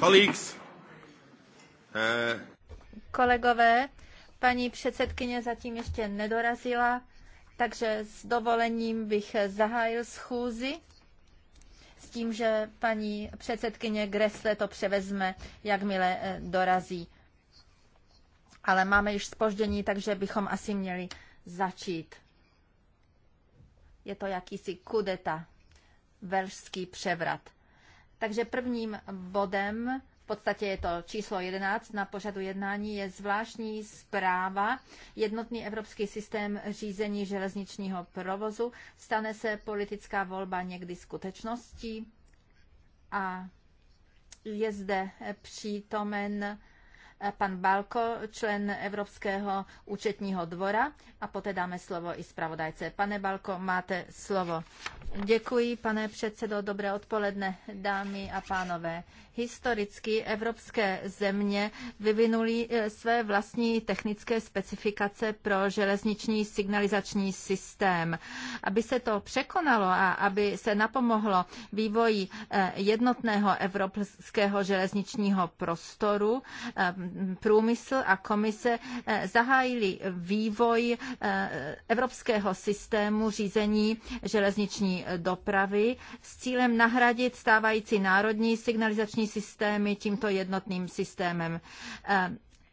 Colleagues. Eh, Kolegové, paní předsedkyně zatím ještě nedorazila, takže s dovolením bych zahájil schůzi s tím, že paní předsedkyně Gresle to převezme, jakmile eh, dorazí. Ale máme již spoždění, takže bychom asi měli začít. Je to jakýsi kudeta, velšský převrat. Takže prvním bodem, v podstatě je to číslo 11 na pořadu jednání, je zvláštní zpráva. Jednotný evropský systém řízení železničního provozu stane se politická volba někdy skutečností a je zde přítomen pan Balko, člen Evropského účetního dvora a poté dáme slovo i zpravodajce. Pane Balko, máte slovo. Děkuji, pane předsedo, dobré odpoledne, dámy a pánové. Historicky evropské země vyvinuly eh, své vlastní technické specifikace pro železniční signalizační systém. Aby se to překonalo a aby se napomohlo vývoji eh, jednotného evropského železničního prostoru, eh, průmysl a komise eh, zahájili vývoj eh, evropského systému řízení železniční eh, dopravy s cílem nahradit stávající národní signalizační systémy tímto jednotným systémem.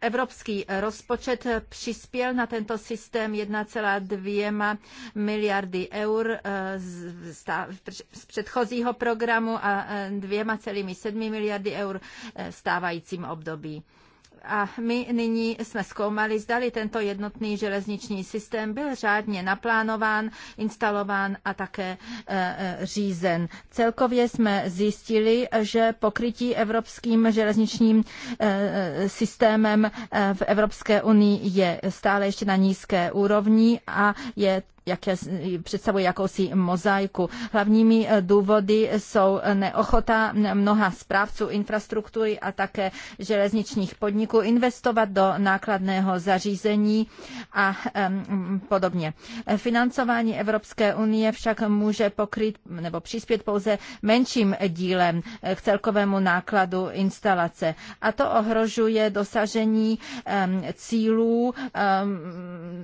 Evropský rozpočet přispěl na tento systém 1,2 miliardy eur z předchozího programu a 2,7 miliardy eur v stávajícím období. A my nyní jsme zkoumali, zdali tento jednotný železniční systém byl řádně naplánován, instalován a také e, e, řízen. Celkově jsme zjistili, že pokrytí evropským železničním e, systémem v Evropské unii je stále ještě na nízké úrovni a je jaké představuje jakousi mozaiku. Hlavními eh, důvody jsou eh, neochota mnoha správců infrastruktury a také železničních podniků investovat do nákladného zařízení a podobně. Financování Evropské unie však může pokryt nebo přispět pouze menším dílem eh, k celkovému nákladu instalace. A to ohrožuje dosažení cílů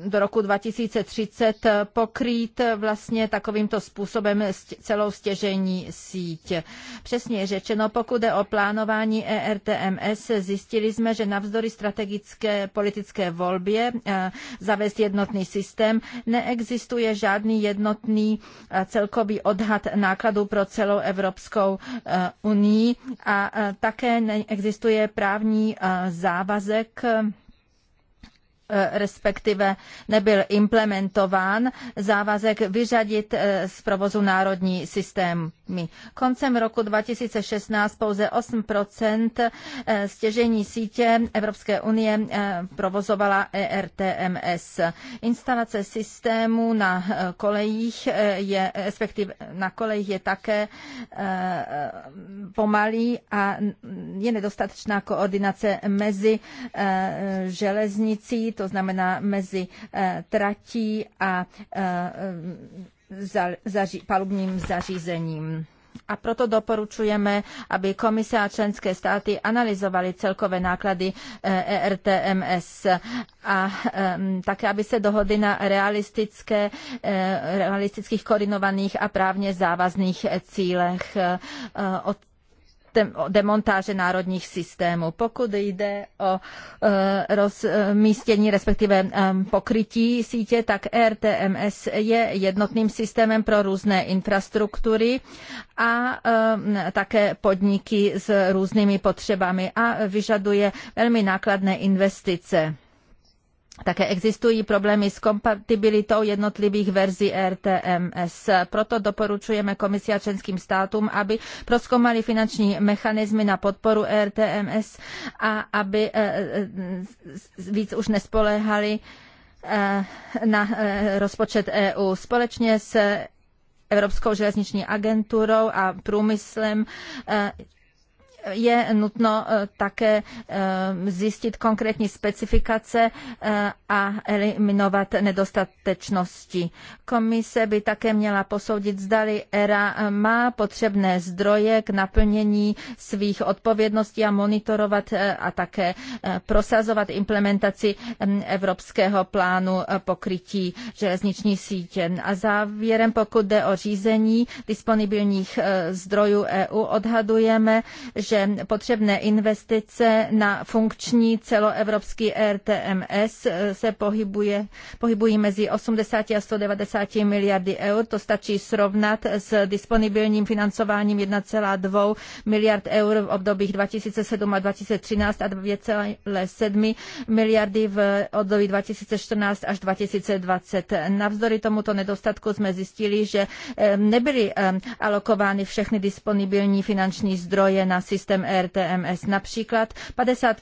do roku 2030 pokrýt vlastně takovýmto způsobem celou stěžení síť. Přesně řečeno, pokud jde o plánování ERTMS, zjistili jsme, že navzdory strategické politické volbě eh, zavést jednotný systém neexistuje žádný jednotný eh, celkový odhad nákladů pro celou Evropskou eh, unii a také neexistuje právní závazek Eh, respektive nebyl implementován závazek vyřadit eh, z provozu národní systém my. Koncem roku 2016 pouze 8 eh, stěžení sítě Evropské unie eh, provozovala ERTMS. Instalace systému na eh, kolejích je, respektive na kolejích je také pomalý a je nedostatečná koordinace mezi železnicí, to znamená mezi tratí a zaři, palubním zařízením. A proto doporučujeme, aby komise a členské státy analyzovaly celkové náklady ERTMS eh, e a ehm, také, aby se dohodly na realistické, eh, realistických koordinovaných a právně závazných eh, cílech. Od demontáže národních systémů. Pokud jde o e, rozmístění, respektive e, pokrytí sítě, tak RTMS je jednotným systémem pro různé infrastruktury a e, také podniky s různými potřebami a vyžaduje velmi nákladné investice. Také existují problémy s kompatibilitou jednotlivých verzí RTMS. Proto doporučujeme komisi a členským státům, aby proskoumali finanční mechanismy na podporu RTMS a aby eh, eh, víc už nespoléhali eh, na rozpočet EU. Společně s Evropskou železniční agenturou a průmyslem je nutno eh, také eh, zjistit konkrétní specifikace eh, a eliminovat nedostatečnosti. Komise by také měla posoudit, zdali ERA má potřebné zdroje k naplnění svých odpovědností a monitorovat a také prosazovat implementaci mm, Evropského plánu pokrytí železniční sítě. A závěrem, pokud jde o řízení disponibilních zdrojů EU, odhadujeme, že že potřebné investice na funkční celoevropský RTMS eh, se pohybuje, pohybují mezi 80 a 190 miliardy eur. To stačí srovnat s disponibilním financováním 1,2 miliard eur v obdobích 2007 a 2013 a 2,7 miliardy v období 2014 až 2020. Navzdory tomuto nedostatku jsme zjistili, že eh, nebyly eh, alokovány všechny disponibilní finanční zdroje na systém systém RTMS. Například 50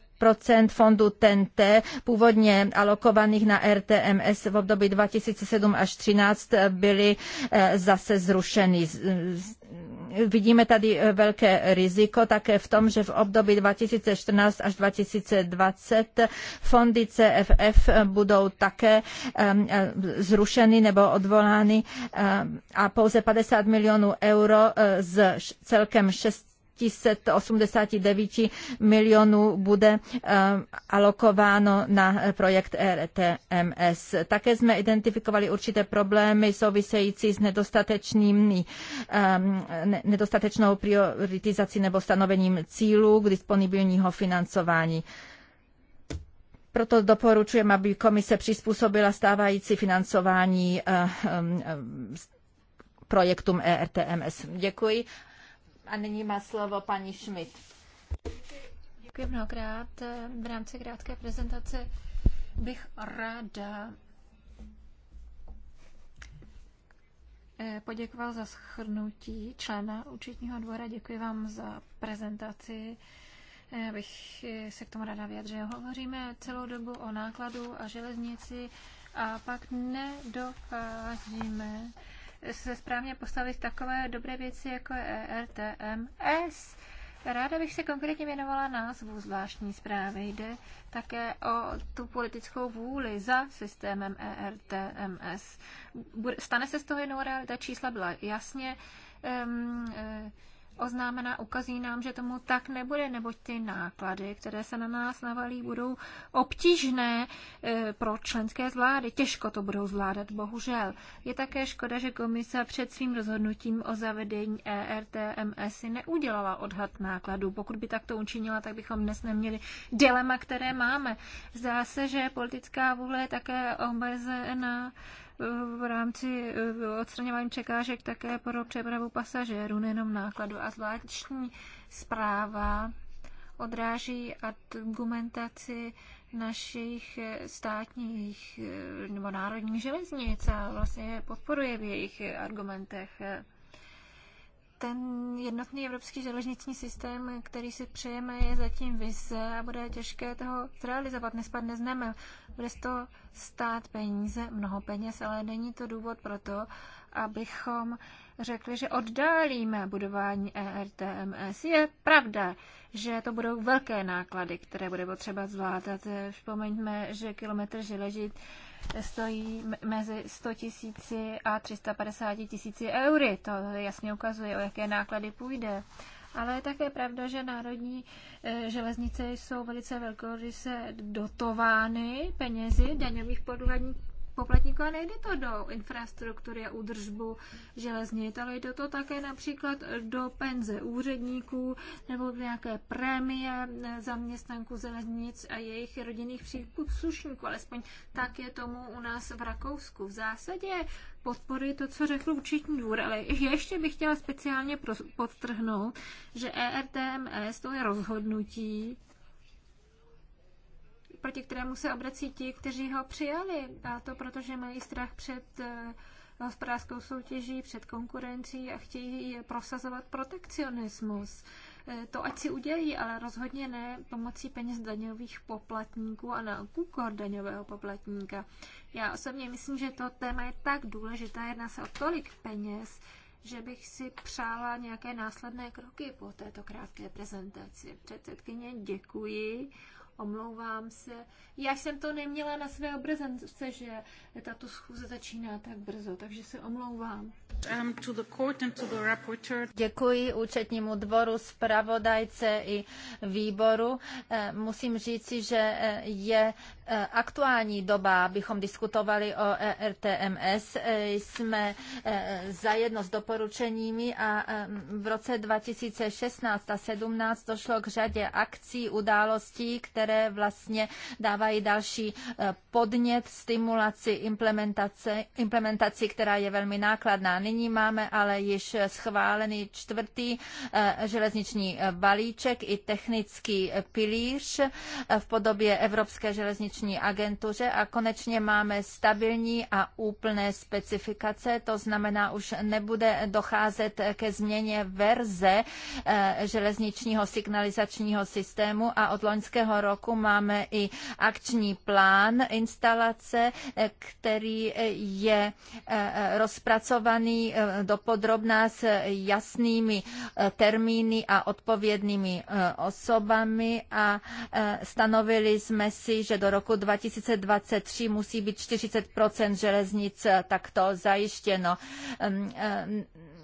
fondů TNT původně alokovaných na RTMS v období 2007 až 2013 eh, byly eh, zase zrušeny. Vidíme tady eh, velké riziko také v tom, že v období 2014 až 2020 fondy CFF budou také ehm, zrušeny nebo odvolány a pouze 50 milionů euro z celkem 6 589 milionů bude eh, alokováno na projekt RTMS. Také jsme identifikovali určité problémy související s nedostatečnými, ehm, nedostatečnou prioritizací nebo stanovením cílů k disponibilního financování. Proto doporučujem, aby komise přizpůsobila stávající financování eh, ehm, projektům ERTMS. Děkuji. A nyní má slovo paní Schmidt. Děkuji mnohokrát. V rámci krátké prezentace bych ráda eh, poděkoval za schrnutí člena účetního dvora. Děkuji vám za prezentaci. Eh, bych eh, se k tomu ráda vyjadřil. Hovoříme celou dobu o nákladu a železnici a pak nedocházíme se správně postavit takové dobré věci, jako je ERTMS. Ráda bych se konkrétně věnovala názvu zvláštní zprávy. Jde také o tu politickou vůli za systémem ERTMS. Stane se z toho jednou realita, čísla byla jasně um, oznámena, ukazují nám, že tomu tak nebude, neboť ty náklady, které se na nás navalí, budou obtížné eh, pro členské zvlády. Těžko to budou zvládat, bohužel. Je také škoda, že komise před svým rozhodnutím o zavedení ERTMS si neudělala odhad nákladů. Pokud by takto učinila, tak bychom dnes neměli dilema, které máme. Zdá se, že politická vůle je také omezená v rámci eh, odstraňování překážek také pro přepravu pasažérů, nejenom nákladu. A zvláštní zpráva odráží argumentaci našich eh, státních eh, nebo národních železnic a vlastně podporuje v jejich argumentech ten jednotný evropský železniční systém, který si přejeme, je zatím vize a bude těžké toho zrealizovat. Nespadne z neme. Bude to stát peníze, mnoho peněz, ale není to důvod pro to, abychom řekli, že oddálíme budování ERTMS. Je pravda, že to budou velké náklady, které bude potřeba zvládat. Vzpomeňme, že kilometr železnic stojí mezi 100 tisíci a 350 tisíci eury. To jasně ukazuje, o jaké náklady půjde. Ale je také pravda, že národní eh, železnice jsou velice velkoryse dotovány penězi daňových poplatníků a nejde to do infrastruktury a údržbu železně, ale jde to také například do penze úředníků nebo v nějaké prémie zaměstnanků železnic a jejich rodinných příslušníků. Alespoň tak je tomu u nás v Rakousku. V zásadě podpory to, co řekl účetní dvůr, ale ještě bych chtěla speciálně podtrhnout, že ERTMS to je rozhodnutí, proti kterému se obrací ti, kteří ho přijali. A to proto, že mají strach před eh, hospodářskou soutěží, před konkurencí a chtějí prosazovat protekcionismus. Eh, to ať si udělí, ale rozhodně ne pomocí peněz daňových poplatníků a na úkor daňového poplatníka. Já osobně myslím, že to téma je tak důležité, jedná se o tolik peněz, že bych si přála nějaké následné kroky po této krátké prezentaci. Předsedkyně, děkuji. Omlouvám se. Já jsem to neměla na své obrazence, že tato schůze začíná tak brzo, takže se omlouvám. Um, Děkuji účetnímu dvoru, zpravodajce i výboru. Eh, musím říci, že eh, je eh, aktuální doba, abychom diskutovali o e RTMS. Jsme zajedno s doporučeními a v roce 2016 a 17 došlo k řadě akcí, událostí, které vlastně dávají další podnět, stimulaci implementaci, implementaci která je velmi nákladná. Nyní máme ale již schválený čtvrtý eh, železniční eh, balíček i technický eh, pilíř v podobě Evropské železniční agentuře a konečně máme stabilní a úplné specifikace, to znamená, už nebude docházet ke změně verze železničního signalizačního systému a od loňského roku máme i akční plán instalace, který je rozpracovaný projednaný eh, dopodrobná s jasnými eh, termíny a odpovědnými eh, osobami a stanovili jsme si, že do roku 2023 musí být 40 železnic takto zajištěno ehm,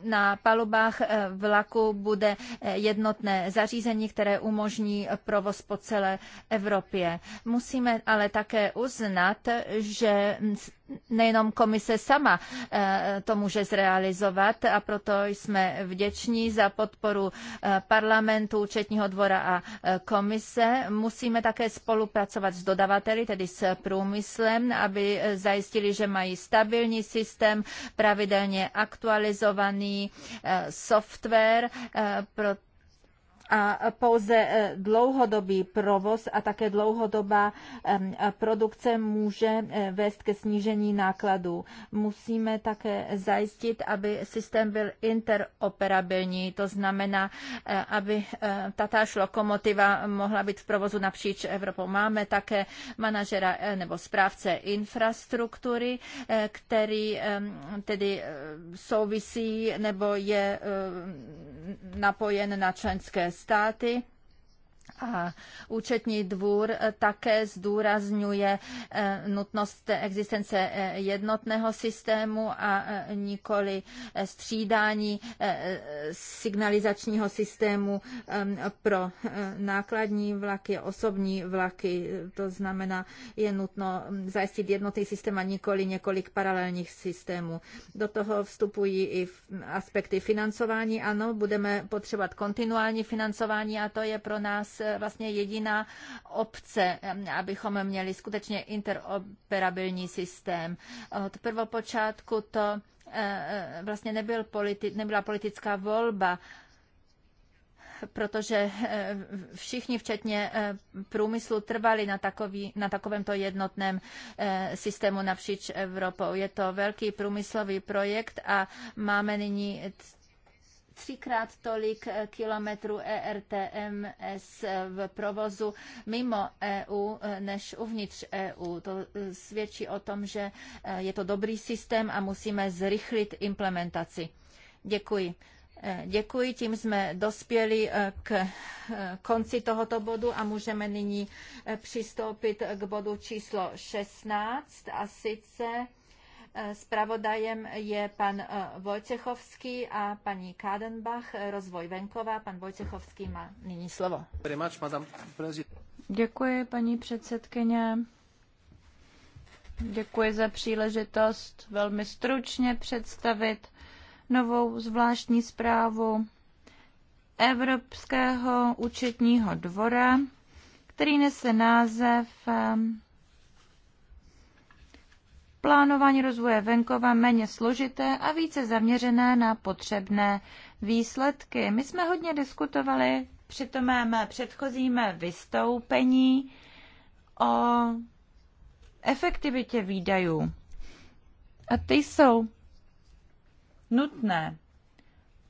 na palubách vlaku bude jednotné zařízení, které umožní provoz po celé Evropě. Musíme ale také uznat, že mm, nejenom komise sama to může zrealizovat, zrealizovat a proto jsme vděční za podporu eh, parlamentu, účetního dvora a eh, komise. Musíme také spolupracovat s dodavateli, tedy s průmyslem, aby eh, zajistili, že mají stabilní systém, pravidelně aktualizovaný software, proto a pouze eh, dlouhodobý provoz a také dlouhodobá produkce může eh, vést ke snížení nákladů. Musíme také zajistit, aby systém byl interoperabilní, to znamená, eh, aby tatáž lokomotiva mohla být v provozu napříč Evropou. Máme také manažera nebo správce infrastruktury, který tedy souvisí nebo je napojen na členské státy a účetní dvůr také zdůrazňuje eh, nutnost existence eh, jednotného systému a eh, nikoli střídání signalizačního systému ehm, pro nákladní vlaky, osobní vlaky. To znamená, je nutno mm, zajistit jednotný systém a nikoli několik paralelních systémů. Do toho vstupují i aspekty financování. Ano, budeme potřebovat kontinuální financování a to je pro nás vlastně jediná obce, abychom měli skutečně interoperabilní systém. Od prvopočátku to eh, eh, vlastně nebyl politi- nebyla politická volba, protože eh, všichni, včetně průmyslu, trvali na, takový, na takovémto jednotném systému napříč Evropou. Je to velký průmyslový projekt a máme nyní třikrát tolik eh, kilometrů ERTMS eh, v provozu mimo EU eh, než uvnitř EU. To svědčí o tom, že je to dobrý systém a musíme zrychlit implementaci. Děkuji. Děkuji, tím jsme dospěli k konci tohoto bodu a můžeme nyní přistoupit k bodu číslo 16 a sice Spravodajem je pan eh, Vojcechovský a paní Kádenbach, eh, rozvoj venkova. Pan Vojcechovský má nyní slovo. Děkuji, paní předsedkyně. Děkuji za příležitost velmi stručně představit novou zvláštní zprávu Evropského účetního dvora, který nese název eh, plánování rozvoje venkova méně složité a více zaměřené na potřebné výsledky. My jsme hodně diskutovali při tom mém předchozím vystoupení o efektivitě výdajů. A ty jsou nutné.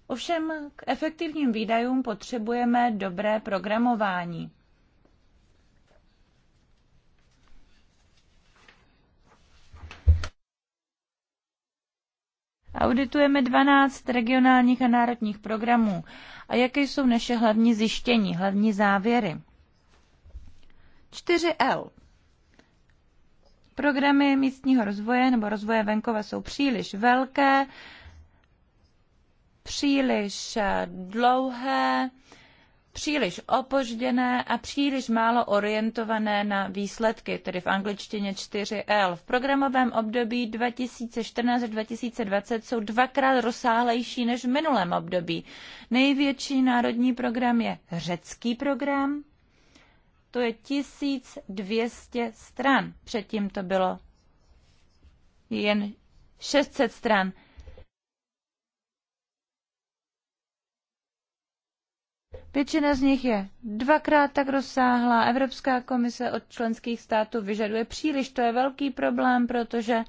Ovšem k efektivním výdajům potřebujeme dobré programování. Auditujeme 12 regionálních a národních programů. A jaké jsou naše hlavní zjištění, hlavní závěry? 4L. Programy místního rozvoje nebo rozvoje venkova jsou příliš velké, příliš eh, dlouhé, příliš opožděné a příliš málo orientované na výsledky, tedy v angličtině 4L. V programovém období 2014-2020 jsou dvakrát rozsáhlejší než v minulém období. Největší národní program je řecký program, to je 1200 stran. Předtím to bylo jen 600 stran. Většina z nich je dvakrát tak rozsáhlá. Evropská komise od členských států vyžaduje příliš. To je velký problém, protože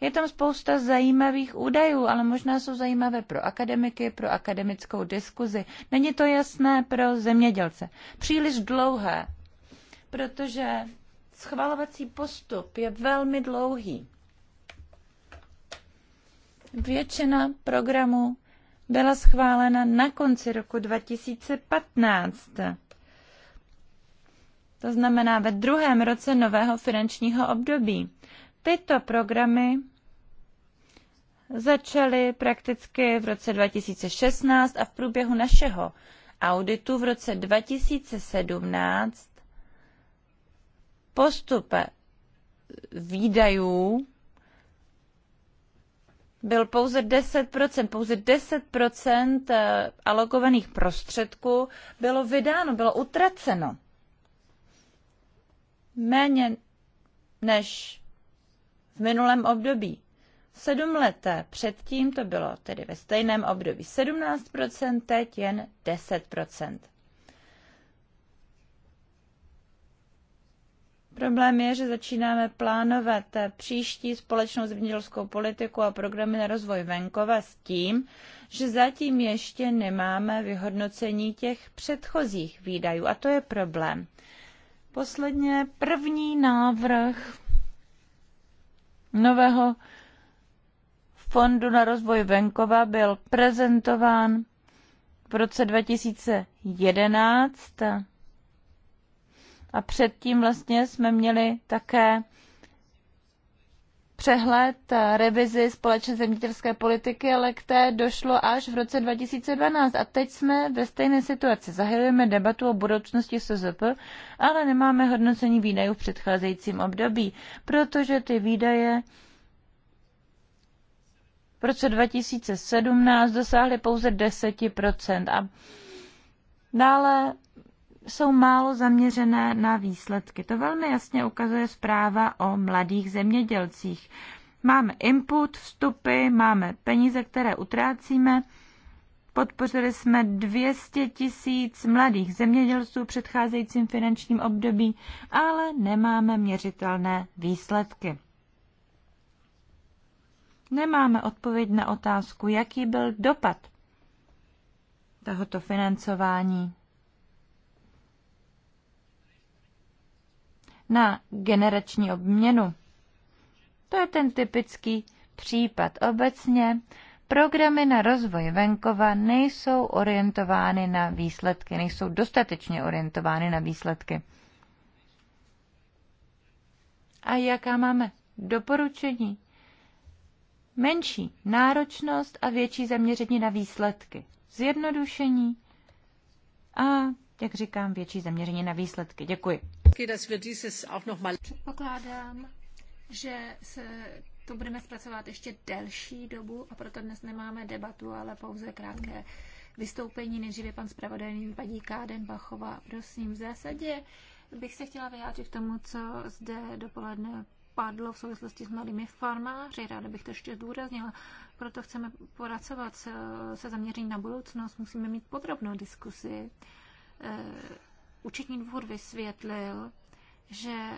je tam spousta zajímavých údajů, ale možná jsou zajímavé pro akademiky, pro akademickou diskuzi. Není to jasné pro zemědělce. Příliš dlouhé, protože schvalovací postup je velmi dlouhý. Většina programů byla schválena na konci roku 2015. To znamená ve druhém roce nového finančního období. Tyto programy začaly prakticky v roce 2016 a v průběhu našeho auditu v roce 2017 postup výdajů byl pouze 10%, pouze 10% eh, alokovaných prostředků bylo vydáno, bylo utraceno. Méně než v minulém období. Sedm let eh, předtím to bylo tedy ve stejném období 17%, teď jen 10%. Problém je, že začínáme plánovat příští společnou zemědělskou politiku a programy na rozvoj venkova s tím, že zatím ještě nemáme vyhodnocení těch předchozích výdajů a to je problém. Posledně první návrh nového fondu na rozvoj venkova byl prezentován v roce 2011 a předtím vlastně jsme měli také přehled eh, revizi společné zemědělské politiky, ale k té došlo až v roce 2012. A teď jsme ve stejné situaci. Zahajujeme debatu o budoucnosti SZP, ale nemáme hodnocení výdajů v předcházejícím období, protože ty výdaje v roce 2017 dosáhly pouze 10%. A dále jsou málo zaměřené na výsledky. To velmi jasně ukazuje zpráva o mladých zemědělcích. Máme input, vstupy, máme peníze, které utrácíme. Podpořili jsme 200 tisíc mladých zemědělců v předcházejícím finančním období, ale nemáme měřitelné výsledky. Nemáme odpověď na otázku, jaký byl dopad tohoto financování na generační obměnu. To je ten typický případ. Obecně programy na rozvoj venkova nejsou orientovány na výsledky, nejsou dostatečně orientovány na výsledky. A jaká máme doporučení? Menší náročnost a větší zaměření na výsledky. Zjednodušení a, jak říkám, větší zaměření na výsledky. Děkuji. Předpokládám, že se to budeme zpracovat ještě delší dobu a proto dnes nemáme debatu, ale pouze krátké vystoupení. Nejdříve pan zpravodaj, paní Kádenbachová. Prosím, v zásadě bych se chtěla vyjádřit k tomu, co zde dopoledne padlo v souvislosti s mladými farmáři. Ráda bych to ještě zdůraznila. Proto chceme pracovat se zaměřením na budoucnost. Musíme mít podrobnou diskusi eh, Účetní dvůr vysvětlil, že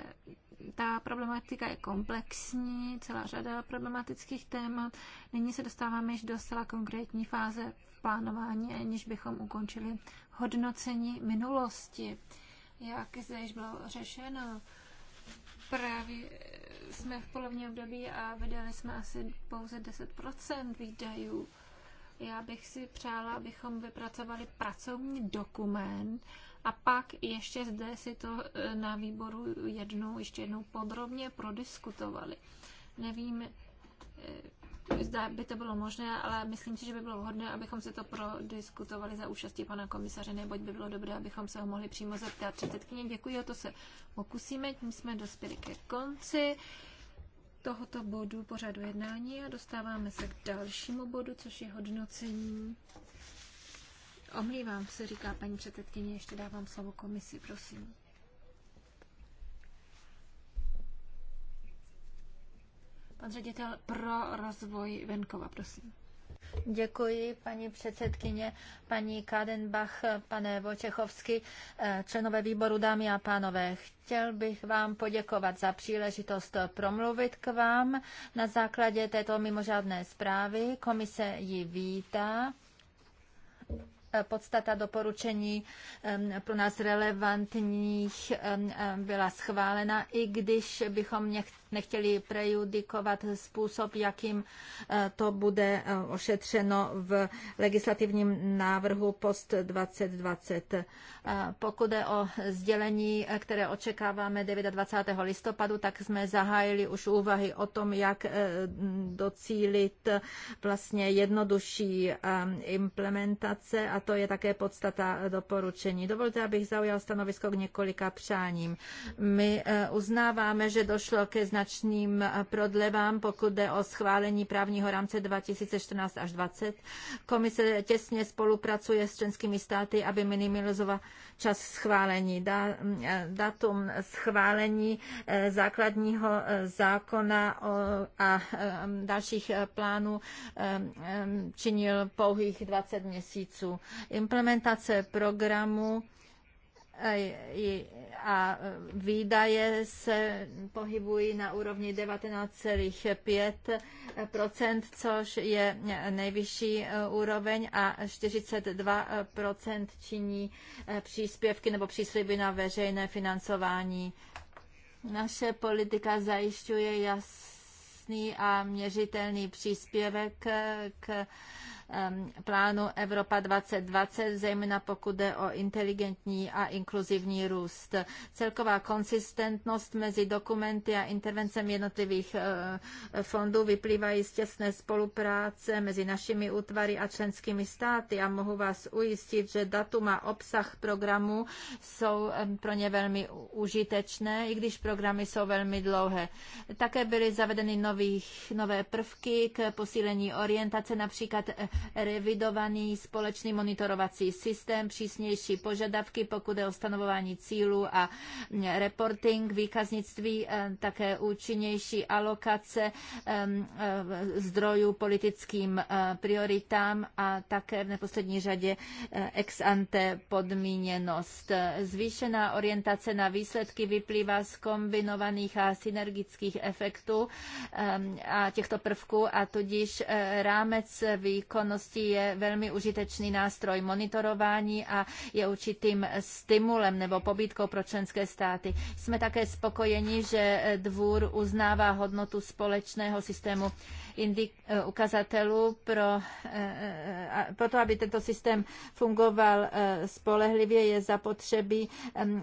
ta problematika je komplexní, celá řada problematických témat. Nyní se dostáváme již do zcela konkrétní fáze plánování, aniž bychom ukončili hodnocení minulosti. Jak zde již bylo řešeno, právě jsme v polovině období a vydali jsme asi pouze 10% výdajů. Já bych si přála, abychom vypracovali pracovní dokument, a pak ještě zde si to e, na výboru jednou, ještě jednou podrobně prodiskutovali. Nevím, e, zda by to bylo možné, ale myslím si, že by bylo vhodné, abychom si to prodiskutovali za účastí pana komisaře, neboť by bylo dobré, abychom se ho mohli přímo zeptat. Předsedkyně, děkuji, o to se pokusíme, tím jsme dospěli ke konci tohoto bodu pořadu jednání a dostáváme se k dalšímu bodu, což je hodnocení Omlívám se, říká paní předsedkyně, ještě dávám slovo komisi, prosím. Pan ředitel pro rozvoj venkova, prosím. Děkuji, paní předsedkyně, paní Kadenbach, pane Vočechovský, eh, členové výboru, dámy a pánové. Chtěl bych vám poděkovat za příležitost promluvit k vám. Na základě této mimořádné zprávy komise ji vítá podstata doporučení pro nás relevantních byla schválena, i když bychom nechtěli prejudikovat způsob, jakým eh, to bude eh, ošetřeno v legislativním návrhu post 2020. Eh, pokud je o sdělení, které očekáváme 29. listopadu, tak jsme zahájili už úvahy o tom, jak docílit vlastně jednodušší implementace a to je také podstata doporučení. Dovolte, abych zaujal stanovisko k několika přáním. My uznáváme, že došlo ke značnému značným eh, prodlevám, pokud jde o schválení právního rámce 2014 až 2020. Komise těsně spolupracuje s členskými státy, aby minimalizovala čas schválení. Mm, eh, datum schválení eh, základního zákona a dalších plánů činil pouhých 20 měsíců. Implementace programu Eh, a eh, výdaje se pohybují na úrovni 19,5%, což je nejvyšší eh, úroveň a 42% činí příspěvky nebo přísliby na veřejné financování. Naše politika zajišťuje jasný a měřitelný příspěvek k plánu Evropa 2020, zejména pokud jde o inteligentní a inkluzivní růst. Celková konsistentnost mezi dokumenty a intervencem jednotlivých eh, fondů vyplývají z těsné spolupráce mezi našimi útvary a členskými státy a mohu vás ujistit, že datum a obsah programu jsou pro ně velmi užitečné, i když programy jsou velmi dlouhé. Také byly zavedeny nových, nové prvky k posílení orientace, například eh, revidovaný společný monitorovací systém, přísnější požadavky, pokud je o stanovování cílů a reporting, výkaznictví, eh, také účinnější alokace eh, eh, zdrojů politickým prioritám a také v neposlední řadě ex ante podmíněnost. Zvýšená orientace na výsledky vyplývá z kombinovaných a synergických efektů a těchto prvků a tudíž rámec výkonu zamestnanosti je velmi užitečný nástroj monitorování a je určitým stimulem nebo pobídkou pro členské státy. Jsme také spokojeni, že dvůr uznává hodnotu společného systému indik, eh, ukazatelů pro, eh, eh, pro to, aby tento systém fungoval spolehlivě, je zapotřebí,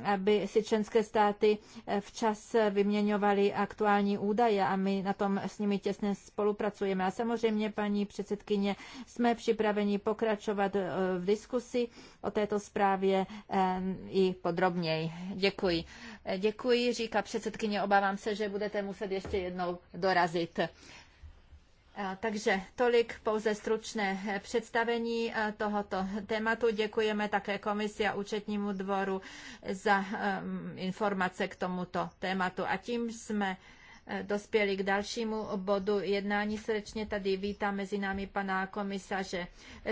aby si členské státy včas vyměňovaly aktuální údaje a my na tom s nimi těsně spolupracujeme. A samozřejmě, paní předsedkyně, jsme připraveni pokračovat v diskusi o této zprávě i podrobněji. Děkuji. Děkuji, říká předsedkyně, obávám se, že budete muset ještě jednou dorazit. Eh, takže tolik pouze stručné eh, představení eh, tohoto tématu. Děkujeme také komisi a účetnímu dvoru za ehm, informace k tomuto tématu. A tím jsme dospěli k dalšímu bodu jednání. Srdečně tady vítám mezi námi pana komisaře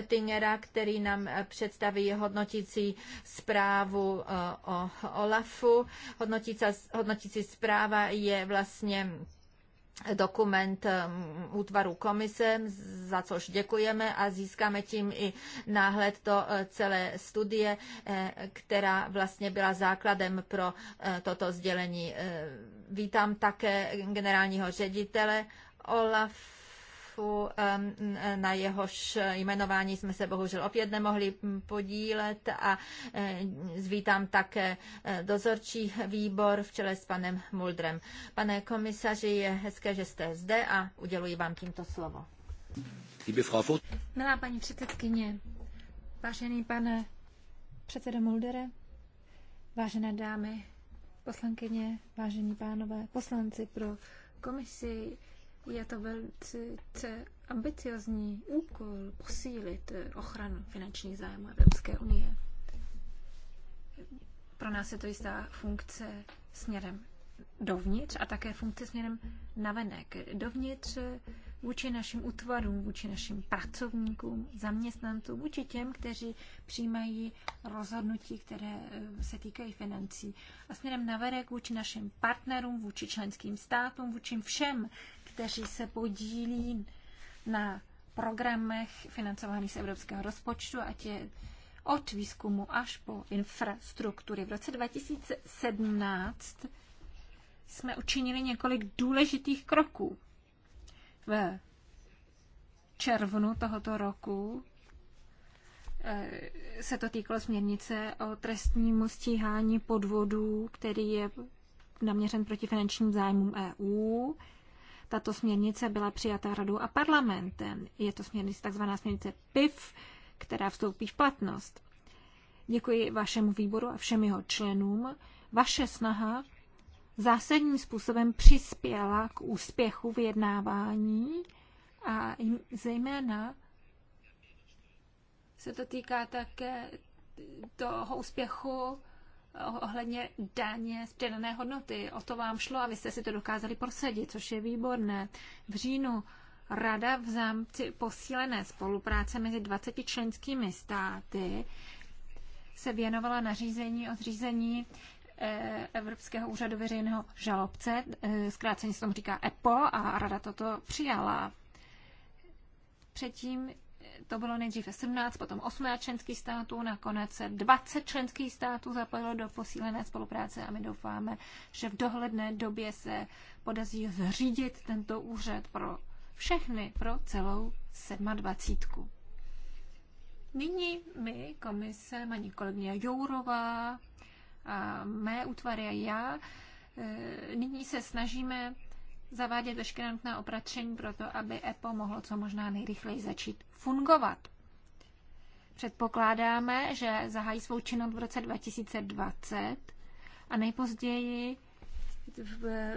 Tingera, který nám představí hodnotící zprávu o OLAFu. Hodnotící, zpráva je vlastně dokument um, útvaru komise, za což děkujeme a získáme tím i náhled do eh, celé studie, eh, která vlastně byla základem pro eh, toto sdělení. Vítám také generálního ředitele OLAF šéfů, na jehož jmenování jsme se bohužel opět nemohli podílet a e, zvítám také e, dozorčí výbor v čele s panem Muldrem. Pane komisaři, je hezké, že jste zde a uděluji vám tímto slovo. Milá paní předsedkyně, vážený pane předsedo Muldere, vážené dámy poslankyně, vážení pánové, poslanci pro komisi, je to velice ambiciozní úkol posílit eh, ochranu finančních zájmů Evropské unie. Pro nás je to jistá funkce směrem dovnitř a také funkce směrem navenek. Dovnitř eh, vůči našim útvarům, vůči našim pracovníkům, zaměstnancům, vůči těm, kteří přijímají rozhodnutí, které eh, se týkají financí. A směrem navenek vůči našim partnerům, vůči členským státům, vůči všem, kteří se podílí na programech financovaných z evropského rozpočtu, ať je od výzkumu až po infrastruktury. V roce 2017 jsme učinili několik důležitých kroků. V červnu tohoto roku eh, se to týkalo směrnice o trestnímu stíhání podvodů, který je naměřen proti finančním zájmům EU. Tato směrnice byla přijata radou a parlamentem. Je to směrnice, takzvaná směrnice PIF, která vstoupí v platnost. Děkuji vašemu výboru a všem jeho členům. Vaše snaha zásadním způsobem přispěla k úspěchu vyjednávání a zejména se to týká také toho úspěchu Eh, ohledně daně z přidané hodnoty. O to vám šlo a vy jste si to dokázali prosadit, což je výborné. V říjnu Rada v zámci posílené spolupráce mezi 20 členskými státy se věnovala nařízení o zřízení eh, Evropského úřadu veřejného žalobce, eh, zkráceně se tomu říká EPO, a rada toto přijala. Předtím to bylo nejdříve 17, potom 18 členských států, nakonec se 20 členských států zapojilo do posílené spolupráce a my doufáme, že v dohledné době se podaří zřídit tento úřad pro všechny, pro celou 27. Nyní my, komise, paní kolegyně Jourová, a mé útvary a já, e, nyní se snažíme zavádět veškeré nutné opatření pro to, aby EPO mohlo co možná nejrychleji začít fungovat. Předpokládáme, že zahájí svou činnost v roce 2020 a nejpozději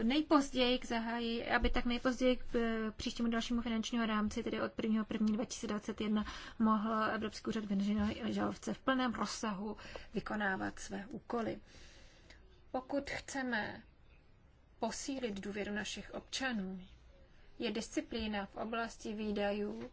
nejpozději k zahájí, aby tak nejpozději k e, příštímu dalšímu finančního rámci, tedy od 1. 1. 2021, mohl Evropský úřad veřejného žalovce v plném rozsahu vykonávat své úkoly. Pokud chceme posílit důvěru našich občanů, je disciplína v oblasti výdajů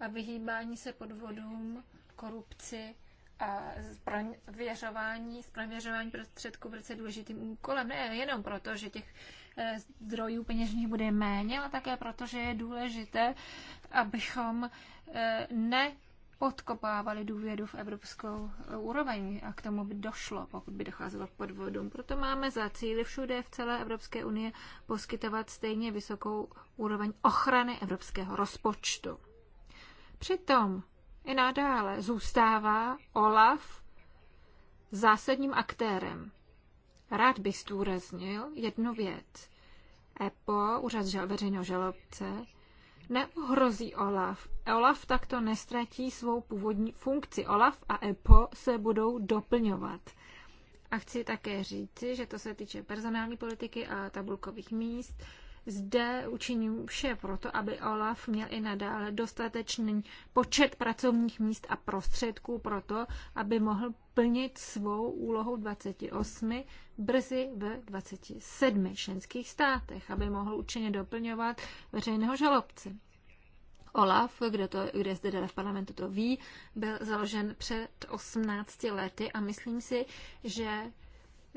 a vyhýbání se podvodům, korupci a zpravěřování, zpravěřování prostředků velice důležitým úkolem. Ne jenom proto, že těch eh, zdrojů peněžních bude méně, ale také proto, že je důležité, abychom eh, ne podkopávali důvěru v evropskou úroveň a k tomu by došlo, pokud by docházelo k podvodům. Proto máme za cíli všude v celé Evropské unii poskytovat stejně vysokou úroveň ochrany evropského rozpočtu. Přitom i nadále zůstává OLAF zásadním aktérem. Rád bych zdůraznil jednu věc. EPO, úřad veřejného žalobce, neohrozí OLAF. OLAF takto nestratí svou původní funkci. OLAF a EPO se budou doplňovat. A chci také říci, že to se týče personální politiky a tabulkových míst, zde učiním vše proto, aby OLAF měl i nadále dostatečný počet pracovních míst a prostředků proto, aby mohl plnit svou úlohu 28, brzy v 27 členských státech, aby mohl účinně doplňovat veřejného žalobce. Olaf, kde, to, kde zde v parlamentu to ví, byl založen před 18 lety a myslím si, že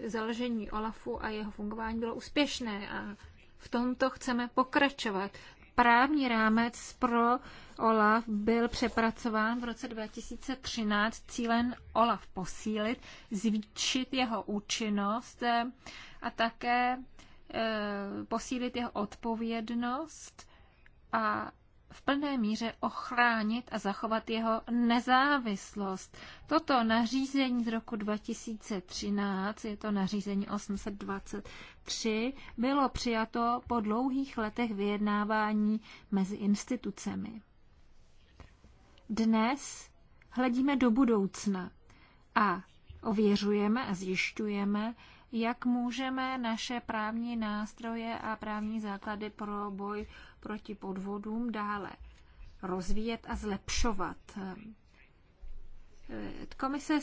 založení Olafu a jeho fungování bylo úspěšné a v tomto chceme pokračovat. Právní rámec pro OLAF byl přepracován v roce 2013 cílem OLAF posílit, zvýšit jeho účinnost eh, a také eh, posílit jeho odpovědnost a v plné míře ochránit a zachovat jeho nezávislost. Toto nařízení z roku 2013, je to nařízení 823, bylo přijato po dlouhých letech vyjednávání mezi institucemi. Dnes hledíme do budoucna a ověřujeme a zjišťujeme, jak můžeme naše právní nástroje a právní základy pro boj proti podvodům dále rozvíjet a zlepšovat. Komise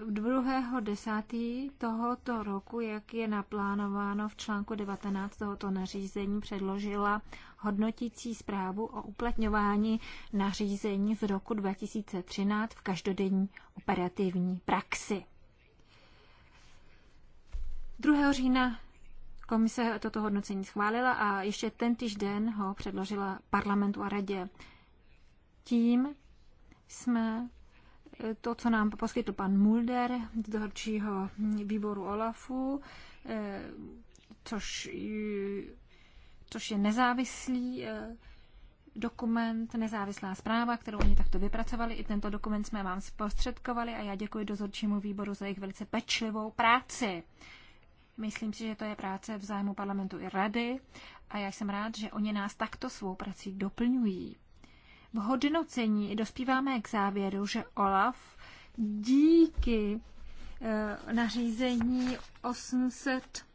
2.10. tohoto roku, jak je naplánováno v článku 19 tohoto nařízení, předložila hodnotící zprávu o uplatňování nařízení z roku 2013 v každodenní operativní praxi. 2. října Komise toto hodnocení schválila a ještě tentýž den ho předložila parlamentu a radě. Tím jsme eh, to, co nám poskytl pan Mulder z dohodčího výboru OLAFu, eh, což, což je nezávislý eh, dokument, nezávislá zpráva, kterou oni takto vypracovali. I tento dokument jsme vám zprostředkovali a já děkuji dozorčímu výboru za jejich velice pečlivou práci. Myslím si, že to je práce v zájmu parlamentu i rady a já jsem rád, že oni nás takto svou prací doplňují. V hodnocení dospíváme k závěru, že Olaf díky eh, nařízení 800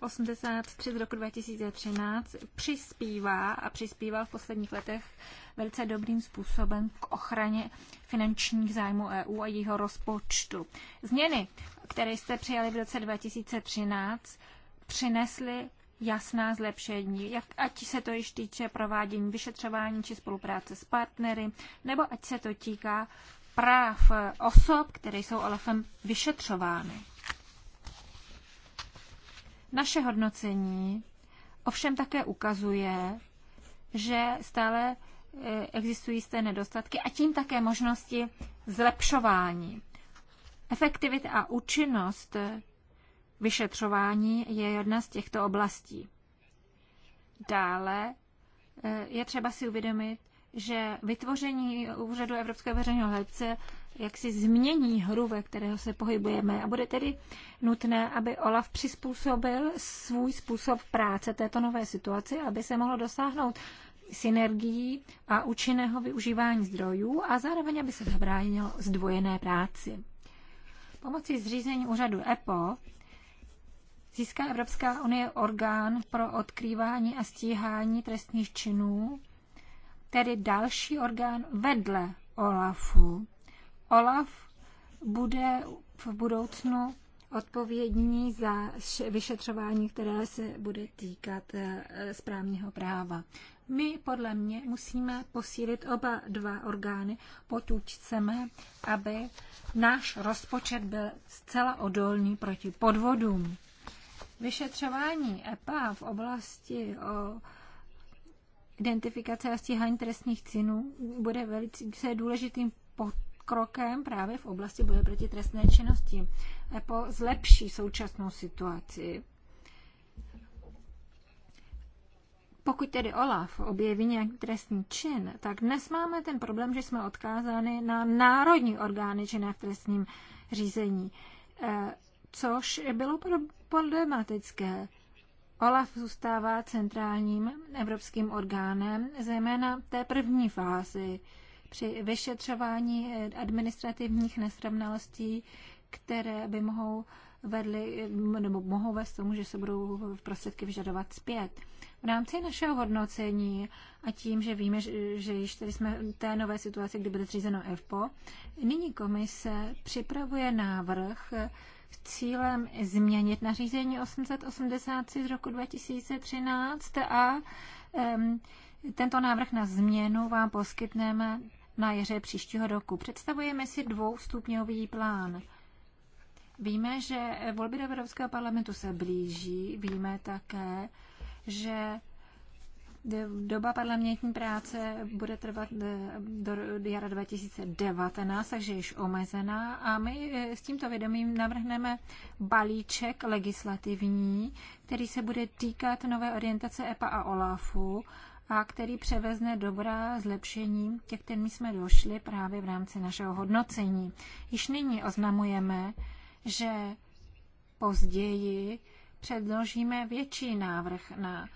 83 z roku 2013 přispívá a přispíval v posledních letech velice dobrým způsobem k ochraně finančních zájmů EU a jeho rozpočtu. Změny, které jste přijali v roce 2013, přinesly jasná zlepšení, jak, ať se to již týče provádění vyšetřování či spolupráce s partnery, nebo ať se to týká práv osob, které jsou Olafem vyšetřovány. Naše hodnocení ovšem také ukazuje, že stále e, existují jisté nedostatky a tím také možnosti zlepšování. Efektivita a účinnost vyšetřování je jedna z těchto oblastí. Dále e, je třeba si uvědomit, že vytvoření úřadu Evropského veřejného hledce jak si změní hru, ve kterého se pohybujeme. A bude tedy nutné, aby OLAF přizpůsobil svůj způsob práce této nové situaci, aby se mohlo dosáhnout synergií a účinného využívání zdrojů a zároveň, aby se zabránilo zdvojené práci. Pomocí zřízení úřadu EPO získá Evropská unie orgán pro odkrývání a stíhání trestných činů, tedy další orgán vedle OLAFu. Olaf bude v budoucnu odpovědní za vyšetřování, které se bude týkat eh, správního práva. My podle mě musíme posílit oba dva orgány, pokud chceme, aby náš rozpočet byl zcela odolný proti podvodům. Vyšetřování EPA v oblasti o identifikace a stíhání trestních činů bude velice důležitým krokem právě v oblasti boje proti trestné činnosti. EPO zlepší současnou situaci. Pokud tedy Olaf objeví nějaký trestný čin, tak dnes máme ten problém, že jsme odkázáni na národní orgány činné v trestním řízení, eh, což bylo problematické. Olaf zůstává centrálním evropským orgánem, zejména v té první fázi při vyšetřování eh, administrativních nesrovnalostí, které by mohou vedly, eh, nebo mohou vést tomu, že se budou prostředky vyžadovat zpět. V rámci našeho hodnocení a tím, že víme, že již tady jsme v té nové situaci, kdy bude zřízeno EFPO, nyní komise připravuje návrh s cílem změnit nařízení 883 z roku 2013 a um, tento návrh na změnu vám poskytneme na jeře příštího roku. Představujeme si dvoustupňový plán. Víme, že volby do Evropského parlamentu se blíží, víme také, že doba parlamentní práce bude trvat eh, do jara 2019, takže již omezená a my eh, s tímto vědomím navrhneme balíček legislativní, který se bude týkat nové orientace EPA a OLAFu a který převezne dobrá zlepšení, ke kterým jsme došli právě v rámci našeho hodnocení. Již nyní oznamujeme, že později předložíme větší návrh na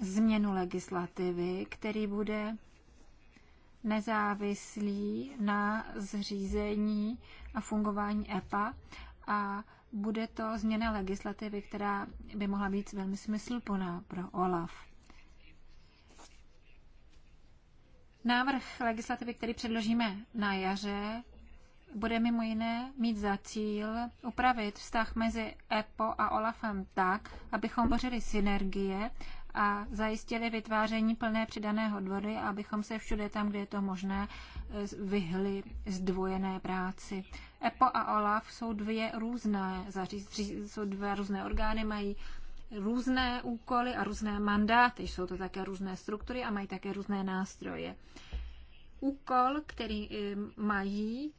změnu legislativy, který bude nezávislý na zřízení a fungování EPA a bude to změna legislativy, která by mohla být velmi smysluplná pro OLAF. Návrh legislativy, který předložíme na jaře, bude mimo jiné mít za cíl upravit vztah mezi EPO a OLAFem tak, abychom tvořili synergie a zajistili vytváření plné přidané hodnoty, abychom se všude tam, kde je to možné, vyhli zdvojené práci. EPO a OLAF jsou dvě různé jsou dvě různé orgány, mají různé úkoly a různé mandáty, jsou to také různé struktury a mají také různé nástroje. Úkol, který eh, mají,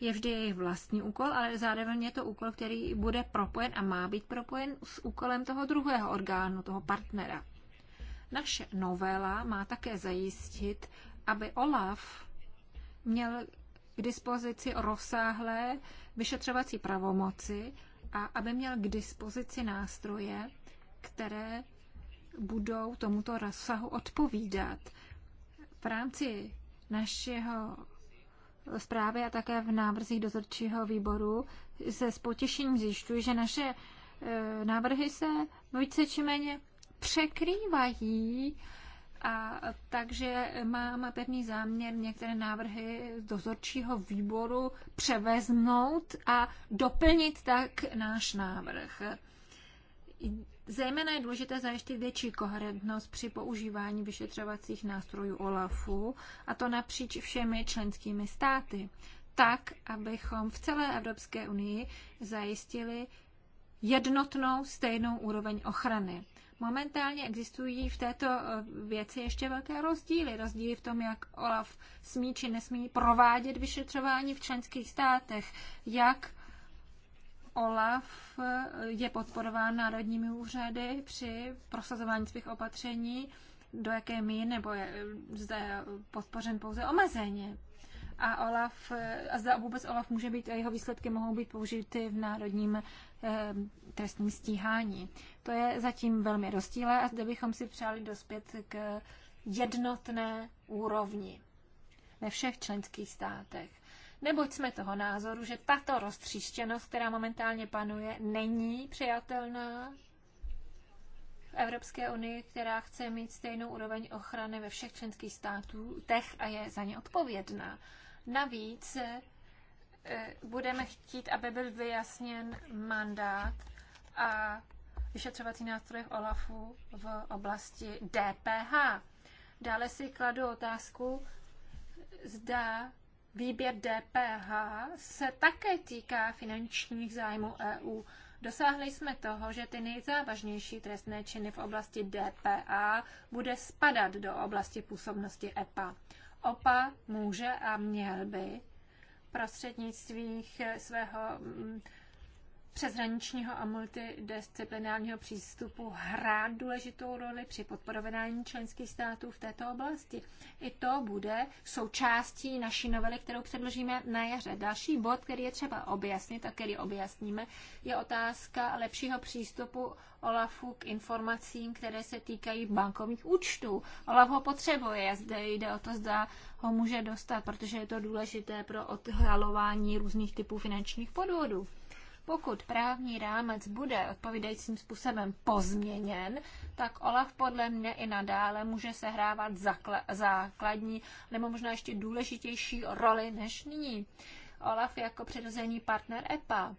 je vždy jejich vlastní úkol, ale zároveň je to úkol, který bude propojen a má být propojen s úkolem toho druhého orgánu, toho partnera. Naše novela má také zajistit, aby OLAF měl k dispozici rozsáhlé vyšetřovací pravomoci a aby měl k dispozici nástroje, které budou tomuto rozsahu odpovídat. V rámci našeho zprávy a také v návrzích dozorčího výboru se s potěšením zjišťuji, že naše e, návrhy se více či méně překrývají, a takže mám pevný záměr některé návrhy dozorčího výboru převeznout a doplnit tak náš návrh. Zejména je důležité zajistit větší koherentnost při používání vyšetřovacích nástrojů OLAFu, a to napříč všemi členskými státy, tak, abychom v celé Evropské unii zajistili jednotnou stejnou úroveň ochrany. Momentálně existují v této eh, věci ještě velké rozdíly. Rozdíly v tom, jak OLAF smí či nesmí provádět vyšetřování v členských státech, jak OLAF eh, je podporován národními úřady při prosazování svých opatření, do jaké míry, nebo je eh, zde podpořen pouze omezeně. A OLAF, eh, a zda vůbec OLAF může být, a jeho výsledky mohou být použity v národním eh, trestním stíhání. To je zatím velmi rozdílé a zde bychom si přáli dospět k jednotné úrovni ve všech členských státech neboť jsme toho názoru, že tato roztříštěnost, která momentálně panuje, není přijatelná v Evropské unii, která chce mít stejnou úroveň ochrany ve všech členských států, tech a je za ně odpovědná. Navíc eh, budeme chtít, aby byl vyjasněn mandát a vyšetřovací nástroje OLAFu v oblasti DPH. Dále si kladu otázku, zda výběr DPH se také týká finančních zájmů EU. Dosáhli jsme toho, že ty nejzávažnější trestné činy v oblasti DPA bude spadat do oblasti působnosti EPA. OPA e může a měl by prostřednictvím svého mm, přeshraničního a multidisciplinárního přístupu hrát důležitou roli při podporování členských států v této oblasti. I to bude součástí naší novely, kterou předložíme na jaře. Další bod, který je třeba objasnit a který objasníme, je otázka lepšího přístupu OLAFu k informacím, které se týkají bankovních účtů. OLAF ho potřebuje a zde jde o to, zda ho může dostat, protože je to důležité pro odhalování různých typů finančních podvodů. Pokud právní rámec bude odpovídajícím způsobem pozměněn, tak OLAF podle mě i nadále může sehrávat základní nebo možná ještě důležitější roli než nyní. OLAF jako přirozený partner EPA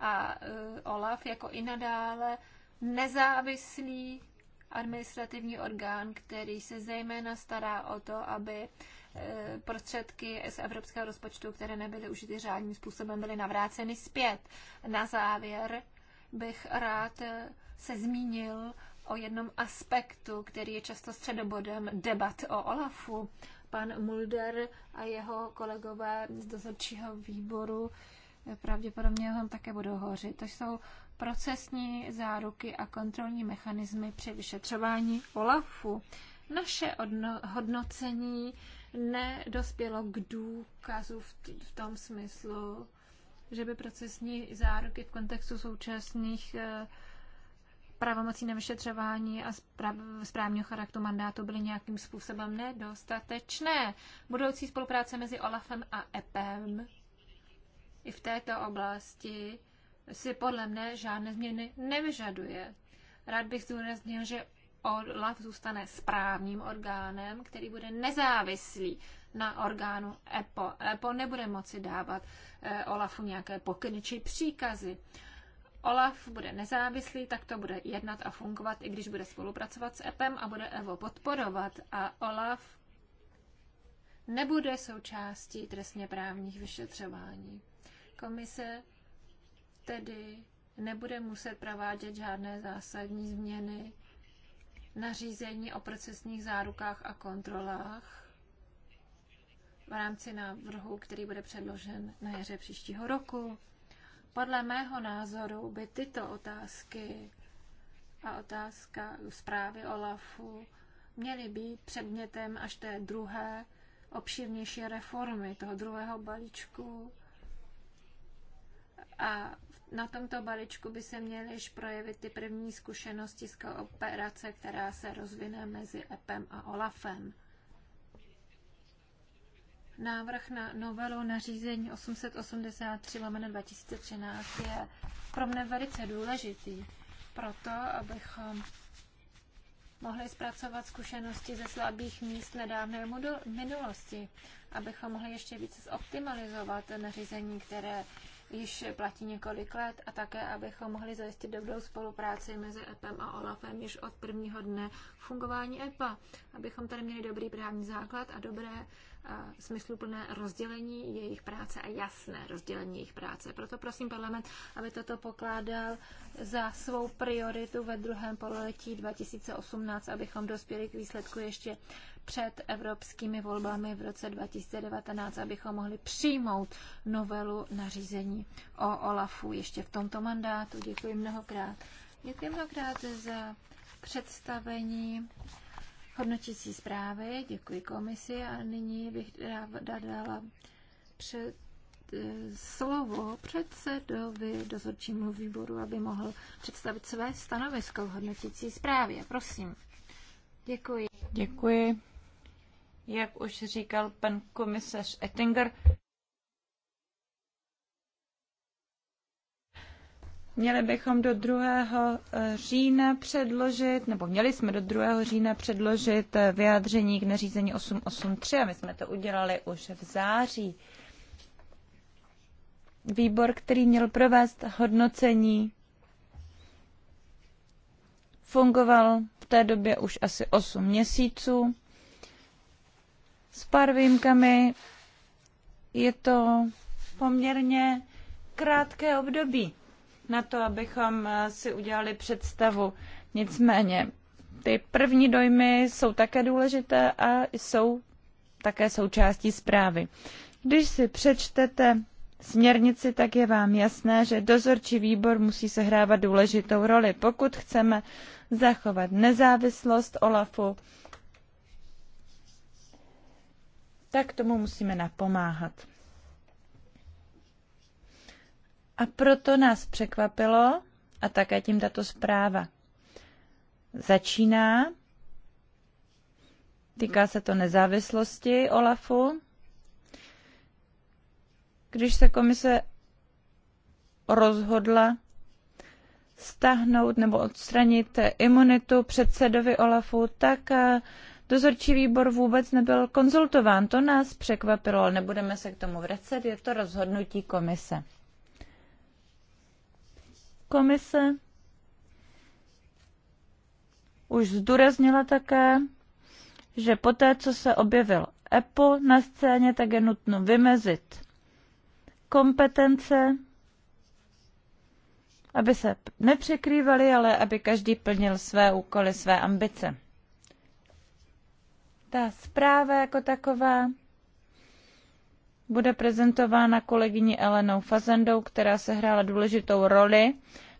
a e, OLAF jako i nadále nezávislý administrativní orgán, který se zejména stará o to, aby Eh, prostředky z evropského rozpočtu, které nebyly užity řádným způsobem, byly navráceny zpět. Na závěr bych rád eh, se zmínil o jednom aspektu, který je často středobodem debat o Olafu. Pan Mulder a jeho kolegové z dozorčího výboru eh, pravděpodobně o také budou hořit. To jsou procesní záruky a kontrolní mechanismy při vyšetřování OLAFu. Naše hodnocení nedospělo k důkazu v, v tom smyslu, že by procesní záruky v kontextu současných eh, pravomocí na vyšetřování a správního charakteru mandátu byly nějakým způsobem nedostatečné. Budoucí spolupráce mezi OLAFem a EPem i v této oblasti si podle mne žádné změny nevyžaduje. Rád bych zdůraznil, že OLAF zůstane správním orgánem, který bude nezávislý na orgánu EPO. EPO nebude moci dávat eh, OLAFu nějaké pokyny či příkazy. OLAF bude nezávislý, tak to bude jednat a fungovat, i když bude spolupracovat s EPem a bude EVO podporovat. A OLAF nebude součástí trestně právních vyšetřování. Komise tedy nebude muset provádět žádné zásadní změny nařízení o procesních zárukách a kontrolách v rámci návrhu, který bude předložen na jaře příštího roku. Podle mého názoru by tyto otázky a otázka zprávy OLAFu měly být předmětem až té druhé obšivnější reformy, toho druhého balíčku. A na tomto balíčku by se měly již projevit ty první zkušenosti z kooperace, která se rozvine mezi EPem a OLAFem. Návrh na novelu nařízení 883 2013 je pro mne velice důležitý, proto abychom mohli zpracovat zkušenosti ze slabých míst nedávné minulosti, abychom mohli ještě více zoptimalizovat nařízení, které již platí několik let a také, abychom mohli zajistit dobrou spolupráci mezi EPem a OLAFem již od prvního dne fungování EPA, abychom tady měli dobrý právní základ a dobré a smysluplné rozdělení jejich práce a jasné rozdělení jejich práce. Proto prosím parlament, aby toto pokládal za svou prioritu ve druhém pololetí 2018, abychom dospěli k výsledku ještě před evropskými volbami v roce 2019, abychom mohli přijmout novelu nařízení o OLAFu ještě v tomto mandátu. Děkuji mnohokrát. Děkuji mnohokrát za představení hodnotící zprávy, děkuji komisi a nyní bych dala před eh, slovo předsedovi dozorčímu výboru, aby mohl představit své stanovisko v hodnotící zprávě. Prosím. Děkuji. Děkuji jak už říkal pan komisař Ettinger, Měli bychom do 2. Eh, října předložit, nebo měli jsme do 2. října předložit eh, vyjádření k nařízení 883 a my jsme to udělali už v září. Výbor, který měl provést hodnocení, fungoval v té době už asi 8 měsíců. S pár výjimkami je to poměrně krátké období na to, abychom eh, si udělali představu. Nicméně ty první dojmy jsou také důležité a jsou také součástí zprávy. Když si přečtete směrnici, tak je vám jasné, že dozorčí výbor musí sehrávat důležitou roli, pokud chceme zachovat nezávislost OLAFu tak tomu musíme napomáhat. A proto nás překvapilo, a také tím tato zpráva začíná, týká se to nezávislosti Olafu, když se komise rozhodla stahnout nebo odstranit imunitu předsedovi Olafu, tak Dozorčí výbor vůbec nebyl konzultován, to nás překvapilo, ale nebudeme se k tomu vracet, je to rozhodnutí komise. Komise už zdůraznila také, že poté, co se objevil EPO na scéně, tak je nutno vymezit kompetence, aby se nepřekrývaly, ale aby každý plnil své úkoly, své ambice. Ta zpráva jako taková bude prezentována kolegyní Elenou Fazendou, která se hrála důležitou roli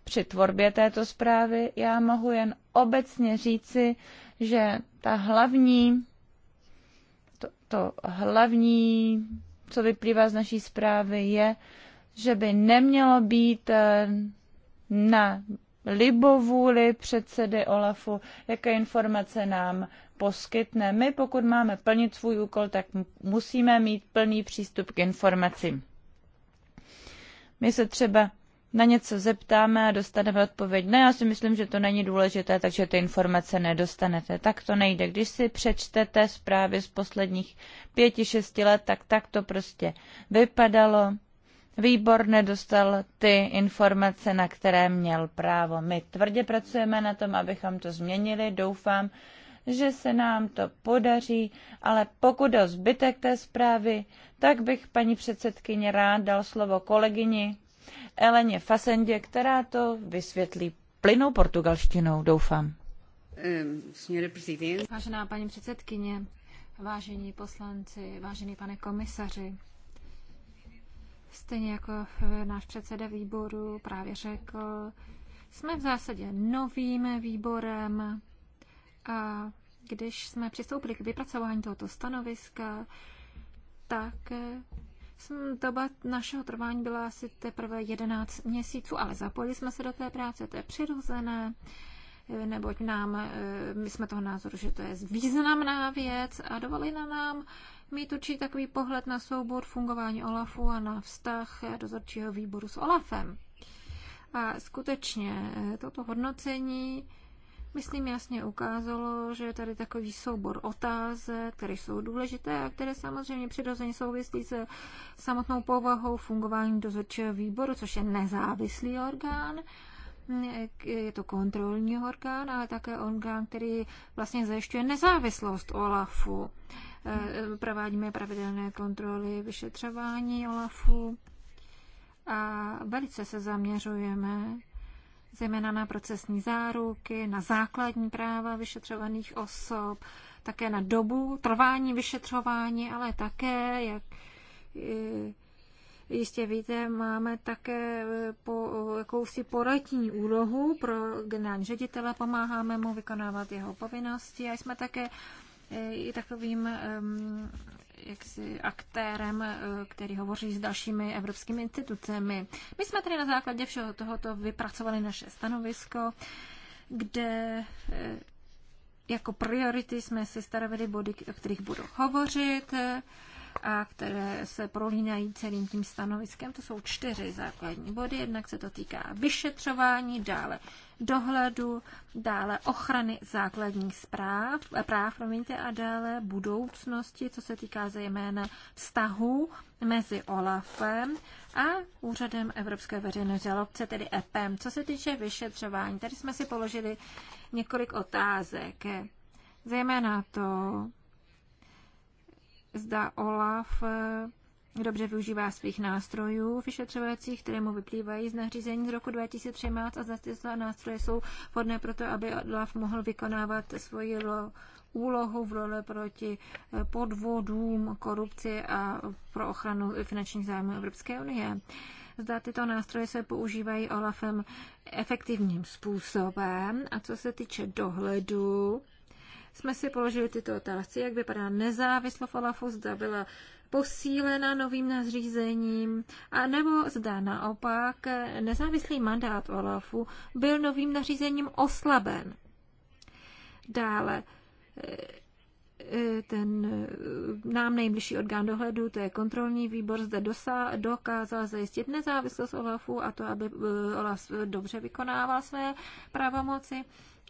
při tvorbě této zprávy. Já mohu jen obecně říci, že ta hlavní, to, to hlavní, co vyplývá z naší zprávy, je, že by nemělo být eh, na libovůli předsedy Olafu, jaké informace nám poskytne. My, pokud máme plnit svůj úkol, tak musíme mít plný přístup k informacím. My se třeba na něco zeptáme a dostaneme odpověď. Ne, no, já si myslím, že to není důležité, takže ty informace nedostanete. Tak to nejde. Když si přečtete zprávy z posledních pěti, šesti let, tak tak to prostě vypadalo výbor nedostal ty informace, na které měl právo. My tvrdě pracujeme na tom, abychom to změnili. Doufám, že se nám to podaří, ale pokud o zbytek té zprávy, tak bych paní předsedkyně rád dal slovo kolegyni Eleně Fasendě, která to vysvětlí plynou portugalštinou, doufám. Vážená paní předsedkyně, vážení poslanci, vážený pane komisaři, stejně jako náš předseda výboru právě řekl, jsme v zásadě novým výborem a když jsme přistoupili k vypracování tohoto stanoviska, tak eh, doba našeho trvání byla asi teprve 11 měsíců, ale zapojili jsme se do té práce, to je přirozené, eh, neboť nám, eh, my jsme toho názoru, že to je významná věc a dovolili na nám mít určitý takový pohled na soubor fungování OLAFu a na vztah dozorčího výboru s OLAFem. A skutečně toto hodnocení, myslím, jasně ukázalo, že je tady takový soubor otázek, které jsou důležité a které samozřejmě přirozeně souvisí se samotnou povahou fungování dozorčího výboru, což je nezávislý orgán, je to kontrolní orgán, ale také orgán, který vlastně zajišťuje nezávislost OLAFu. Eh, provádíme pravidelné kontroly vyšetřování OLAFu a velice se zaměřujeme zejména na procesní záruky, na základní práva vyšetřovaných osob, také na dobu trvání vyšetřování, ale také, jak eh, jistě víte, máme také eh, po, jakousi poradní úlohu pro generální ředitele, pomáháme mu vykonávat jeho povinnosti a jsme také eh, i takovým jaksi aktérem, eh, který hovoří s dalšími evropskými institucemi. My jsme tedy na základě všeho tohoto vypracovali naše stanovisko, kde jako priority jsme si stanovili body, o kterých budu hovořit a které se prolínají celým tím stanoviskem. To jsou čtyři základní body. Jednak se to týká vyšetřování, dále dohledu, dále ochrany základních zpráv, práv promiňte, a dále budoucnosti, co se týká zejména vztahu mezi OLAFem a Úřadem Evropské veřejné žalobce, tedy EPEM. Co se týče vyšetřování, tady jsme si položili několik otázek. Zejména to, zda OLAF eh, dobře využívá svých nástrojů vyšetřovacích, které mu vyplývají z nařízení z roku 2013 a zda tyto nástroje jsou vhodné pro to, aby OLAF mohl vykonávat svoji úlohu v role proti eh, podvodům, korupci a pro ochranu finančních zájmů Evropské unie. Zda tyto nástroje se používají OLAFem efektivním způsobem a co se týče dohledu, jsme si položili tyto otázky, jak vypadá nezávislost Olafu, zda byla posílena novým nařízením, a nebo zda naopak nezávislý mandát Olafu byl novým nařízením oslaben. Dále, e, e, ten e, nám nejbližší orgán dohledu, to je kontrolní výbor, zde dosa, dokázal zajistit nezávislost Olafu a to, aby Olaf dobře vykonával své pravomoci.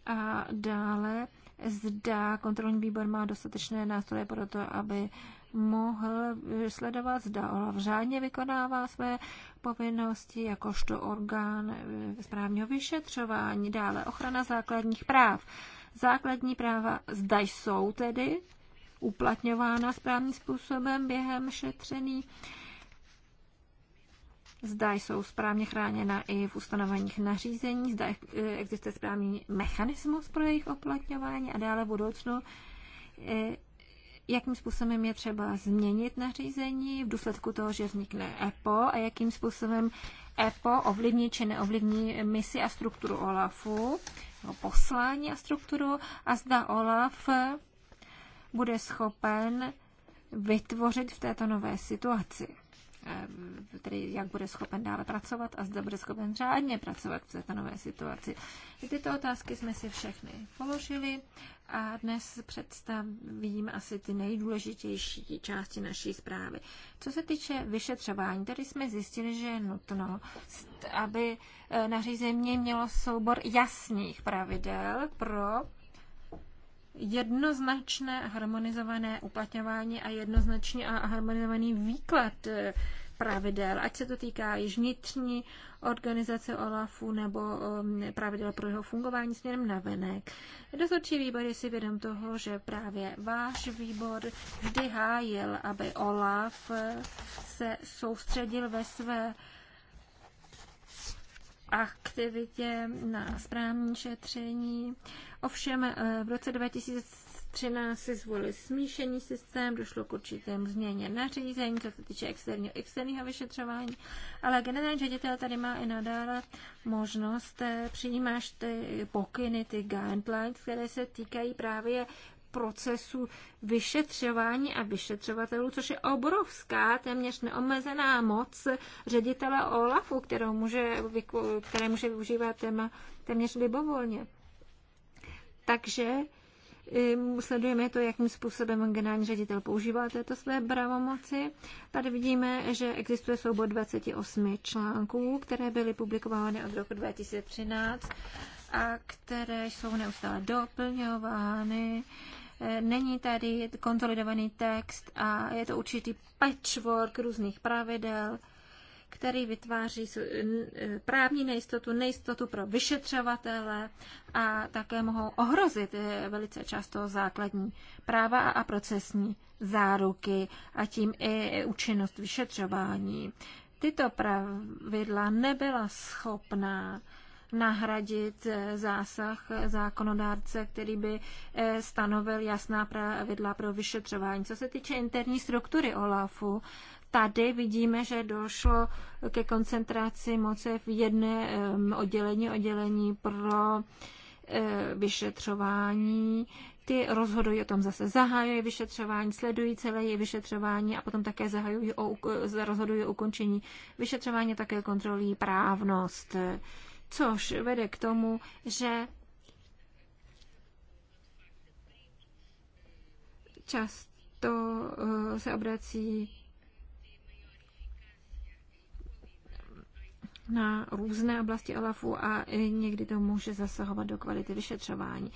A dále zda kontrolní výbor má dostatečné nástroje pro to, aby mohl sledovat, zda OLAF řádně vykonává své povinnosti jakožto orgán eh, správního vyšetřování, dále ochrana základních práv. Základní práva zda jsou tedy uplatňována správným způsobem během šetření zda jsou správně chráněna i v ustanoveních nařízení, zda existuje správný mechanismus pro jejich oplatňování a dále v budoucnu, eh, jakým způsobem je třeba změnit nařízení v důsledku toho, že vznikne EPO a jakým způsobem EPO ovlivní či neovlivní misi a strukturu OLAFu, poslání a strukturu a zda OLAF bude schopen vytvořit v této nové situaci. Eh, tedy jak bude schopen dále pracovat a zda bude schopen řádně pracovat v této nové situaci. Tyto otázky jsme si všechny položili a dnes představím asi ty nejdůležitější části naší zprávy. Co se týče vyšetřování, tady jsme zjistili, že je nutno, aby eh, nařízení mělo soubor jasných pravidel pro jednoznačné a harmonizované uplatňování a jednoznačně a harmonizovaný výklad eh, pravidel, ať se to týká již vnitřní organizace OLAFu nebo ehm, pravidel pro jeho fungování směrem na venek. Dozorčí výbor je si vědom toho, že právě váš výbor vždy hájil, aby OLAF eh, se soustředil ve své aktivitě na správní šetření. Ovšem eh, v roce 2013 si zvolili smíšený systém, došlo k určitém změně nařízení, co se týče externího, externího vyšetřování, ale generální ředitel tady má i nadále možnost eh, přijímáš ty pokyny, ty guidelines, které se týkají právě procesu vyšetřování a vyšetřovatelů, což je obrovská, téměř neomezená moc ředitele OLAFu, kterou může, které může využívat téma téměř libovolně. Takže eh, sledujeme to, jakým způsobem generální ředitel používá této své pravomoci. Tady vidíme, že existuje soubor 28 článků, které byly publikovány od roku 2013 a které jsou neustále doplňovány Není tady konsolidovaný text a je to určitý patchwork různých pravidel, který vytváří právní nejistotu, nejistotu pro vyšetřovatele a také mohou ohrozit eh, velice často základní práva a procesní záruky a tím i účinnost vyšetřování. Tyto pravidla nebyla schopná nahradit eh, zásah zákonodárce, který by eh, stanovil jasná pravidla pro vyšetřování. Co se týče interní struktury OLAFu, tady vidíme, že došlo ke koncentraci moci v jedné oddělení, oddělení pro eh, vyšetřování. Ty rozhodují o tom zase, zahajují vyšetřování, sledují celé její vyšetřování a potom také zahajují o, rozhodují o ukončení vyšetřování, také kontrolují právnost což vede k tomu, že často eh, se obrací na různé oblasti OLAFu a někdy to může zasahovat do kvality vyšetřování.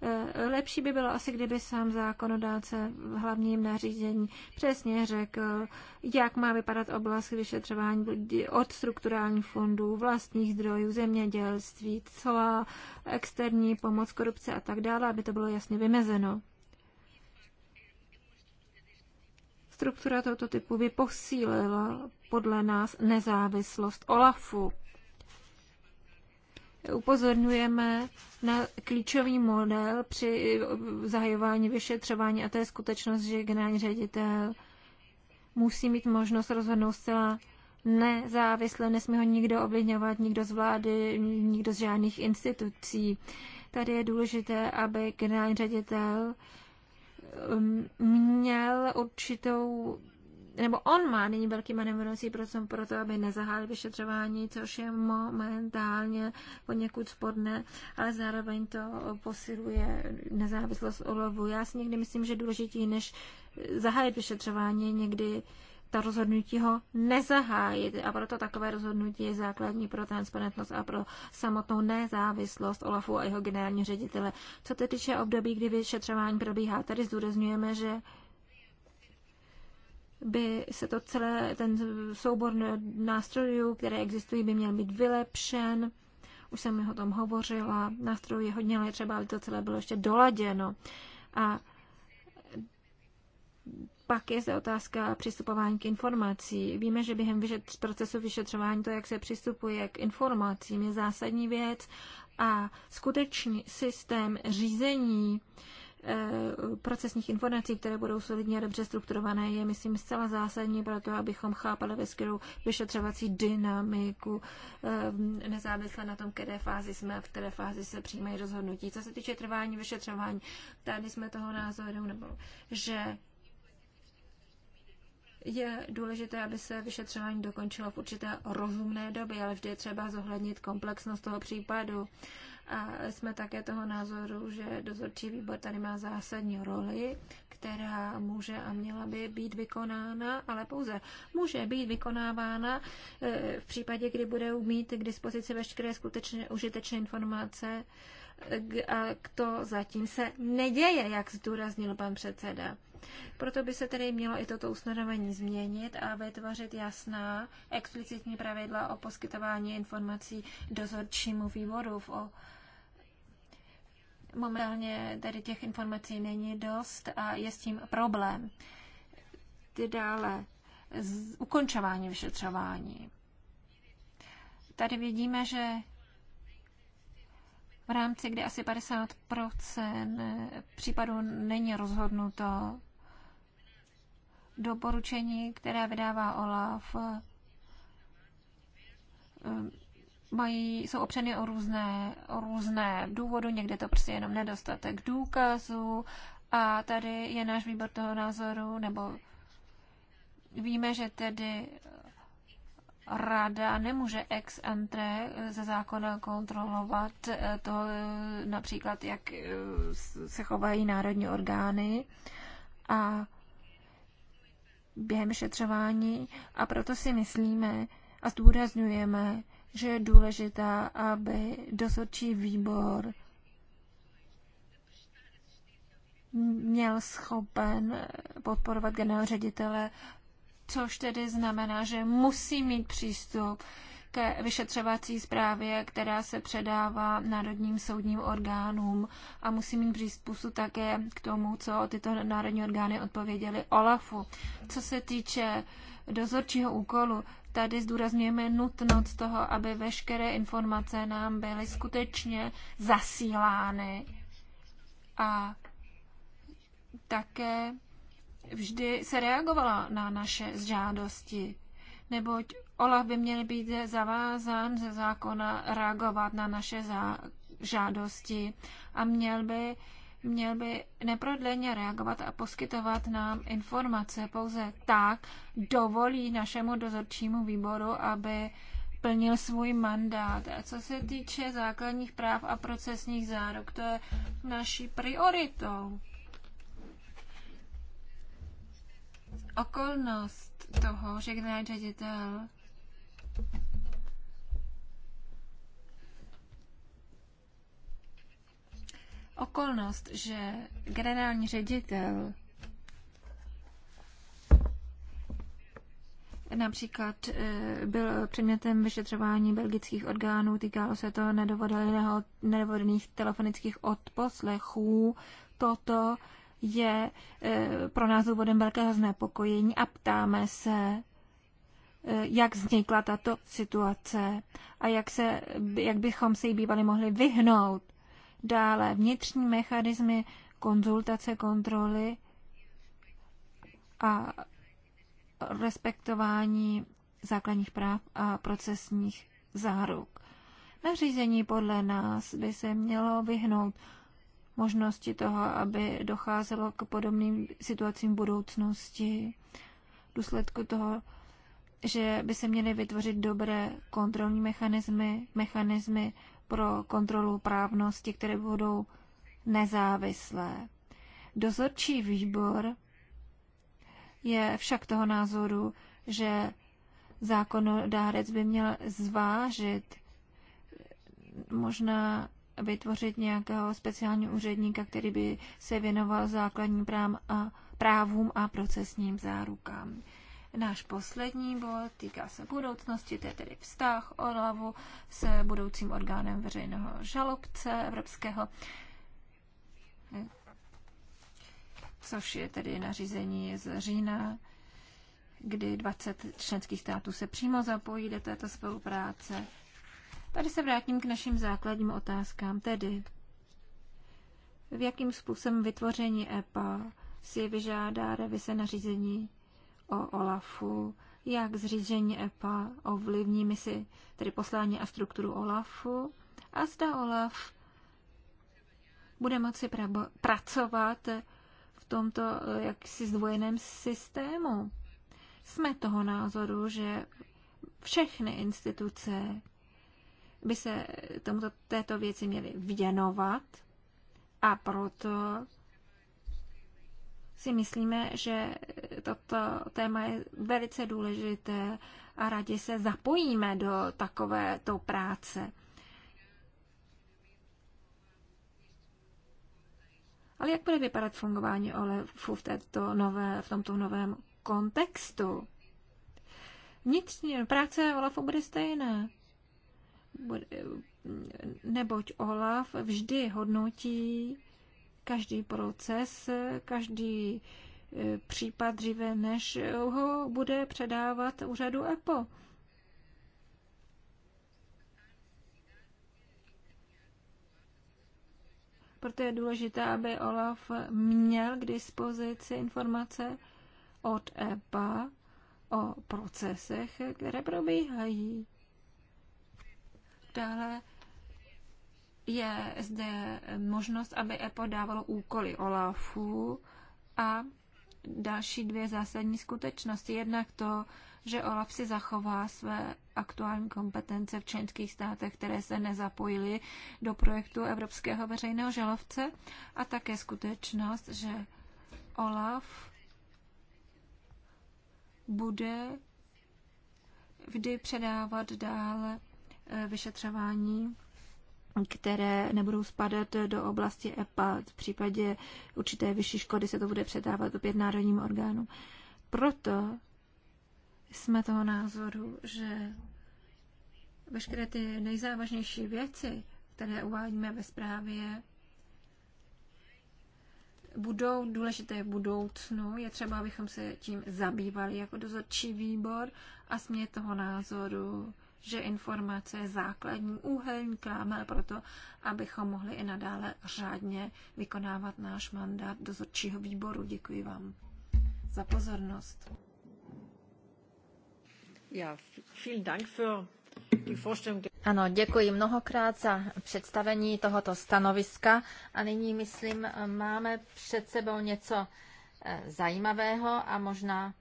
Eh, lepší by bylo asi, kdyby sám zákonodáce v hlavním nařízení přesně řekl, jak má vypadat oblast vyšetřování od strukturálních fondů, vlastních zdrojů, zemědělství, celá externí pomoc, korupce a tak dále, aby to bylo jasně vymezeno. Struktura tohoto typu by posílila podle nás nezávislost OLAFu upozorňujeme na klíčový model při zahajování vyšetřování a to je skutečnost, že generální ředitel musí mít možnost rozhodnout zcela nezávisle, nesmí ho nikdo ovlivňovat, nikdo z vlády, nikdo z žádných institucí. Tady je důležité, aby generální ředitel um, měl určitou nebo on má nyní velký manevrovací prostor pro to, aby nezahájil vyšetřování, což je momentálně poněkud sporné, ale zároveň to posiluje nezávislost OLOVu. Já si někdy myslím, že důležitý než zahájit vyšetřování někdy ta rozhodnutí ho nezahájit. A proto takové rozhodnutí je základní pro transparentnost a pro samotnou nezávislost Olafu a jeho generální ředitele. Co se týče období, kdy vyšetřování probíhá, tady zdůrazňujeme, že by se to celé, ten soubor nástrojů, které existují, by měl být vylepšen. Už jsem o tom hovořila. Nástrojů je hodně, ale je třeba, aby to celé bylo ještě doladěno. A pak je zde otázka přistupování k informací. Víme, že během vyšetř, procesu vyšetřování to, jak se přistupuje k informacím, je zásadní věc a skutečný systém řízení Eh, procesních informací, které budou solidně a dobře strukturované, je, myslím, zcela zásadní pro to, abychom chápali veškerou vyšetřovací dynamiku, eh, nezávisle na tom, které fázi jsme a v které fázi se přijímají rozhodnutí. Co se týče trvání vyšetřování, tady jsme toho názoru, nebo že je důležité, aby se vyšetřování dokončilo v určité rozumné době, ale vždy je třeba zohlednit komplexnost toho případu. A jsme také toho názoru, že dozorčí výbor tady má zásadní roli, která může a měla by být vykonána, ale pouze může být vykonávána e, v případě, kdy bude mít k dispozici veškeré skutečně užitečné informace, a to zatím se neděje, jak zdůraznil pan předseda. Proto by se tedy mělo i toto usnadnění změnit a vytvořit jasná explicitní pravidla o poskytování informací dozorčímu výboru v o momentálně tady těch informací není dost a je s tím problém. Ty dále z ukončování vyšetřování. Tady vidíme, že v rámci, kdy asi 50 případů není rozhodnuto, doporučení, které vydává OLAF, mají, jsou opřeny o různé, o různé důvody, někde to prostě jenom nedostatek důkazů a tady je náš výbor toho názoru, nebo víme, že tedy rada nemůže ex ante ze zákona kontrolovat eh, to eh, například, jak eh, se chovají národní orgány a během šetřování a proto si myslíme a zdůrazňujeme, že je důležitá, aby dozorčí výbor měl schopen podporovat generál ředitele, což tedy znamená, že musí mít přístup ke vyšetřovací zprávě, která se předává národním soudním orgánům a musí mít přístup také k tomu, co tyto národní orgány odpověděly OLAFu. Co se týče uh, dozorčího úkolu. Tady zdůrazňujeme nutnost toho, aby veškeré informace nám byly skutečně zasílány a také vždy se reagovala na naše žádosti, neboť Olaf by měl být zavázán ze zákona reagovat na naše žádosti a měl by měl by neprodleně reagovat a poskytovat nám informace. Pouze tak dovolí našemu dozorčímu výboru, aby plnil svůj mandát. A co se týče základních práv a procesních záruk, to je naší prioritou. Okolnost toho, že generální ředitel Okolnost, že generální ředitel například e, byl předmětem vyšetřování belgických orgánů, týkalo se to nedovodných telefonických odposlechů. Toto je e, pro nás důvodem velkého znepokojení a ptáme se, e, jak vznikla tato situace a jak, se, jak bychom se jí bývali mohli vyhnout. Dále vnitřní mechanismy konzultace, kontroly a respektování základních práv a procesních záruk. Nařízení podle nás by se mělo vyhnout možnosti toho, aby docházelo k podobným situacím v budoucnosti. V důsledku toho, že by se měly vytvořit dobré kontrolní mechanismy, mechanismy pro kontrolu právnosti, které budou nezávislé. Dozorčí výbor je však toho názoru, že zákonodárec by měl zvážit možná vytvořit nějakého speciálního úředníka, který by se věnoval základním právům a procesním zárukám náš poslední bod týká se budoucnosti, to je tedy vztah OLAVu s budoucím orgánem veřejného žalobce evropského, což je tedy nařízení z října, kdy 20 členských států se přímo zapojí do této spolupráce. Tady se vrátím k našim základním otázkám, tedy v jakým způsobem vytvoření EPA si vyžádá revize nařízení o OLAFu, jak zřízení EPA ovlivní misi, tedy poslání a strukturu OLAFu a zda OLAF bude moci pra- pracovat v tomto eh, jaksi zdvojeném systému. Jsme toho názoru, že všechny instituce by se tomuto, této věci měly věnovat a proto si myslíme, že toto téma je velice důležité a rádi se zapojíme do takovéto práce. Ale jak bude vypadat fungování OLEFu v, této nové, v tomto novém kontextu? Vnitřní práce OLAFu bude stejná. Bude, neboť OLAF vždy hodnotí každý proces, každý případ dříve, než ho bude předávat úřadu EPO. Proto je důležité, aby Olaf měl k dispozici informace od EPA o procesech, které probíhají. Dále je zde možnost, aby EPO dávalo úkoly OLAFu a další dvě zásadní skutečnosti. Jednak to, že OLAF si zachová své aktuální kompetence v členských státech, které se nezapojily do projektu Evropského veřejného žalovce a také skutečnost, že OLAF bude vždy předávat dále eh, vyšetřování které nebudou spadat do oblasti EPA. V případě určité vyšší škody se to bude předávat opět národním orgánům. Proto jsme toho názoru, že veškeré ty nejzávažnější věci, které uvádíme ve zprávě, budou důležité v budoucnu. Je třeba, abychom se tím zabývali jako dozorčí výbor a jsme toho názoru, že informace je základní úhelní kámel pro to, abychom mohli i nadále řádně vykonávat náš mandát dozorčího výboru. Děkuji vám za pozornost. Ja, vielen Dank für die Vorstellung. Ano, děkuji mnohokrát za představení tohoto stanoviska a nyní, myslím, máme před sebou něco eh, zajímavého a možná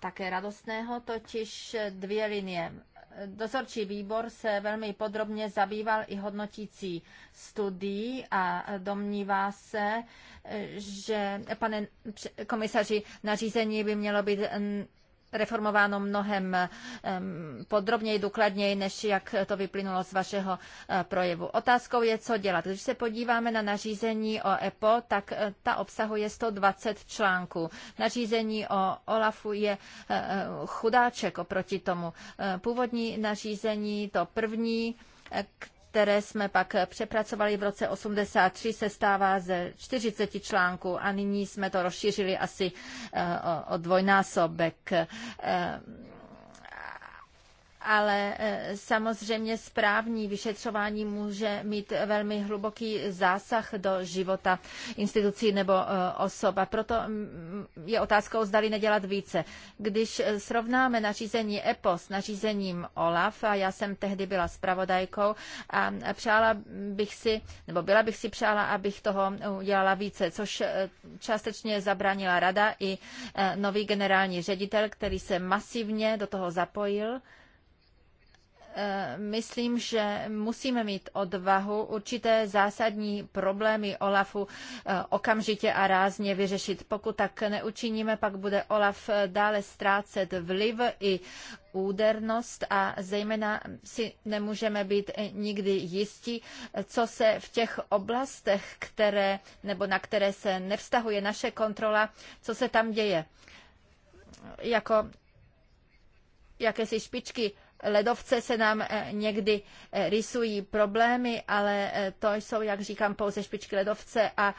také radostného, totiž dvě linie. Dozorčí výbor se velmi podrobně zabýval i hodnotící studií a domnívá se, že, pane komisaři, nařízení by mělo být reformováno mnohem podrobněji, důkladněji, než jak to vyplynulo z vašeho eh, projevu. Otázkou je, co dělat. Když se podíváme na nařízení o EPO, tak eh, ta obsahuje 120 článků. Nařízení o OLAFu je eh, chudáček oproti tomu. Původní nařízení, to první, které jsme pak přepracovali v roce 83, se stává ze 40 článků a nyní jsme to rozšířili asi eh, o dvojnásobek eh, ale e, samozřejmě správní vyšetřování může mít velmi hluboký zásah do života institucí nebo e, osob. A proto je otázkou, zdali nedělat více. Když srovnáme nařízení EPO s nařízením OLAF, a já jsem tehdy byla spravodajkou, a přála bych si, nebo byla bych si přála, abych toho udělala více, což e, částečně zabránila rada i nový generální ředitel, který se masivně do toho zapojil. Eh, myslím, že musíme mít odvahu určité zásadní problémy OLAFu eh, okamžitě a rázně vyřešit. Pokud tak neučiníme, pak bude OLAF eh, dále ztrácet vliv i údernost a zejména si nemůžeme být nikdy jisti, co se v těch oblastech, které, nebo na které se nevztahuje naše kontrola, co se tam děje. Jako jakési špičky ledovce se nám eh, někdy eh, rysují problémy, ale eh, to jsou, jak říkám, pouze špičky ledovce a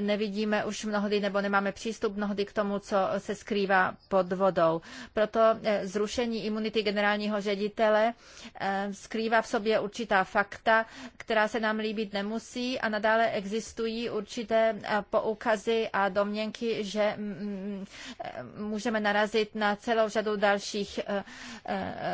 nevidíme už mnohdy nebo nemáme přístup mnohdy k tomu, co se skrývá pod vodou. Proto zrušení imunity generálního ředitele skrývá v sobě určitá fakta, která se nám líbit nemusí a nadále existují určité poukazy a domněnky, že mm, mm, můžeme narazit na celou řadu dalších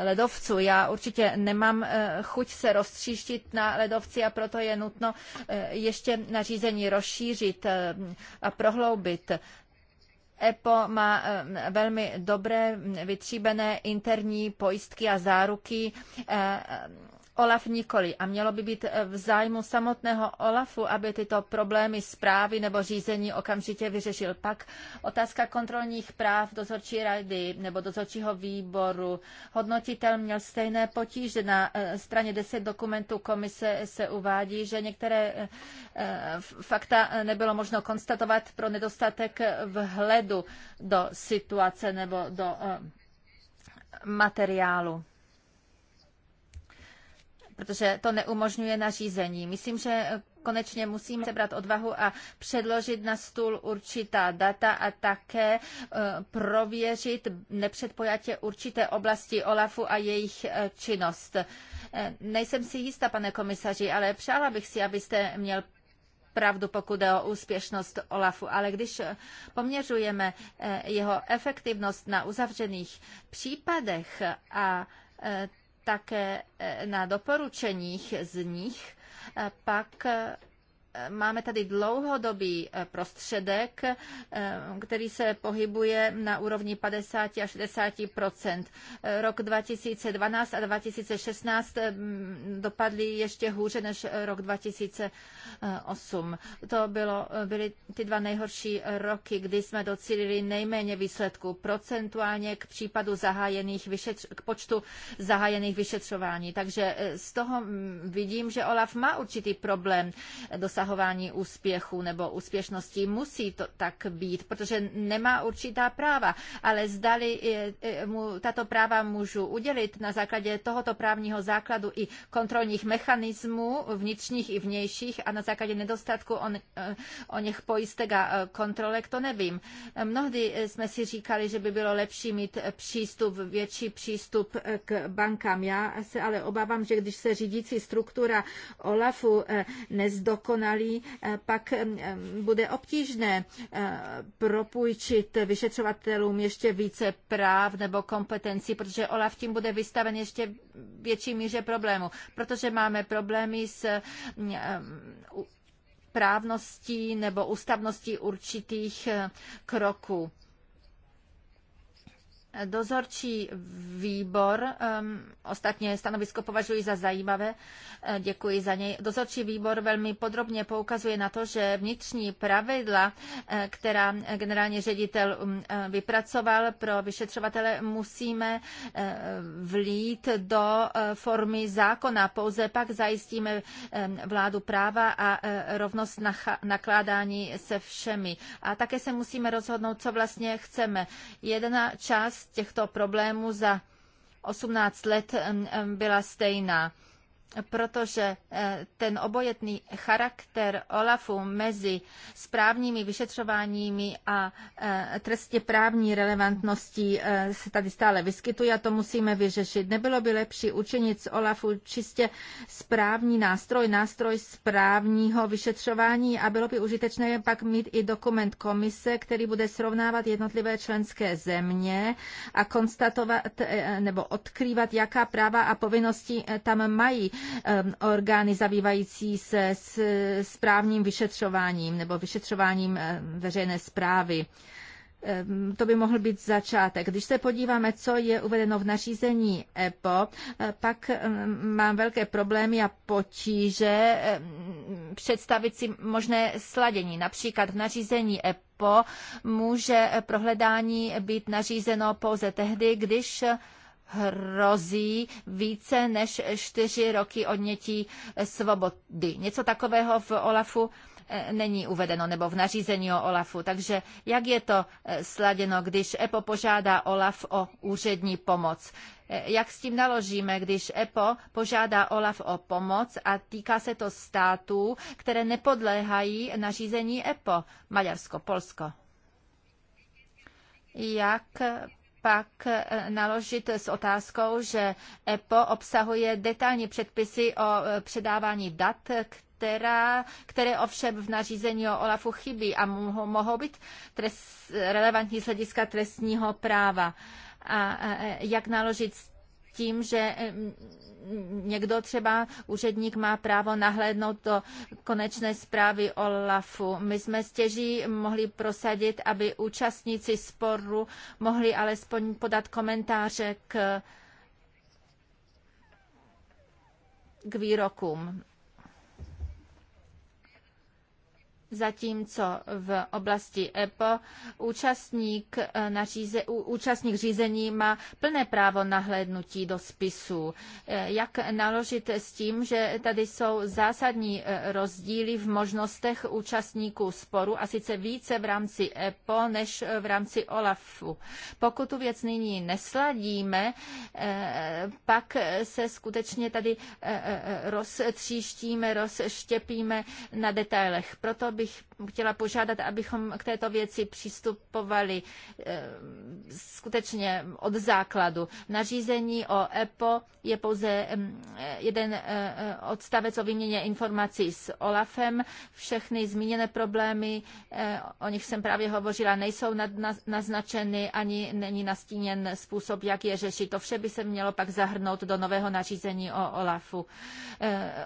ledovců, ledovců. Já určitě nemám eh, chuť se roztříštit na ledovci a proto je nutno eh, ještě nařízení rozšířit eh, a prohloubit. EPO má velmi dobré vytříbené interní pojistky a záruky Olaf nikoli. A mělo by být eh, v zájmu samotného Olafu, aby tyto problémy zprávy nebo řízení okamžitě vyřešil. Pak otázka kontrolních práv dozorčí rady nebo dozorčího výboru. Hodnotitel měl stejné potíže. Na eh, straně 10 dokumentů, komise se uvádí, že některé eh, fakta nebylo možno konstatovat pro nedostatek vhledu do situace nebo do materiálu protože to neumožňuje nařízení. Myslím, že konečně musíme sebrat odvahu a předložit na stůl určitá data a také e, prověřit nepředpojatě určité oblasti OLAFu a jejich e, činnost. E, nejsem si jistá, pane komisaři, ale přála bych si, abyste měl pravdu, pokud jde o úspěšnost OLAFu, ale když poměřujeme jeho efektivnost na uzavřených případech a také eh, na doporučeních z nich eh, pak eh, máme tady dlouhodobý eh, prostředek, eh, který se pohybuje na úrovni 50 až 60 Rok 2012 a 2016 eh, mm, dopadly ještě hůře než rok 2008. To bylo, byly ty dva nejhorší roky, kdy jsme docílili nejméně výsledků procentuálně k případu zahájených vyšetř, k počtu zahájených vyšetřování. Takže z toho mm, vidím, že Olaf má určitý problém dosahování úspěchu nebo úspěšnosti. Musí to tak být, protože nemá určitá práva, ale zdali eh, eh, mu tato práva můžu udělit na základě tohoto právního základu i kontrolních mechanismů vnitřních i vnějších a na základě nedostatku on, eh, o něch pojistek a kontrolek, to nevím. Mnohdy jsme si říkali, že by bylo lepší mít přístup, větší přístup k bankám. Já se ale obávám, že když se řídící struktura OLAFu nezdokoná, dokonalý, eh, pak eh, bude obtížné eh, propůjčit vyšetřovatelům ještě více práv nebo kompetencí, protože OLAF tím bude vystaven ještě větší míře problému, protože máme problémy s právností nebo ústavností určitých kroků. Dozorčí výbor, um, ostatně stanovisko považuji za zajímavé, eh, děkuji za něj. Dozorčí výbor velmi podrobně poukazuje na to, že vnitřní pravidla, eh, která generální ředitel um, eh, vypracoval pro vyšetřovatele, musíme vlít do formy zákona. Pouze pak zajistíme vládu práva a rovnost nakládání se všemi. A také se musíme rozhodnout, co vlastně chceme. Jedna část z těchto problémů za 18 let byla stejná protože eh, ten obojetný charakter OLAFu mezi správními vyšetřováními a eh, trestně právní relevantností eh, se tady stále vyskytuje a to musíme vyřešit. Nebylo by lepší učinit z OLAFu čistě správní nástroj, nástroj správního vyšetřování a bylo by užitečné pak mít i dokument komise, který bude srovnávat jednotlivé členské země a konstatovat nebo odkrývat, jaká práva a povinnosti tam mají Um, orgány zabývající se s správním vyšetřováním nebo vyšetřováním eh, veřejné zprávy. Ehm, to by mohl být začátek. Když se podíváme, co je uvedeno v nařízení EPO, eh, pak ehm, mám velké problémy a potíže ehm, představit si možné sladění. Například v nařízení EPO může prohledání být nařízeno pouze tehdy, když hrozí více než čtyři roky odnětí svobody. Něco takového v OLAFu eh, není uvedeno, nebo v nařízení o OLAFu. Takže jak je to eh, sladěno, když EPO požádá OLAF o úřední pomoc? Eh, jak s tím naložíme, když EPO požádá OLAF o pomoc a týká se to států, které nepodléhají nařízení EPO? Maďarsko, Polsko. Jak pak eh, naložit s otázkou, že EPO obsahuje detailní předpisy o eh, předávání dat, která, které ovšem v nařízení o OLAFu chybí a mohou, mohou být trest, relevantní z hlediska trestního práva. A eh, jak naložit s tím, že eh, někdo třeba úředník má právo nahlédnout do konečné zprávy o LAFu. My jsme stěží mohli prosadit, aby účastníci sporu mohli alespoň podat komentáře k k výrokům. zatímco v oblasti EPO účastník, eh, říze, účastník řízení má plné právo nahlédnutí do spisů. Eh, jak naložit s tím, že tady jsou zásadní eh, rozdíly v možnostech účastníků sporu a sice více v rámci EPO než v rámci OLAFu. Pokud tu věc nyní nesladíme, pak se skutečně tady roztříštíme, rozštěpíme na detailech. Proto bych chtěla požádat, abychom k této věci přistupovali eh, skutečně od základu. Nařízení o EPO je pouze mm, eh, jeden eh, odstavec o výměně informací s OLAFem. Všechny zmíněné problémy, o nich jsem právě hovořila, nejsou naznačeny ani není nastíněn způsob, jak je řešit. To vše by se mělo pak zahrnout do nového nařízení o OLAFu.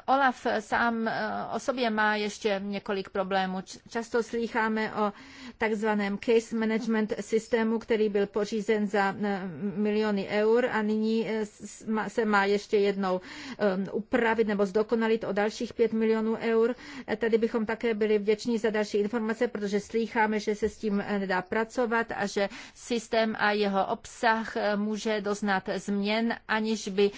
OLAF sám o sobě má ještě několik problémů problému. Často slýcháme o takzvaném case management systému, který byl pořízen za eh, miliony eur a nyní eh, se má ještě jednou eh, upravit nebo zdokonalit o dalších 5 milionů eur. Tady bychom také byli vděční za další informace, protože slýcháme, že se s tím nedá pracovat a že systém a jeho obsah může doznat změn, aniž by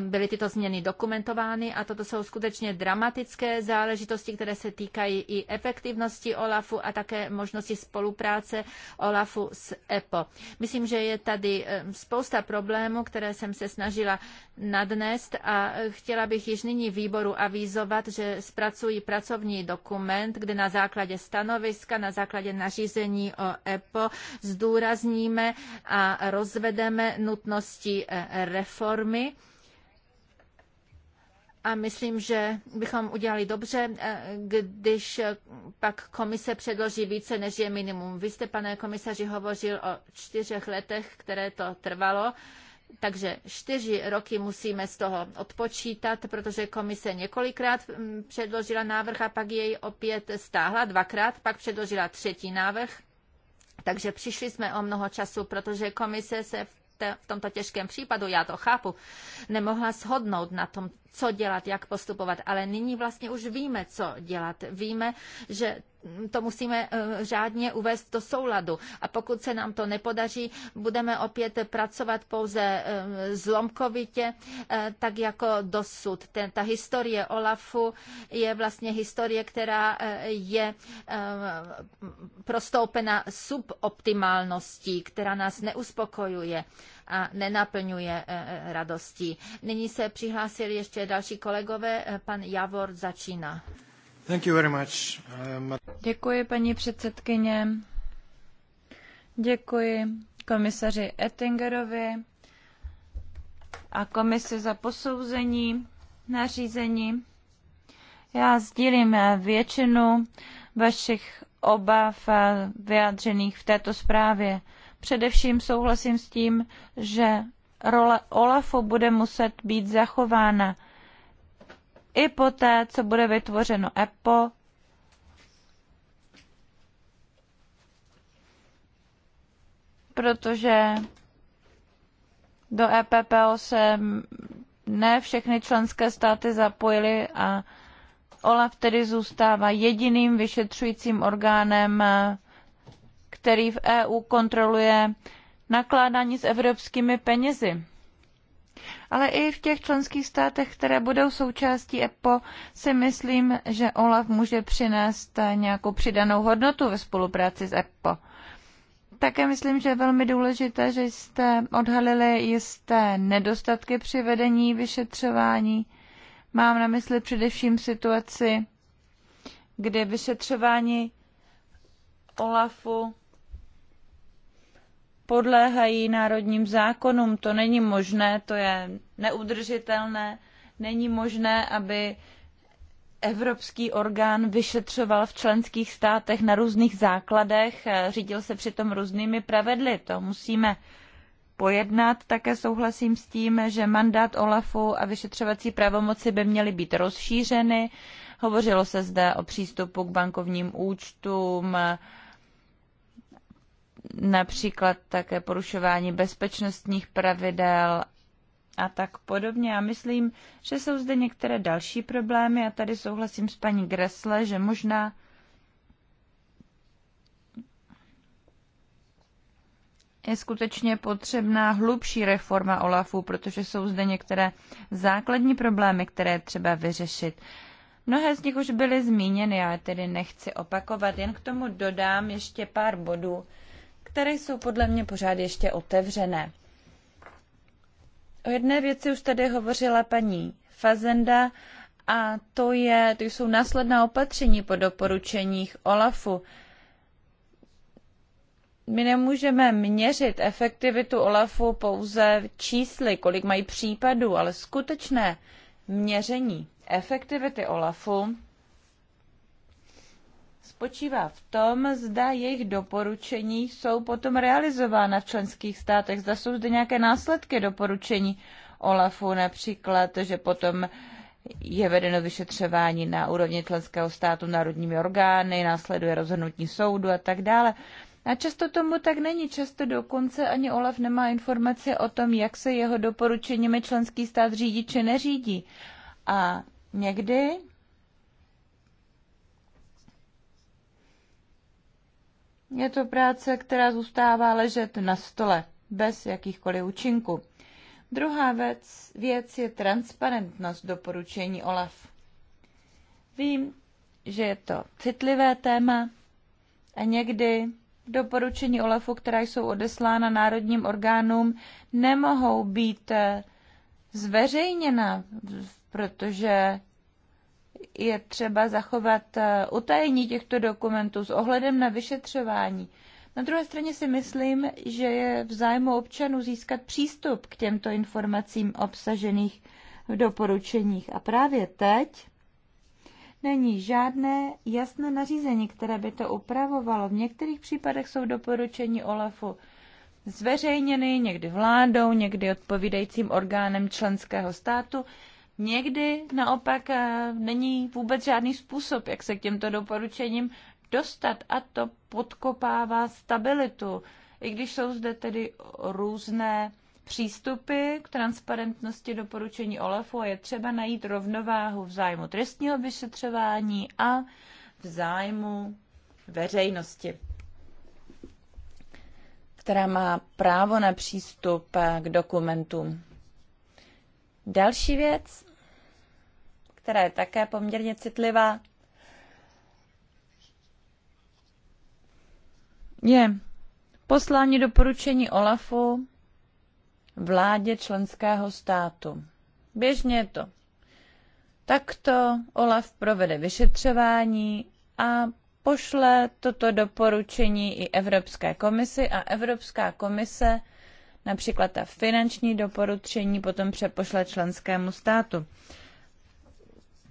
byly tyto změny dokumentovány a toto jsou skutečně dramatické záležitosti, které se týkají i efektivnosti OLAFu a také možnosti spolupráce OLAFu s EPO. Myslím, že je tady eh, spousta problémů, které jsem se snažila nadnést a eh, chtěla bych již nyní výboru avízovat, že zpracují pracovní dokument, kde na základě stanoviska, na základě nařízení o EPO zdůrazníme a rozvedeme nutnosti eh, reformy a myslím, že bychom udělali dobře, eh, když eh, pak komise předloží více, než je minimum. Vy jste, pane komisaři, hovořil o čtyřech letech, které to trvalo. Takže čtyři roky musíme z toho odpočítat, protože komise několikrát mm, předložila návrh a pak jej opět stáhla dvakrát, pak předložila třetí návrh. Takže přišli jsme o mnoho času, protože komise se v, te, v tomto těžkém případu, já to chápu, nemohla shodnout na tom, co dělat, jak postupovat, ale nyní vlastně už víme, co dělat. Víme, že to musíme eh, řádně uvést do souladu. A pokud se nám to nepodaří, budeme opět pracovat pouze eh, zlomkovitě, eh, tak jako dosud. Ten, ta historie Olafu je vlastně historie, která je prostoupena suboptimálností, která nás neuspokojuje a nenaplňuje e, e, radostí. Nyní se přihlásili ještě další kolegové. E, pan Javor začíná. Thank you very much. Uh, Děkuji, paní předsedkyně. Děkuji komisaři Ettingerovi a komisi za posouzení nařízení. Já sdílím většinu vašich obav vyjádřených v této zprávě. Především souhlasím s tím, že role OLAFu bude muset být zachována i poté, co bude vytvořeno EPO. Protože do EPPO se ne všechny členské státy zapojily a OLAF tedy zůstává jediným vyšetřujícím orgánem který v EU kontroluje nakládání s evropskými penězi. Ale i v těch členských státech, které budou součástí EPO, si myslím, že OLAF může přinést nějakou přidanou hodnotu ve spolupráci s EPO. Také myslím, že je velmi důležité, že jste odhalili jisté nedostatky při vedení vyšetřování. Mám na mysli především situaci, kdy vyšetřování OLAFu podléhají národním zákonům. To není možné, to je neudržitelné. Není možné, aby evropský orgán vyšetřoval v členských státech na různých základech, eh, řídil se přitom různými pravidly. To musíme pojednat. Také souhlasím s tím, že mandát OLAFu a vyšetřovací pravomoci by měly být rozšířeny. Hovořilo se zde o přístupu k bankovním účtům, například také porušování bezpečnostních pravidel a tak podobně. A myslím, že jsou zde některé další problémy a tady souhlasím s paní Gresle, že možná je skutečně potřebná hlubší reforma OLAFu, protože jsou zde některé základní problémy, které třeba vyřešit. Mnohé z nich už byly zmíněny, já tedy nechci opakovat, jen k tomu dodám ještě pár bodů, které jsou podle mě pořád ještě otevřené. O jedné věci už tady hovořila paní Fazenda a to, je, to jsou následná opatření po doporučeních OLAFu. My nemůžeme měřit efektivitu OLAFu pouze čísly, kolik mají případů, ale skutečné měření efektivity OLAFu spočívá v tom, zda jejich doporučení jsou potom realizována v členských státech, zda jsou zde nějaké následky doporučení OLAFu, například, že potom je vedeno vyšetřování na úrovni členského státu národními orgány, následuje rozhodnutí soudu a tak dále. A často tomu tak není. Často dokonce ani Olaf nemá informace o tom, jak se jeho doporučeními členský stát řídí či neřídí. A někdy Je to práce, která zůstává ležet na stole, bez jakýchkoliv účinků. Druhá věc, věc je transparentnost doporučení OLAF. Vím, že je to citlivé téma a někdy doporučení OLAFu, která jsou odeslána národním orgánům, nemohou být eh, zveřejněna, protože je třeba zachovat eh, utajení těchto dokumentů s ohledem na vyšetřování. Na druhé straně si myslím, že je v zájmu občanů získat přístup k těmto informacím obsažených v doporučeních. A právě teď není žádné jasné nařízení, které by to upravovalo. V některých případech jsou doporučení OLAFu zveřejněny někdy vládou, někdy odpovídajícím orgánem členského státu, Někdy naopak eh, není vůbec žádný způsob, jak se k těmto doporučením dostat a to podkopává stabilitu. I když jsou zde tedy různé přístupy k transparentnosti doporučení OLAFu a je třeba najít rovnováhu v zájmu trestního vyšetřování a v zájmu veřejnosti, která má právo na přístup eh, k dokumentům. Další věc, která je také poměrně citlivá, je poslání doporučení OLAFu vládě členského státu. Běžně je to. Takto OLAF provede vyšetřování a pošle toto doporučení i Evropské komisi a Evropská komise například ta finanční doporučení potom přepošle členskému státu.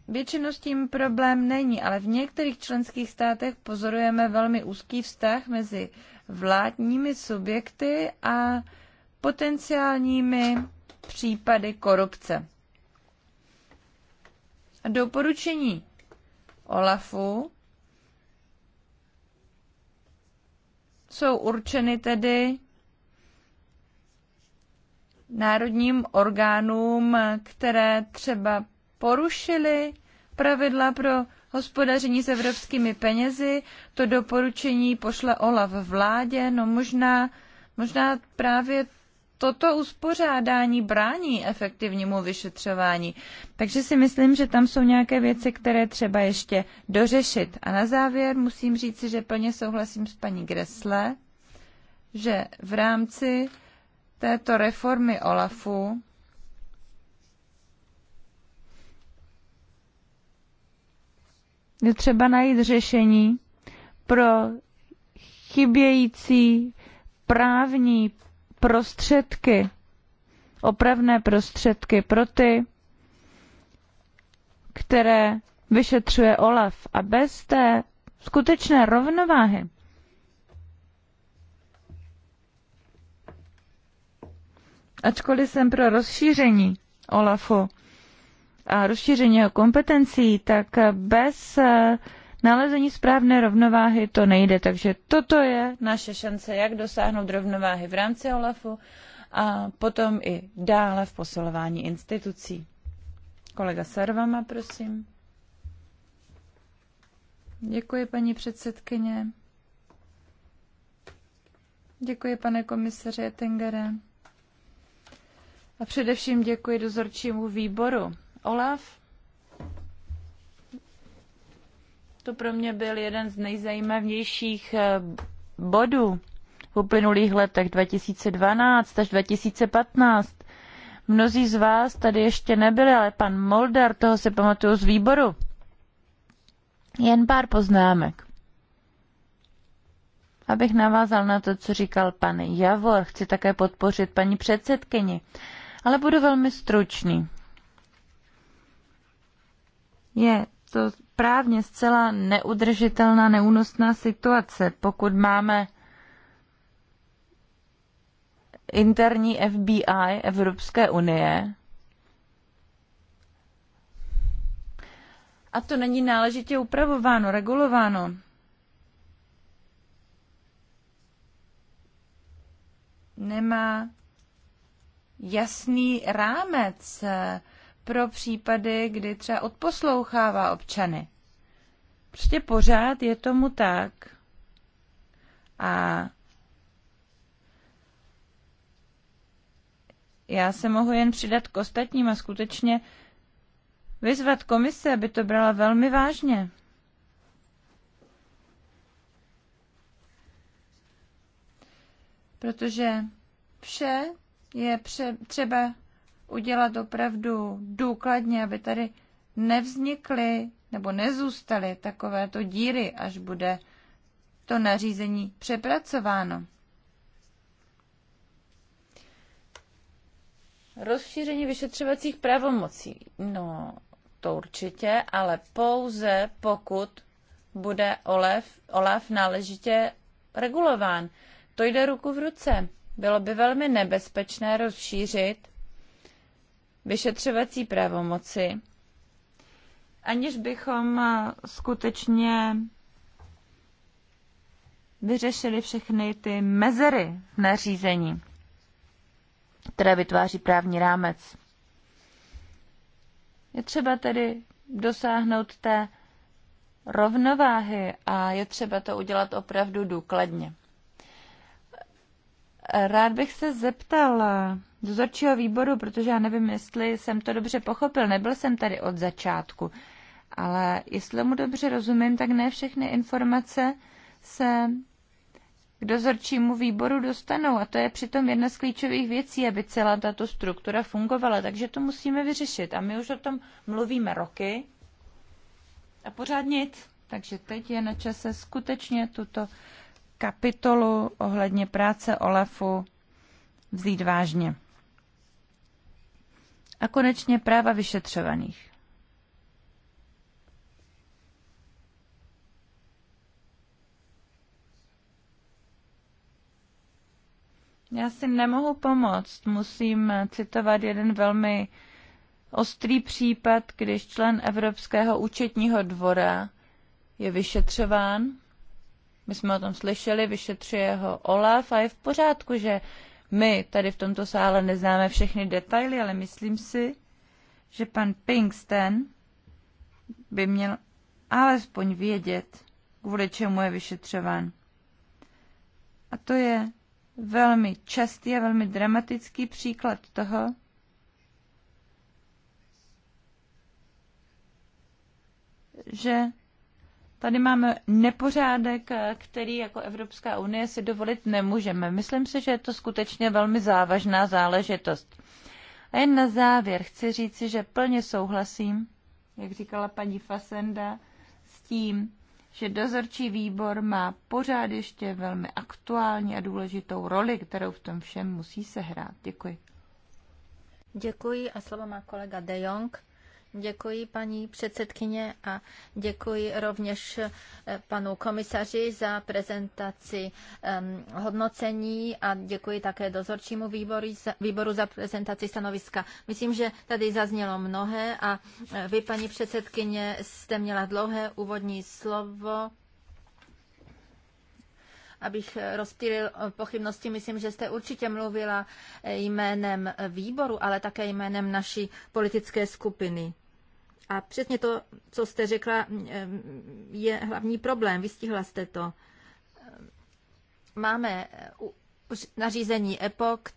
Většinou s tím problém není, ale v některých členských státech pozorujeme velmi úzký vztah mezi vládními subjekty a potenciálními případy korupce. A doporučení OLAFu jsou určeny tedy národním orgánům, které třeba porušili pravidla pro hospodaření s evropskými penězi. To doporučení pošle Olaf vládě. No možná, možná právě toto uspořádání brání efektivnímu vyšetřování. Takže si myslím, že tam jsou nějaké věci, které třeba ještě dořešit. A na závěr musím říci, že plně souhlasím s paní Gresle, že v rámci této reformy OLAFu je třeba najít řešení pro chybějící právní prostředky, opravné prostředky pro ty, které vyšetřuje OLAF. A bez té skutečné rovnováhy Ačkoliv jsem pro rozšíření OLAFu, a rozšíření jeho kompetencí, tak bez eh, nalezení správné rovnováhy to nejde. Takže toto je naše šance, jak dosáhnout rovnováhy v rámci OLAFu a potom i dále v posilování institucí. Kolega Sarvama, prosím. Děkuji, paní předsedkyně. Děkuji, pane komisaři Tengere. A především děkuji dozorčímu výboru Olaf. To pro mě byl jeden z nejzajímavějších eh, bodů v uplynulých letech 2012 až 2015. Mnozí z vás tady ještě nebyli, ale pan Moldar, toho se pamatuju z výboru. Jen pár poznámek. Abych navázal na to, co říkal pan Javor, chci také podpořit paní předsedkyni, ale budu velmi stručný. Je to právně zcela neudržitelná, neúnosná situace, pokud máme interní FBI Evropské unie. A to není náležitě upravováno, regulováno. Nemá jasný rámec pro případy, kdy třeba odposlouchává občany. Prostě pořád je tomu tak. A já se mohu jen přidat k ostatním a skutečně vyzvat komise, aby to brala velmi vážně. Protože vše je pře- třeba udělat opravdu důkladně, aby tady nevznikly nebo nezůstaly takovéto díry, až bude to nařízení přepracováno. Rozšíření vyšetřovacích pravomocí. No, to určitě, ale pouze pokud bude OLAF, OLAF náležitě regulován. To jde ruku v ruce. Bylo by velmi nebezpečné rozšířit vyšetřovací pravomoci, aniž bychom eh, skutečně vyřešili všechny ty mezery v nařízení, které vytváří právní rámec. Je třeba tedy dosáhnout té rovnováhy a je třeba to udělat opravdu důkladně. Rád bych se zeptal dozorčího výboru, protože já nevím, jestli jsem to dobře pochopil. Nebyl jsem tady od začátku. Ale jestli mu dobře rozumím, tak ne všechny informace se k dozorčímu výboru dostanou. A to je přitom jedna z klíčových věcí, aby celá tato struktura fungovala. Takže to musíme vyřešit. A my už o tom mluvíme roky a pořád nic. Takže teď je na čase skutečně tuto kapitolu ohledně práce Olafu vzít vážně. A konečně práva vyšetřovaných. Já si nemohu pomoct. Musím citovat jeden velmi ostrý případ, když člen Evropského účetního dvora je vyšetřován. My jsme o tom slyšeli, vyšetřuje ho Olaf a je v pořádku, že my tady v tomto sále neznáme všechny detaily, ale myslím si, že pan Pinkston by měl alespoň vědět, kvůli čemu je vyšetřován. A to je velmi častý a velmi dramatický příklad toho, že Tady máme nepořádek, který jako Evropská unie si dovolit nemůžeme. Myslím si, že je to skutečně velmi závažná záležitost. A jen na závěr chci říci, že plně souhlasím, jak říkala paní Fasenda, s tím, že dozorčí výbor má pořád ještě velmi aktuální a důležitou roli, kterou v tom všem musí sehrát. Děkuji. Děkuji a slovo má kolega De Jong. Děkuji paní předsedkyně a děkuji rovněž eh, panu komisaři za prezentaci um, hodnocení a děkuji také dozorčímu výboru za, výboru za prezentaci stanoviska. Myslím, že tady zaznělo mnohé a eh, vy, paní předsedkyně, jste měla dlouhé úvodní slovo abych eh, rozptýlil eh, pochybnosti, myslím, že jste určitě mluvila eh, jménem výboru, ale také jménem naší politické skupiny. A přesně to, co jste řekla, mm, je hlavní problém. Vystihla jste to. Máme nařízení EPOK,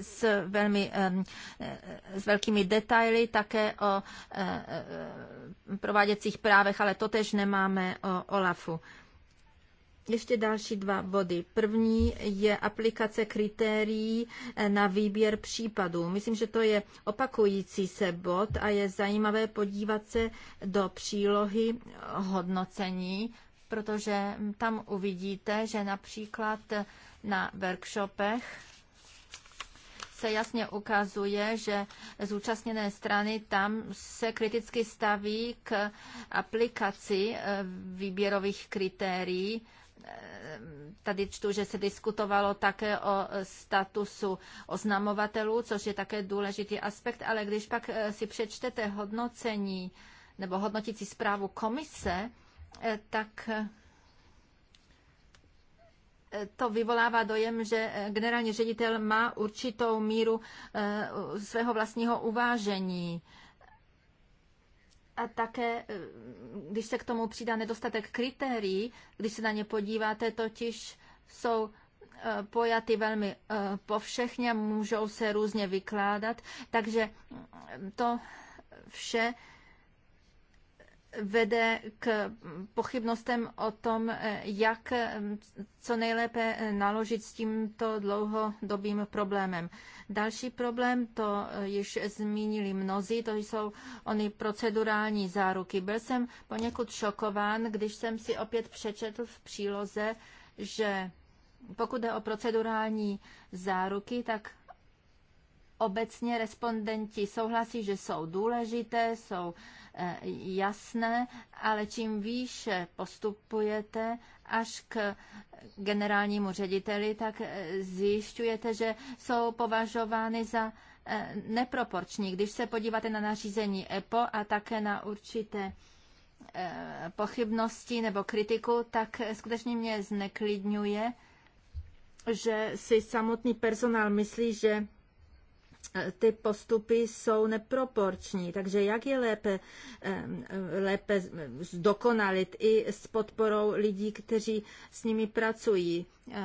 s, velmi, s velkými detaily, také o prováděcích právech, ale totež nemáme o OLAFu ještě další dva body. První je aplikace kritérií eh, na výběr případů. Myslím, že to je opakující se bod a je zajímavé podívat se do přílohy eh, hodnocení, protože tam uvidíte, že například eh, na workshopech se jasně ukazuje, že zúčastněné strany tam se kriticky staví k aplikaci výběrových kritérií Eh, tady čtu, že se diskutovalo také o statusu oznamovatelů, což je také důležitý aspekt, ale když pak eh, si přečtete hodnocení nebo hodnotící zprávu komise, eh, tak to vyvolává dojem, že generální ředitel má určitou míru svého vlastního uvážení a také, e, když se k tomu přidá nedostatek kritérií, když se na ně podíváte, totiž jsou e, pojaty velmi e, povšechně, můžou se různě vykládat, takže to vše vede k pochybnostem o tom, eh, jak eh, co nejlépe eh, naložit s tímto dlouhodobým problémem. Další problém, to již zmínili mnozí, to jsou ony procedurální záruky. Byl jsem poněkud šokován, když jsem si opět přečetl v příloze, že pokud jde o procedurální záruky, tak obecně respondenti souhlasí, že jsou důležité, jsou jasné, ale čím výše postupujete až k generálnímu řediteli, tak eh, zjišťujete, že jsou považovány za eh, neproporční. Když se podíváte na nařízení EPO a také na určité eh, pochybnosti nebo kritiku, tak skutečně mě zneklidňuje, že si samotný personál myslí, že Eh, ty postupy jsou neproporční, takže jak je lépe, eh, lépe zdokonalit i s podporou lidí, kteří s nimi pracují. Eh,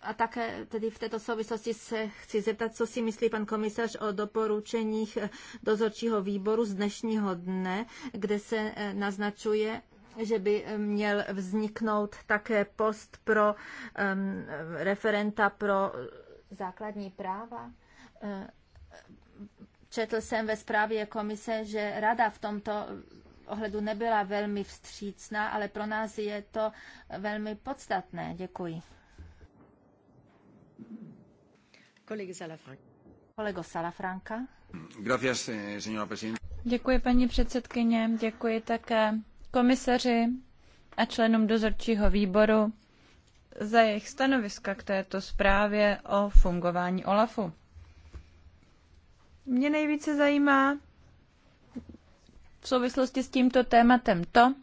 a také tedy v této souvislosti se chci zeptat, co si myslí pan komisař o doporučeních dozorčího výboru z dnešního dne, kde se naznačuje, že by měl vzniknout také post pro um, referenta pro základní práva. Eh, četl jsem ve zprávě komise, že rada v tomto ohledu nebyla velmi vstřícná, ale pro nás je to velmi podstatné. Děkuji. Kolego Salafranca. Kolego Salafranca. Gracias, eh, señora Děkuji, paní předsedkyně. Děkuji také komisaři a členům dozorčího výboru za jejich stanoviska k této zprávě o fungování OLAFu. Mě nejvíce zajímá v souvislosti s tímto tématem to,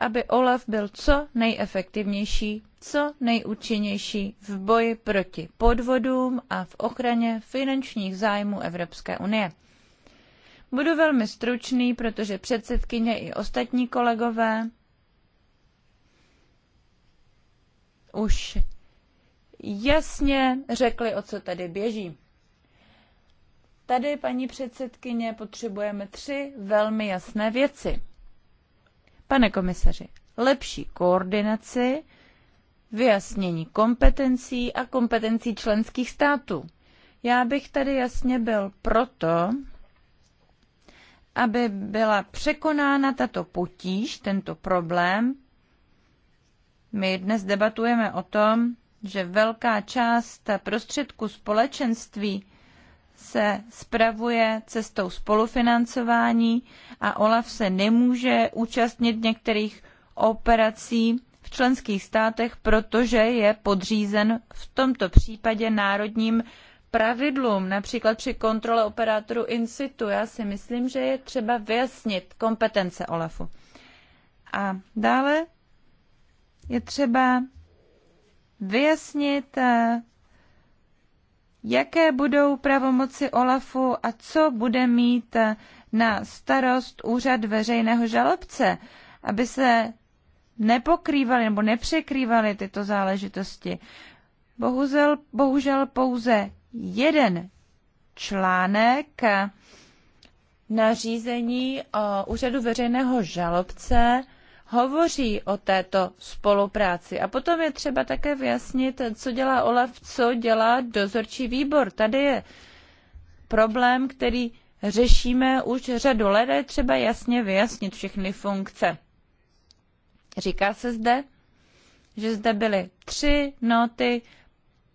aby OLAF byl co nejefektivnější, co nejúčinnější v boji proti podvodům a v ochraně finančních zájmů Evropské unie. Budu velmi stručný, protože předsedkyně i ostatní kolegové už jasně řekli, o co tady běží. Tady, paní předsedkyně, potřebujeme tři velmi jasné věci. Pane komisaři, lepší koordinaci, vyjasnění kompetencí a kompetencí členských států. Já bych tady jasně byl proto, aby byla překonána tato potíž, tento problém. My dnes debatujeme o tom, že velká část prostředků společenství se spravuje cestou spolufinancování a OLAF se nemůže účastnit některých operací v členských státech, protože je podřízen v tomto případě národním pravidlům, například při kontrole operátorů in situ. Já si myslím, že je třeba vyjasnit kompetence OLAFu. A dále je třeba vyjasnit eh, jaké budou pravomoci OLAFu a co bude mít na starost úřad veřejného žalobce, aby se nepokrývaly nebo nepřekrývaly tyto záležitosti. Bohužel, bohužel pouze jeden článek nařízení o úřadu veřejného žalobce hovoří o této spolupráci. A potom je třeba také vyjasnit, co dělá OLAF, co dělá dozorčí výbor. Tady je problém, který řešíme už řadu let a je třeba jasně vyjasnit všechny funkce. Říká se zde, že zde byly tři noty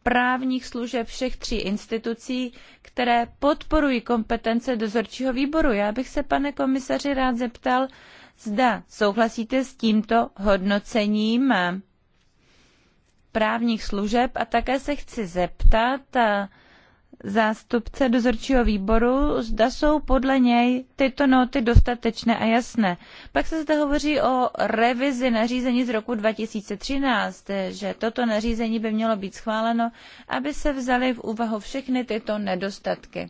právních služeb všech tří institucí, které podporují kompetence dozorčího výboru. Já bych se, pane komisaři, rád zeptal, Zda souhlasíte s tímto hodnocením právních služeb a také se chci zeptat eh, zástupce dozorčího výboru, zda jsou podle něj tyto noty dostatečné a jasné. Pak se zde hovoří o revizi nařízení z roku 2013, že toto nařízení by mělo být schváleno, aby se vzaly v úvahu všechny tyto nedostatky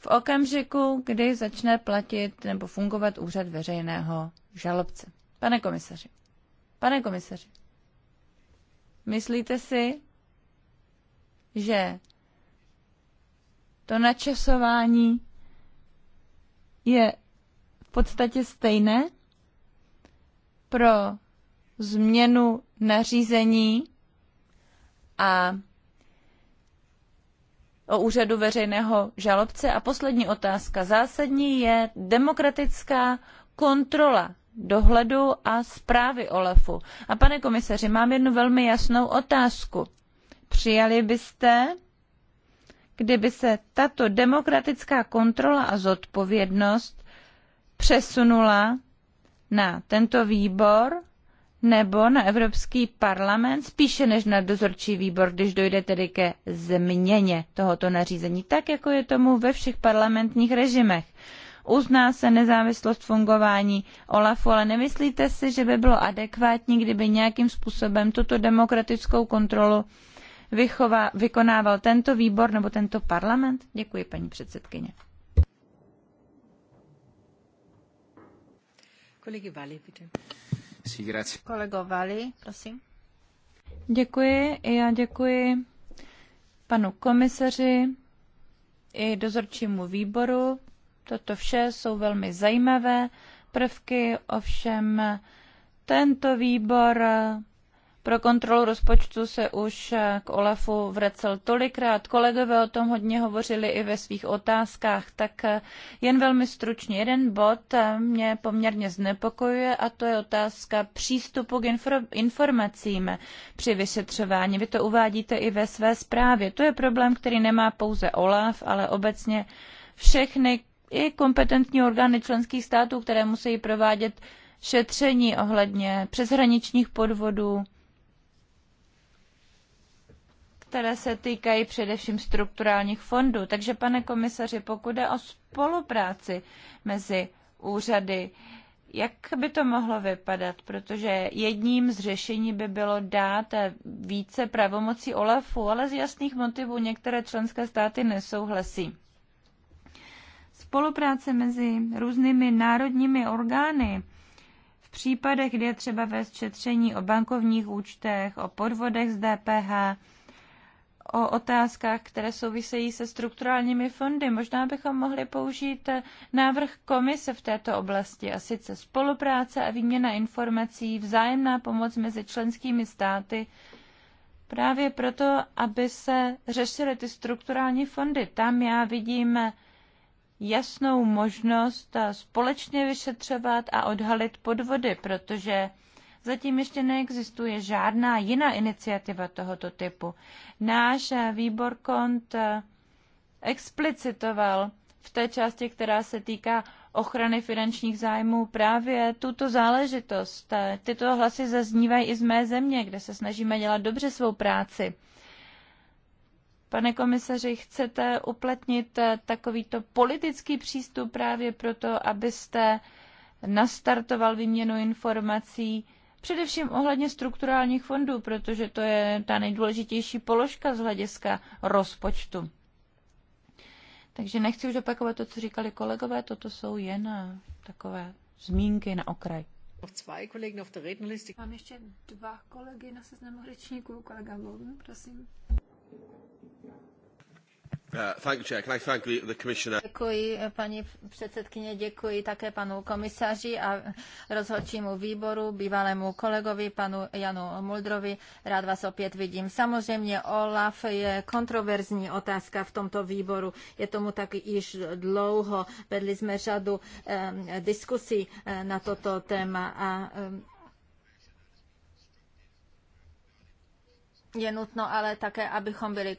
v okamžiku, kdy začne platit nebo fungovat úřad veřejného žalobce. Pane komisaři, pane komisaři, myslíte si, že to načasování je v podstatě stejné pro změnu nařízení a o úřadu veřejného žalobce. A poslední otázka. Zásadní je demokratická kontrola dohledu a zprávy OLAFu. A pane komisaři, mám jednu velmi jasnou otázku. Přijali byste, kdyby se tato demokratická kontrola a zodpovědnost přesunula na tento výbor nebo na Evropský parlament spíše než na dozorčí výbor, když dojde tedy ke změně tohoto nařízení, tak jako je tomu ve všech parlamentních režimech. Uzná se nezávislost fungování OLAFu, ale nemyslíte si, že by bylo adekvátní, kdyby nějakým způsobem tuto demokratickou kontrolu vychová, vykonával tento výbor nebo tento parlament? Děkuji, paní předsedkyně. Kolegy Vali, Kolego Vali, prosím. Děkuji, já děkuji panu komisaři i dozorčímu výboru. Toto vše jsou velmi zajímavé prvky, ovšem tento výbor pro kontrolu rozpočtu se už eh, k Olafu vracel tolikrát. Kolegové o tom hodně hovořili i ve svých otázkách, tak eh, jen velmi stručně. Jeden bod eh, mě poměrně znepokojuje a to je otázka přístupu k informacím při vyšetřování. Vy to uvádíte i ve své zprávě. To je problém, který nemá pouze Olaf, ale obecně všechny i kompetentní orgány členských států, které musí provádět šetření ohledně přeshraničních podvodů které se týkají především strukturálních fondů. Takže, pane komisaři, pokud jde o spolupráci mezi úřady, jak by to mohlo vypadat? Protože jedním z řešení by bylo dát více pravomocí OLAFu, ale z jasných motivů některé členské státy nesouhlasí. Spolupráce mezi různými národními orgány v případech, kdy je třeba vést šetření o bankovních účtech, o podvodech z DPH, o otázkách, které souvisejí se strukturálními fondy. Možná bychom mohli použít návrh komise v této oblasti, a sice spolupráce a výměna informací, vzájemná pomoc mezi členskými státy, právě proto, aby se řešily ty strukturální fondy. Tam já vidím jasnou možnost společně vyšetřovat a odhalit podvody, protože Zatím ještě neexistuje žádná jiná iniciativa tohoto typu. Náš výbor kont eh, explicitoval v té části, která se týká ochrany finančních zájmů právě tuto záležitost. Eh, tyto hlasy zaznívají i z mé země, kde se snažíme dělat dobře svou práci. Pane komisaři, chcete uplatnit eh, takovýto politický přístup právě proto, abyste nastartoval výměnu informací Především ohledně strukturálních fondů, protože to je ta nejdůležitější položka z hlediska rozpočtu. Takže nechci už opakovat to, co říkali kolegové, toto jsou jen eh, takové zmínky na okraj. Mám ještě dva kolegy na seznamu řečníků. Kolega Logan, prosím. Uh, děkuji, paní předsedkyně, děkuji také panu komisaři a rozhodčímu výboru, bývalému kolegovi, panu Janu Muldrovi. Rád vás opět vidím. Samozřejmě OLAF je kontroverzní otázka v tomto výboru. Je tomu tak již dlouho. Vedli jsme řadu eh, diskusí eh, na toto téma a eh, Je nutno ale také, abychom byli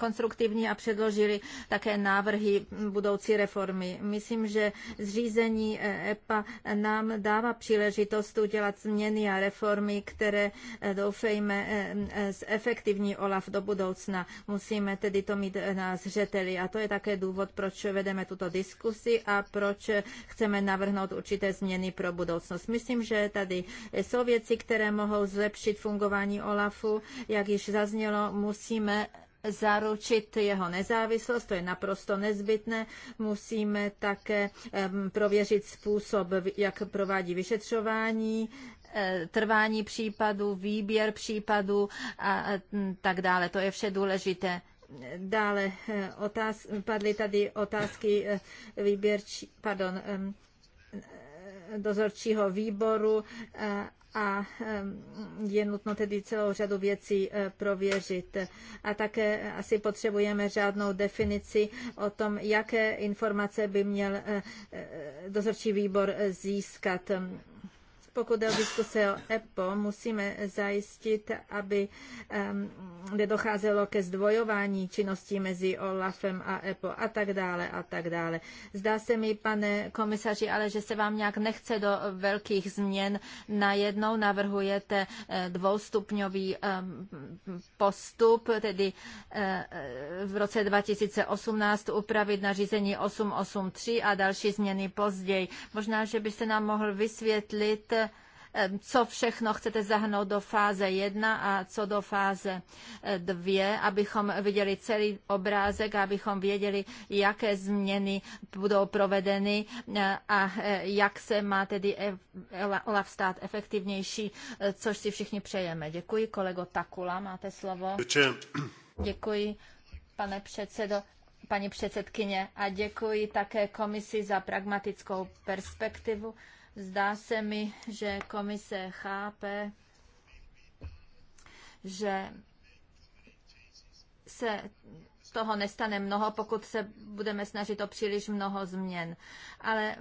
konstruktivní a předložili také návrhy budoucí reformy. Myslím, že zřízení eh, EPA nám dává příležitost udělat změny a reformy, které eh, doufejme eh, zefektivní OLAF do budoucna. Musíme tedy to mít na zřeteli a to je také důvod, proč vedeme tuto diskusi a proč chceme navrhnout určité změny pro budoucnost. Myslím, že tady jsou věci, které mohou zlepšit fungování OLAFu. Jak již zaznělo, musíme zaručit jeho nezávislost, to je naprosto nezbytné. Musíme také prověřit způsob, jak provádí vyšetřování, e, trvání případů, výběr případů a tak dále. To je vše důležité. Dále e, otáz, padly tady otázky e, výběrčí, pardon, dozorčího výboru a je nutno tedy celou řadu věcí e, prověřit. A také asi potřebujeme žádnou definici o tom, jaké informace by měl e, e, dozorčí výbor získat pokud jde o diskuse o EPO, musíme zajistit, aby nedocházelo ke zdvojování činností mezi OLAFem a EPO e a tak dále a tak dále. Zdá se mi, pane komisaři, ale že se vám nějak nechce do velkých změn. Najednou navrhujete eh, dvoustupňový postup, tedy eh, v roce 2018 upravit nařízení 883 a další změny později. Možná, že byste nám mohl vysvětlit, co všechno chcete zahrnout do fáze 1 a co do fáze 2, e, abychom viděli celý obrázek, abychom věděli, jaké změny budou provedeny e, a e, jak se má tedy OLAF stát efektivnější, což si všichni přejeme. Děkuji, kolego Takula, máte slovo. Děkuji, pane předsedo paní předsedkyně, a děkuji také komisi za pragmatickou perspektivu Zdá se mi, že komise chápe, že se toho nestane mnoho, pokud se budeme snažit o příliš mnoho změn. Ale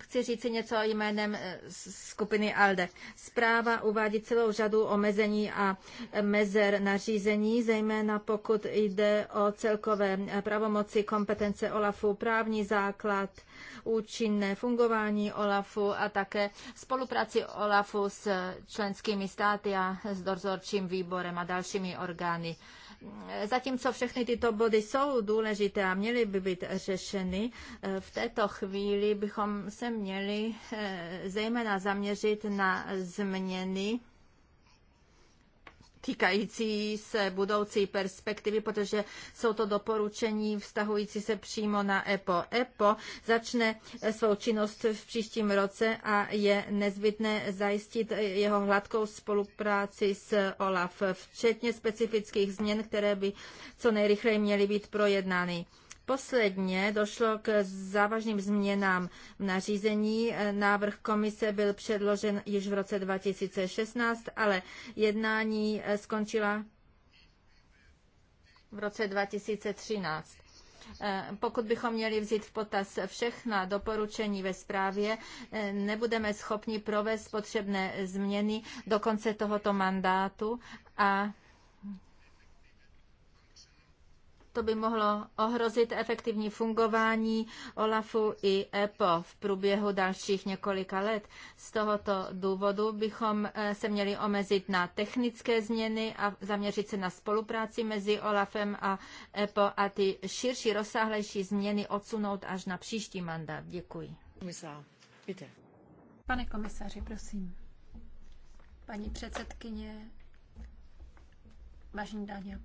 chci říci něco jménem e, skupiny ALDE. Zpráva uvádí celou řadu omezení a mezer nařízení, zejména pokud jde o celkové e, pravomoci kompetence OLAFu, právní základ, účinné fungování OLAFu a také spolupráci OLAFu s členskými státy a s dozorčím výborem a dalšími orgány. Zatímco všechny tyto body jsou důležité a měly by být řešeny, eh, v této chvíli bychom se měli eh, zejména zaměřit na změny týkající se budoucí perspektivy, protože jsou to doporučení vztahující se přímo na EPO. EPO začne svou činnost v příštím roce a je nezbytné zajistit jeho hladkou spolupráci s OLAF, včetně specifických změn, které by co nejrychleji měly být projednány. Posledně došlo k závažným změnám v nařízení. Návrh komise byl předložen již v roce 2016, ale jednání eh, skončila v roce 2013. Eh, pokud bychom měli vzít v potaz všechna doporučení ve zprávě, eh, nebudeme schopni provést potřebné změny do konce tohoto mandátu a To by mohlo ohrozit efektivní fungování OLAFu i EPO v průběhu dalších několika let. Z tohoto důvodu bychom eh, se měli omezit na technické změny a zaměřit se na spolupráci mezi OLAFem a EPO a ty širší, rozsáhlejší změny odsunout až na příští mandát. Děkuji. Pane komisaři, prosím. Paní předsedkyně, vážení dámy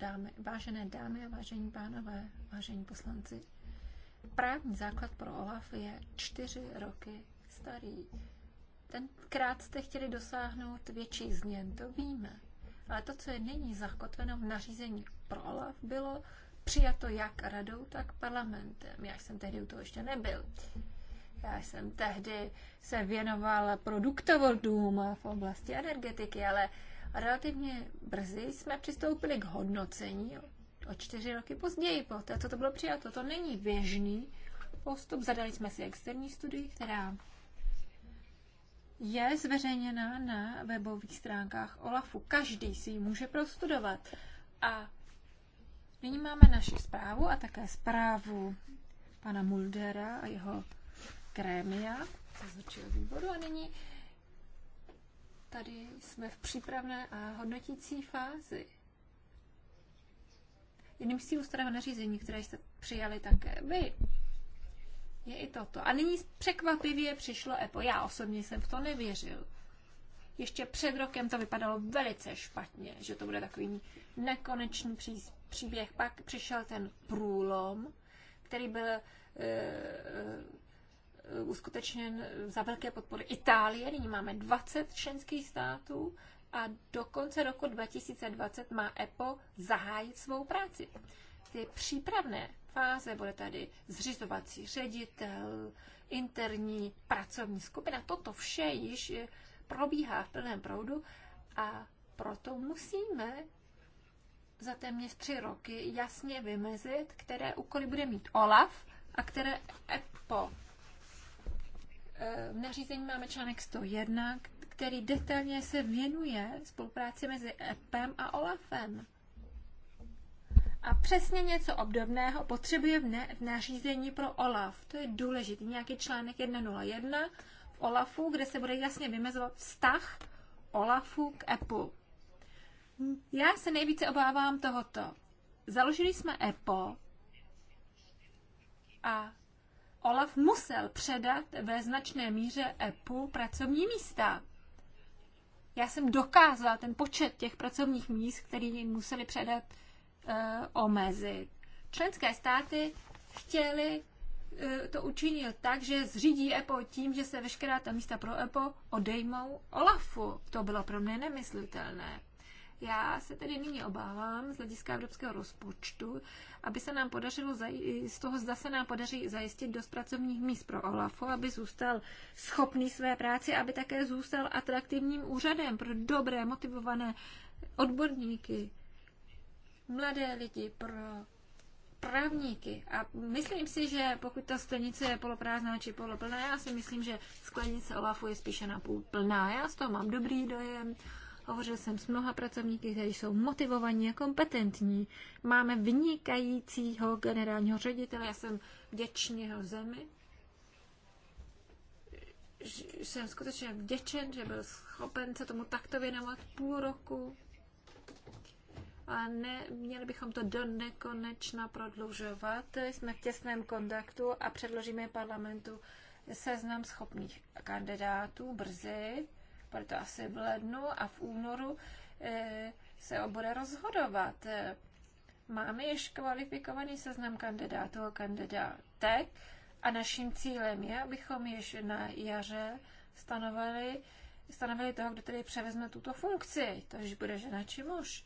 dámy, vážené dámy a vážení pánové, vážení poslanci, právní základ pro OLAF je čtyři roky starý. Tenkrát jste chtěli dosáhnout větší změn, to víme. Ale to, co je nyní zakotveno v nařízení pro OLAF, bylo přijato jak radou, tak parlamentem. Já jsem tehdy u toho ještě nebyl. Já jsem tehdy se věnoval produktovodům v oblasti energetiky, ale relativně brzy jsme přistoupili k hodnocení o čtyři roky později, po té, co to bylo přijato. To není běžný postup. Zadali jsme si externí studii, která je zveřejněna na webových stránkách OLAFu. Každý si ji může prostudovat. A nyní máme naši zprávu a také zprávu pana Muldera a jeho krémia, dozorčího výboru. A nyní Tady jsme v přípravné a hodnotící fázi. Jedním z cílů starého nařízení, které jste přijali také vy, je i toto. A nyní překvapivě přišlo EPO. Já osobně jsem v to nevěřil. Ještě před rokem to vypadalo velice špatně, že to bude takový nekonečný pří, příběh. Pak přišel ten průlom, který byl eh, Eh, uskutečněn eh, za velké podpory Itálie. Nyní máme 20 členských států a do konce roku 2020 má EPO zahájit svou práci. Ty přípravné fáze bude tady zřizovací ředitel, interní pracovní skupina. Toto vše již eh, probíhá v plném proudu a proto musíme za téměř tři roky jasně vymezit, které úkoly bude mít OLAF a které EPO. Eh, v nařízení máme článek 101, který detailně se věnuje spolupráci mezi EPem a OLAFem. A přesně něco obdobného potřebuje v, ne, v nařízení pro OLAF. To je důležitý. Nějaký článek 101 v OLAFu, kde se bude jasně vymezovat vztah OLAFu k EPu. Já se nejvíce obávám tohoto. Založili jsme EPO a Olaf musel předat ve značné míře EPU pracovní místa. Já jsem dokázal ten počet těch pracovních míst, který museli předat, eh, omezit. Členské státy chtěly eh, to učinit tak, že zřídí EPO tím, že se veškerá ta místa pro EPO odejmou Olafu. To bylo pro mě nemyslitelné. Já se tedy nyní obávám z hlediska evropského rozpočtu, aby se nám podařilo, z toho zda se nám podaří zajistit dost pracovních míst pro OLAFu, aby zůstal schopný své práci, aby také zůstal atraktivním úřadem pro dobré, motivované odborníky, mladé lidi, pro právníky. A myslím si, že pokud ta sklenice je poloprázdná či poloplná, já si myslím, že sklenice Olafu je spíše napůl plná. Já z toho mám dobrý dojem. Hovořil jsem s mnoha pracovníky, kteří jsou motivovaní a kompetentní. Máme vynikajícího generálního ředitele, já jsem vděčný jeho zemi. Jsem skutečně vděčen, že byl schopen se tomu takto věnovat půl roku. A ne, měli bychom to do nekonečna prodlužovat. Jsme v těsném kontaktu a předložíme parlamentu seznam schopných kandidátů brzy bude to asi v lednu a v únoru eh, se o bude rozhodovat. Eh, máme již kvalifikovaný seznam kandidátů a kandidátek a naším cílem je, abychom již na jaře stanovili, stanovili toho, kdo tedy převezme tuto funkci, to bude žena či muž.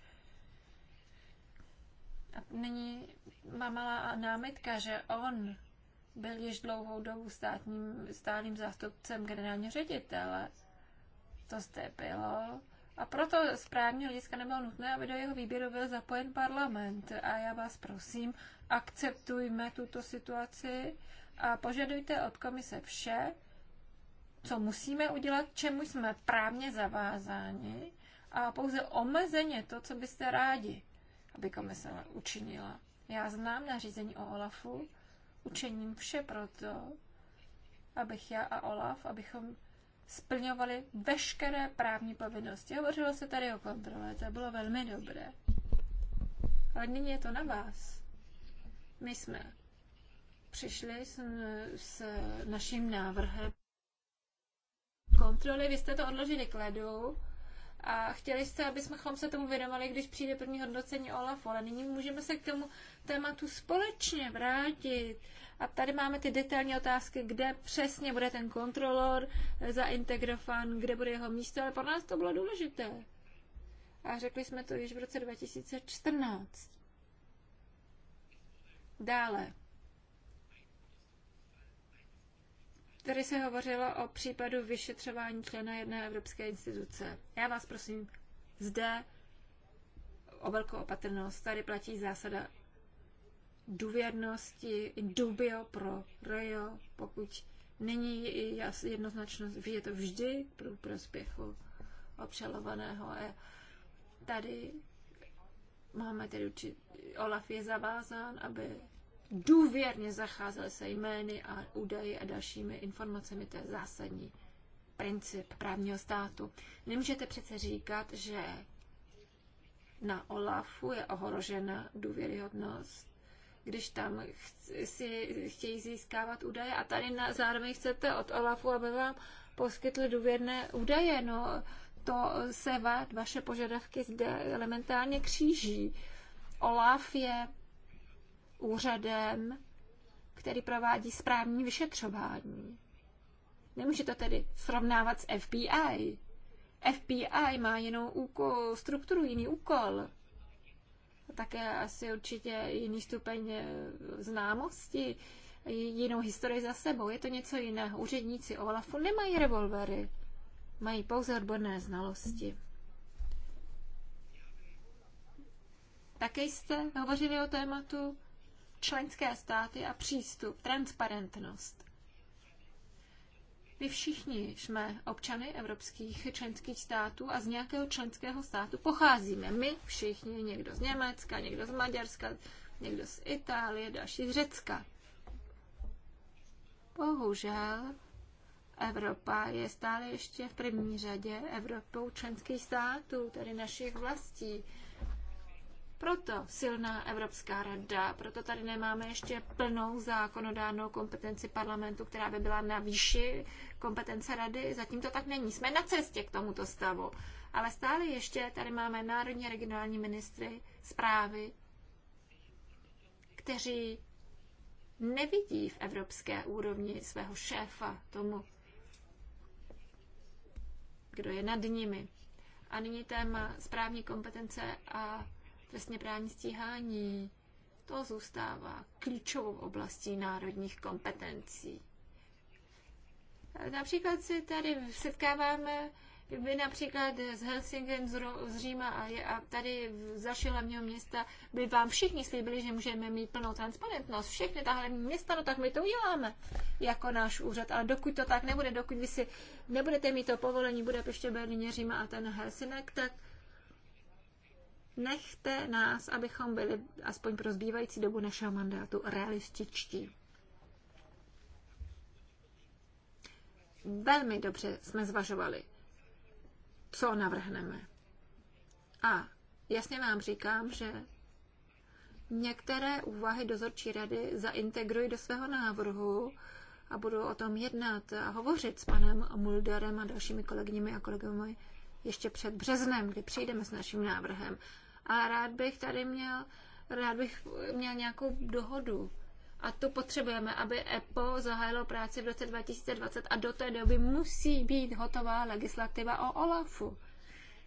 A nyní má malá námitka, že on byl již dlouhou dobu státním, stálým zástupcem generálního ředitele to zde bylo. A proto správně, hlediska nebylo nutné, aby do jeho výběru byl zapojen parlament. A já vás prosím, akceptujme tuto situaci a požadujte od komise vše, co musíme udělat, čemu jsme právně zavázáni a pouze omezeně to, co byste rádi, aby komise učinila. Já znám nařízení o Olafu, učiním vše proto, abych já a Olaf, abychom splňovali veškeré právní povinnosti. Hovořilo se tady o kontrole, to bylo velmi dobré. Ale nyní je to na vás. My jsme přišli s, s naším návrhem kontroly, vy jste to odložili k ledu a chtěli jste, abychom se tomu věnovali, když přijde první hodnocení OLAFu, ale nyní můžeme se k tomu tématu společně vrátit a tady máme ty detailní otázky, kde přesně bude ten kontrolor zaintegrofan, kde bude jeho místo, ale pro nás to bylo důležité. A řekli jsme to již v roce 2014. Dále. Tady se hovořilo o případu vyšetřování člena jedné evropské instituce. Já vás prosím, zde o velkou opatrnost. Tady platí zásada důvěrnosti, dubio pro rejo, pokud není jednoznačnost, je to vždy pro prospěchu obžalovaného. A tady máme tedy určitě, Olaf je zavázán, aby důvěrně zacházel se jmény a údaji a dalšími informacemi. To je zásadní princip právního státu. Nemůžete přece říkat, že na Olafu je ohrožena důvěryhodnost když tam si chtějí získávat údaje a tady na, zároveň chcete od OLAFu, aby vám poskytli důvěrné údaje. No, to se va, vaše požadavky zde elementárně kříží. OLAF je úřadem, který provádí správní vyšetřování. Nemůže to tedy srovnávat s FBI. FBI má jinou úkol, strukturu, jiný úkol také asi určitě jiný stupeň eh, známosti, jinou historii za sebou. Je to něco jiného. Úředníci OLAFu nemají revolvery, mají pouze odborné znalosti. Také jste hovořili o tématu členské státy a přístup, transparentnost. My všichni jsme občany evropských členských států a z nějakého členského státu pocházíme. My všichni, někdo z Německa, někdo z Maďarska, někdo z Itálie, další z Řecka. Bohužel Evropa je stále ještě v první řadě Evropou členských států, tedy našich vlastí. Proto silná Evropská rada, proto tady nemáme ještě plnou zákonodárnou kompetenci parlamentu, která by byla na výši kompetence rady. Zatím to tak není. Jsme na cestě k tomuto stavu. Ale stále ještě tady máme národní regionální ministry zprávy, kteří nevidí v evropské úrovni svého šéfa tomu, kdo je nad nimi. A nyní téma správní kompetence a trestně právní stíhání, to zůstává klíčovou oblastí národních kompetencí. Například si tady setkáváme by například s Helsingem, z, Ro- z Říma a, je, a tady z dalšího hlavního města by vám všichni slíbili, že můžeme mít plnou transparentnost. Všechny tahle města, no tak my to uděláme jako náš úřad. Ale dokud to tak nebude, dokud vy si nebudete mít to povolení ještě Berlíně, Říma a ten Helsinek, tak Nechte nás, abychom byli aspoň pro zbývající dobu našeho mandátu realističtí. Velmi dobře jsme zvažovali, co navrhneme. A jasně vám říkám, že některé úvahy dozorčí rady zaintegruji do svého návrhu a budu o tom jednat a hovořit s panem Mulderem a dalšími kolegyněmi a kolegy ještě před březnem, kdy přijdeme s naším návrhem a rád bych tady měl, rád bych měl nějakou dohodu. A tu potřebujeme, aby EPO zahájilo práci v roce 2020 a do té doby musí být hotová legislativa o OLAFu.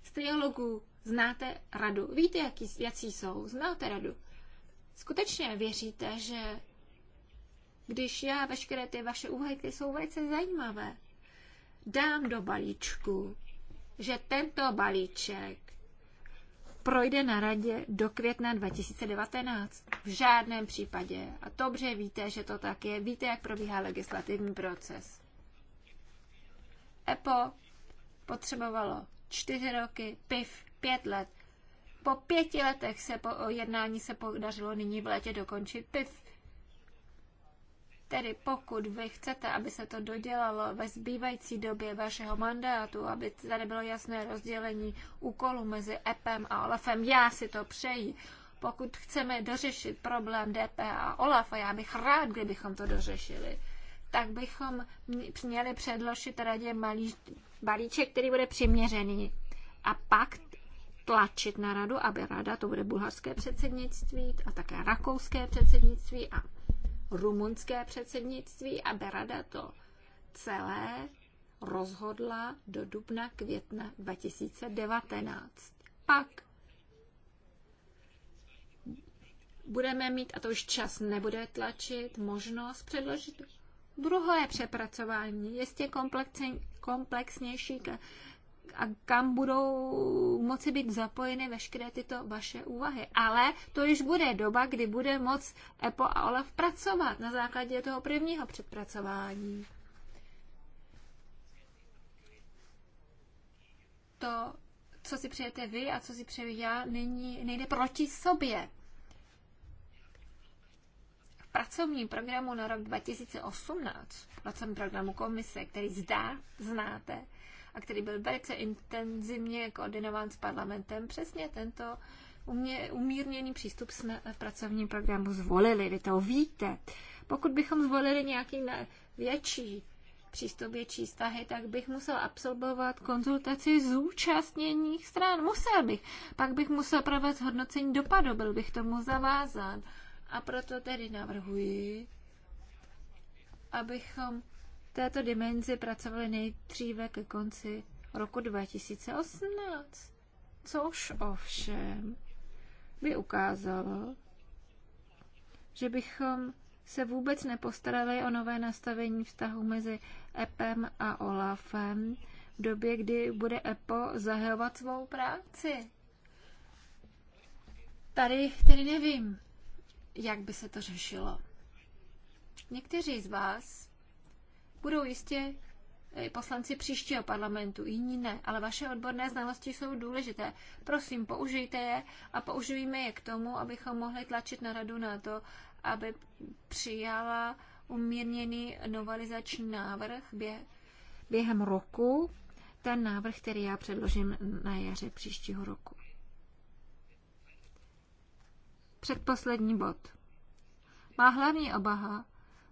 Z trialogů znáte radu. Víte, jaký, jaký jsou. Znáte radu. Skutečně věříte, že když já veškeré ty vaše úhajky jsou velice zajímavé, dám do balíčku, že tento balíček projde na radě do května 2019. V žádném případě. A dobře víte, že to tak je. Víte, jak probíhá legislativní proces. EPO potřebovalo čtyři roky, PIF pět let. Po pěti letech se po jednání se podařilo nyní v létě dokončit PIF. Tedy pokud vy chcete, aby se to dodělalo ve zbývající době vašeho mandátu, aby tady bylo jasné rozdělení úkolů mezi EPem a OLAFem, já si to přeji. Pokud chceme dořešit problém DPH a OLAF, a já bych rád, kdybychom to dořešili, tak bychom měli předložit radě malý balíček, který bude přiměřený. A pak tlačit na radu, aby rada, to bude bulharské předsednictví a také rakouské předsednictví a rumunské předsednictví a Berada to celé rozhodla do dubna května 2019. Pak budeme mít, a to už čas nebude tlačit, možnost předložit druhé přepracování, jistě komplexnější a kam budou moci být zapojeny veškeré tyto vaše úvahy. Ale to již bude doba, kdy bude moc EPO a OLAF pracovat na základě toho prvního předpracování. To, co si přejete vy a co si přeju já, není, nejde proti sobě. V pracovním programu na rok 2018, v pracovním programu komise, který zdá, znáte, a který byl velice intenzivně koordinován s parlamentem, přesně tento umírněný přístup jsme v pracovním programu zvolili. Vy to víte. Pokud bychom zvolili nějaký větší přístup, větší stahy, tak bych musel absolvovat konzultaci zúčastněných stran. Musel bych. Pak bych musel provést hodnocení dopadu, byl bych tomu zavázán. A proto tedy navrhuji, abychom této dimenzi pracovali nejdříve ke konci roku 2018. Což ovšem by ukázalo, že bychom se vůbec nepostarali o nové nastavení vztahu mezi EPem a OLAFem v době, kdy bude EPO zahajovat svou práci. Tady tedy nevím, jak by se to řešilo. Někteří z vás budou jistě eh, poslanci příštího parlamentu, jiní ne, ale vaše odborné znalosti jsou důležité. Prosím, použijte je a použijme je k tomu, abychom mohli tlačit na radu na to, aby přijala umírněný novelizační návrh během roku, ten návrh, který já předložím na jaře příštího roku. Předposlední bod. Má hlavní obaha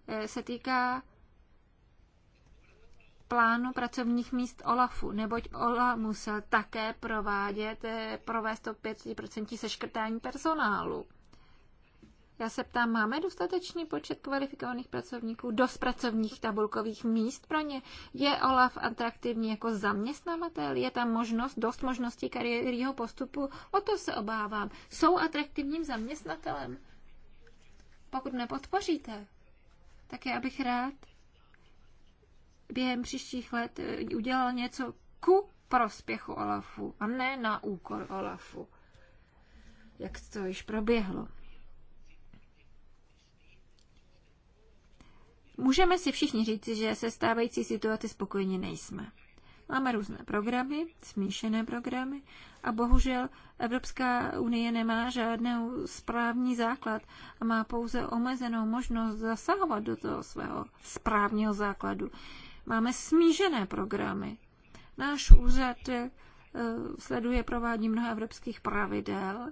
eh, se týká plánu pracovních míst OLAFu, neboť OLAF musel také provádět, eh, provést to 5% seškrtání personálu. Já se ptám, máme dostatečný počet kvalifikovaných pracovníků, dost pracovních tabulkových míst pro ně? Je OLAF atraktivní jako zaměstnavatel? Je tam možnost, dost možností kariérního postupu? O to se obávám. Jsou atraktivním zaměstnatelem? Pokud nepodpoříte, tak já bych rád během příštích let eh, udělal něco ku prospěchu Olafu a ne na úkor Olafu, jak to již proběhlo. Můžeme si všichni říci, že se stávající situaci spokojeni nejsme. Máme různé programy, smíšené programy a bohužel Evropská unie nemá žádný správní základ a má pouze omezenou možnost zasahovat do toho svého správního základu máme smížené programy. Náš úřad eh, sleduje provádí mnoha evropských pravidel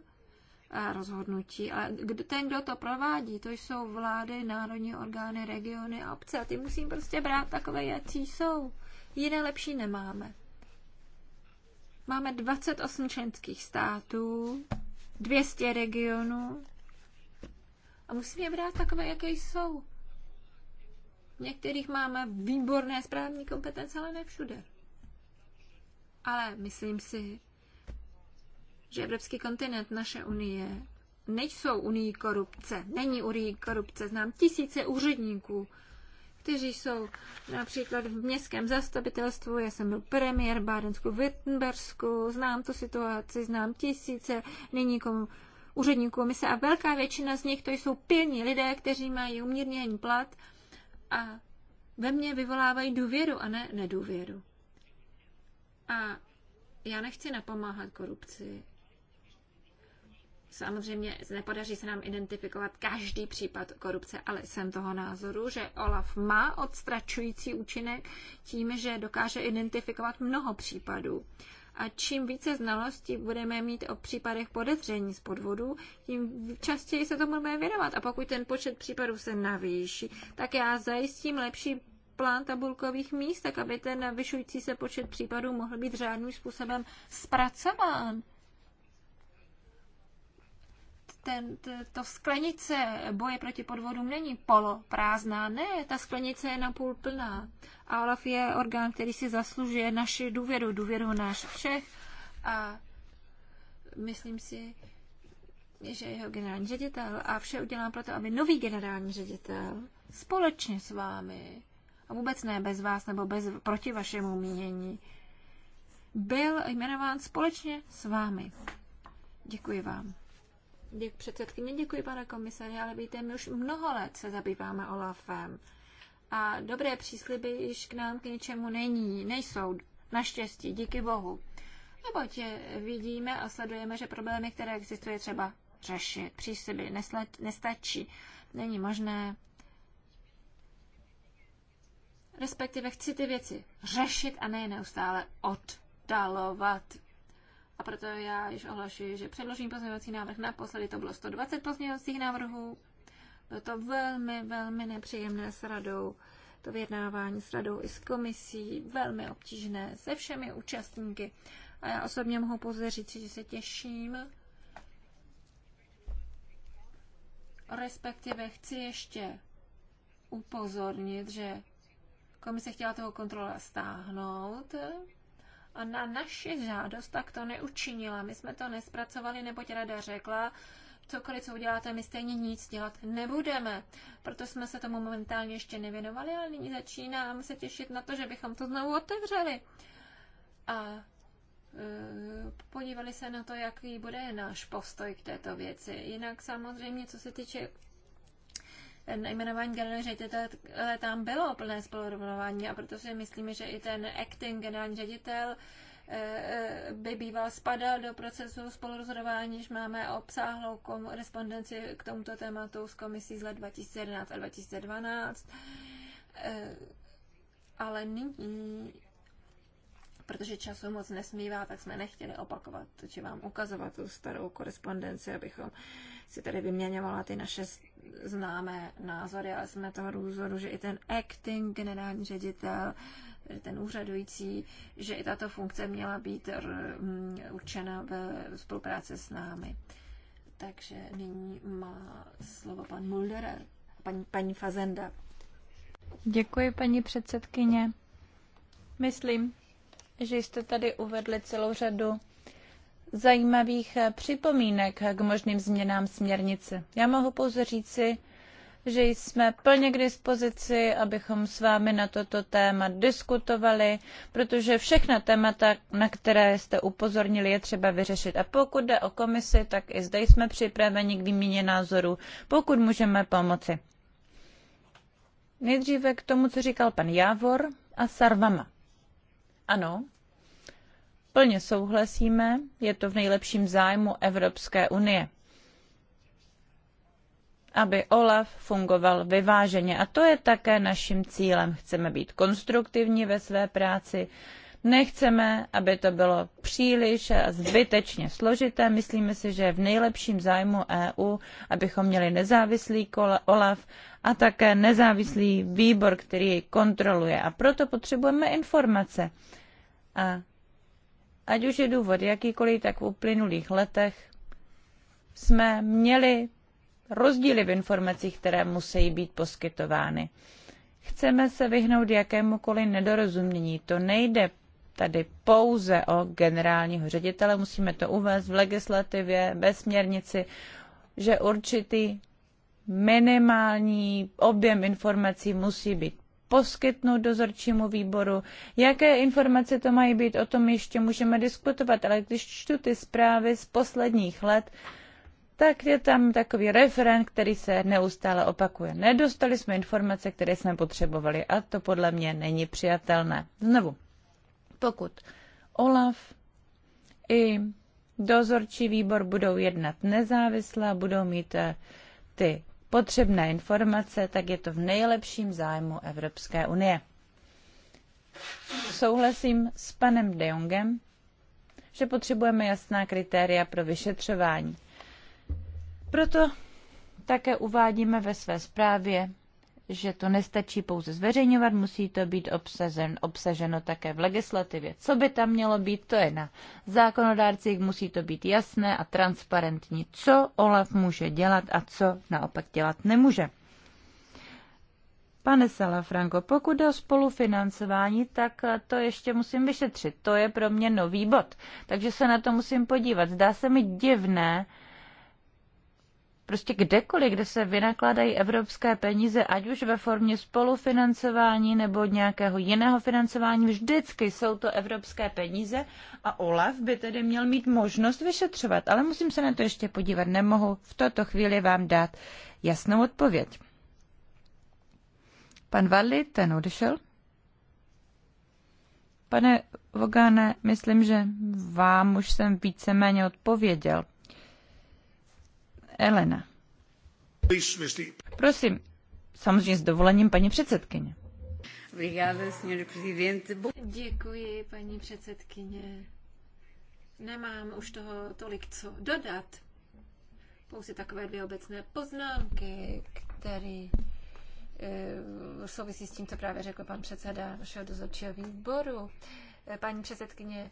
a rozhodnutí. A ten, kdo to provádí, to jsou vlády, národní orgány, regiony a obce. A ty musím prostě brát takové, jaký jsou. Jiné lepší nemáme. Máme 28 členských států, 200 regionů a musíme je brát takové, jaké jsou některých máme výborné správní kompetence, ale ne všude. Ale myslím si, že evropský kontinent, naše unie, nejsou unii korupce. Není unii korupce. Znám tisíce úředníků, kteří jsou například v městském zastupitelstvu, já jsem byl premiér Bádensku, Wittenbersku, znám tu situaci, znám tisíce nyní komu, úředníků se a velká většina z nich to jsou pilní lidé, kteří mají umírněný plat a ve mně vyvolávají důvěru a ne nedůvěru. A já nechci napomáhat korupci. Samozřejmě nepodaří se nám identifikovat každý případ korupce, ale jsem toho názoru, že OLAF má odstračující účinek tím, že dokáže identifikovat mnoho případů. A čím více znalostí budeme mít o případech podezření z podvodu, tím častěji se tomu budeme věnovat. A pokud ten počet případů se navýší, tak já zajistím lepší plán tabulkových míst, tak aby ten navyšující se počet případů mohl být řádným způsobem zpracován ten, to sklenice boje proti podvodům není poloprázdná, ne, ta sklenice je napůl plná. A Olaf je orgán, který si zaslužuje naši důvěru, důvěru náš všech a myslím si, že jeho generální ředitel a vše udělám proto, aby nový generální ředitel společně s vámi a vůbec ne bez vás nebo bez, proti vašemu mínění, byl jmenován společně s vámi. Děkuji vám. Děkuji předsedkyně, děkuji pane komisaři, ale víte, my už mnoho let se zabýváme Olafem a dobré přísliby již k nám k ničemu není, nejsou, naštěstí, díky bohu. Neboť vidíme a sledujeme, že problémy, které existují, třeba řešit. Přísliby nestačí, není možné respektive chci ty věci řešit a ne neustále oddalovat. A proto já již ohlašuji, že předložím pozměňovací návrh. Naposledy to bylo 120 pozměňovacích návrhů. Bylo to velmi, velmi nepříjemné s radou. To vyjednávání s radou i s komisí, velmi obtížné se všemi účastníky. A já osobně mohu pouze říct, že se těším. Respektive chci ještě upozornit, že komise chtěla toho kontrola stáhnout, a na naši žádost tak to neučinila. My jsme to nespracovali, neboť rada řekla, cokoliv, co uděláte, my stejně nic dělat nebudeme. Proto jsme se tomu momentálně ještě nevěnovali, ale nyní začínám se těšit na to, že bychom to znovu otevřeli. A e, podívali se na to, jaký bude náš postoj k této věci. Jinak samozřejmě, co se týče jmenování generální ředitele tam bylo plné spolurovnování a proto si myslíme, že i ten acting generální ředitel eh, eh, by býval spadal do procesu spolurozhodování, když máme obsáhlou korespondenci k tomuto tématu s komisí z let 2011 a 2012. Eh, ale nyní, protože času moc nesmívá, tak jsme nechtěli opakovat, či vám ukazovat tu starou korespondenci, abychom si tady vyměňovala ty naše známe názory, ale jsme toho důzoru, že i ten acting generální ředitel, ten úřadující, že i tato funkce měla být mm, určena ve spolupráci s námi. Takže nyní má slovo pan Mulder, paní, paní Fazenda. Děkuji, paní předsedkyně. Myslím, že jste tady uvedli celou řadu zajímavých eh, připomínek k možným změnám směrnice. Já mohu pouze říci, že jsme plně k dispozici, abychom s vámi na toto téma diskutovali, protože všechna témata, na které jste upozornili, je třeba vyřešit. A pokud jde o komisi, tak i zde jsme připraveni k výměně názorů, pokud můžeme pomoci. Nejdříve k tomu, co říkal pan Jávor a Sarvama. Ano, Plně souhlasíme, je to v nejlepším zájmu Evropské unie aby OLAF fungoval vyváženě. A to je také naším cílem. Chceme být konstruktivní ve své práci, nechceme, aby to bylo příliš a zbytečně složité. Myslíme si, že je v nejlepším zájmu EU, abychom měli nezávislý OLAF a také nezávislý výbor, který jej kontroluje. A proto potřebujeme informace. A Ať už je důvod jakýkoliv, tak v uplynulých letech jsme měli rozdíly v informacích, které musí být poskytovány. Chceme se vyhnout jakémukoliv nedorozumění. To nejde tady pouze o generálního ředitele, musíme to uvést v legislativě, ve směrnici, že určitý minimální objem informací musí být poskytnout dozorčímu výboru. Jaké informace to mají být, o tom ještě můžeme diskutovat, ale když čtu ty zprávy z posledních let, tak je tam takový referent, který se neustále opakuje. Nedostali jsme informace, které jsme potřebovali a to podle mě není přijatelné. Znovu, pokud Olaf i dozorčí výbor budou jednat nezávisle a budou mít eh, ty potřebné informace, tak je to v nejlepším zájmu Evropské unie. Souhlasím s panem De Jongem, že potřebujeme jasná kritéria pro vyšetřování. Proto také uvádíme ve své zprávě že to nestačí pouze zveřejňovat, musí to být obsazen, obsaženo také v legislativě. Co by tam mělo být, to je na zákonodárcích, musí to být jasné a transparentní, co OLAF může dělat a co naopak dělat nemůže. Pane Salafranco, pokud jde o spolufinancování, tak to ještě musím vyšetřit. To je pro mě nový bod, takže se na to musím podívat. Zdá se mi divné, Prostě kdekoliv, kde se vynakládají evropské peníze, ať už ve formě spolufinancování nebo nějakého jiného financování, vždycky jsou to evropské peníze a OLAF by tedy měl mít možnost vyšetřovat. Ale musím se na to ještě podívat, nemohu v této chvíli vám dát jasnou odpověď. Pan Valli, ten odešel. Pane Vogáne, myslím, že vám už jsem víceméně odpověděl. Elena. Prosím, samozřejmě s dovolením paní předsedkyně. Děkuji, paní předsedkyně. Nemám už toho tolik co dodat. Pouze takové dvě obecné poznámky, které e, souvisí s tím, co právě řekl pan předseda vašeho dozorčího výboru. Eh, paní předsedkyně,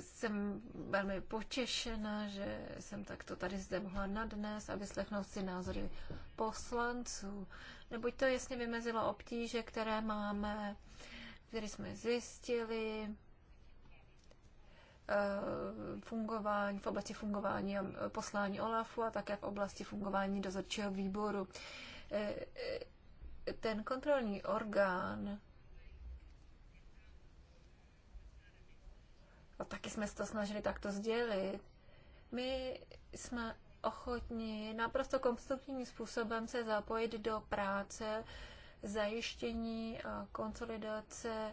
jsem velmi potěšena, že jsem takto tady zde mohla nadnes a vyslechnout si názory poslanců. Neboť to jasně vymezilo obtíže, které máme, které jsme zjistili, eh, fungování, v oblasti fungování a poslání OLAFu a také v oblasti fungování dozorčího výboru. Eh, eh, ten kontrolní orgán a taky jsme se to snažili takto sdělit, my jsme ochotni naprosto konstruktivním způsobem se zapojit do práce, zajištění a konsolidace e,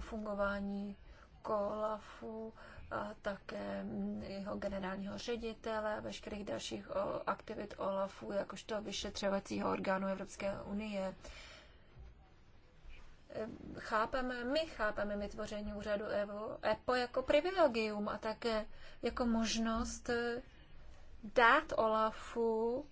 fungování kolafu a také jeho generálního ředitele a veškerých dalších aktivit OLAFu, jakožto vyšetřovacího orgánu Evropské unie chápeme, my chápeme vytvoření úřadu EVO, EPO jako privilegium a také jako možnost eh, dát Olafu,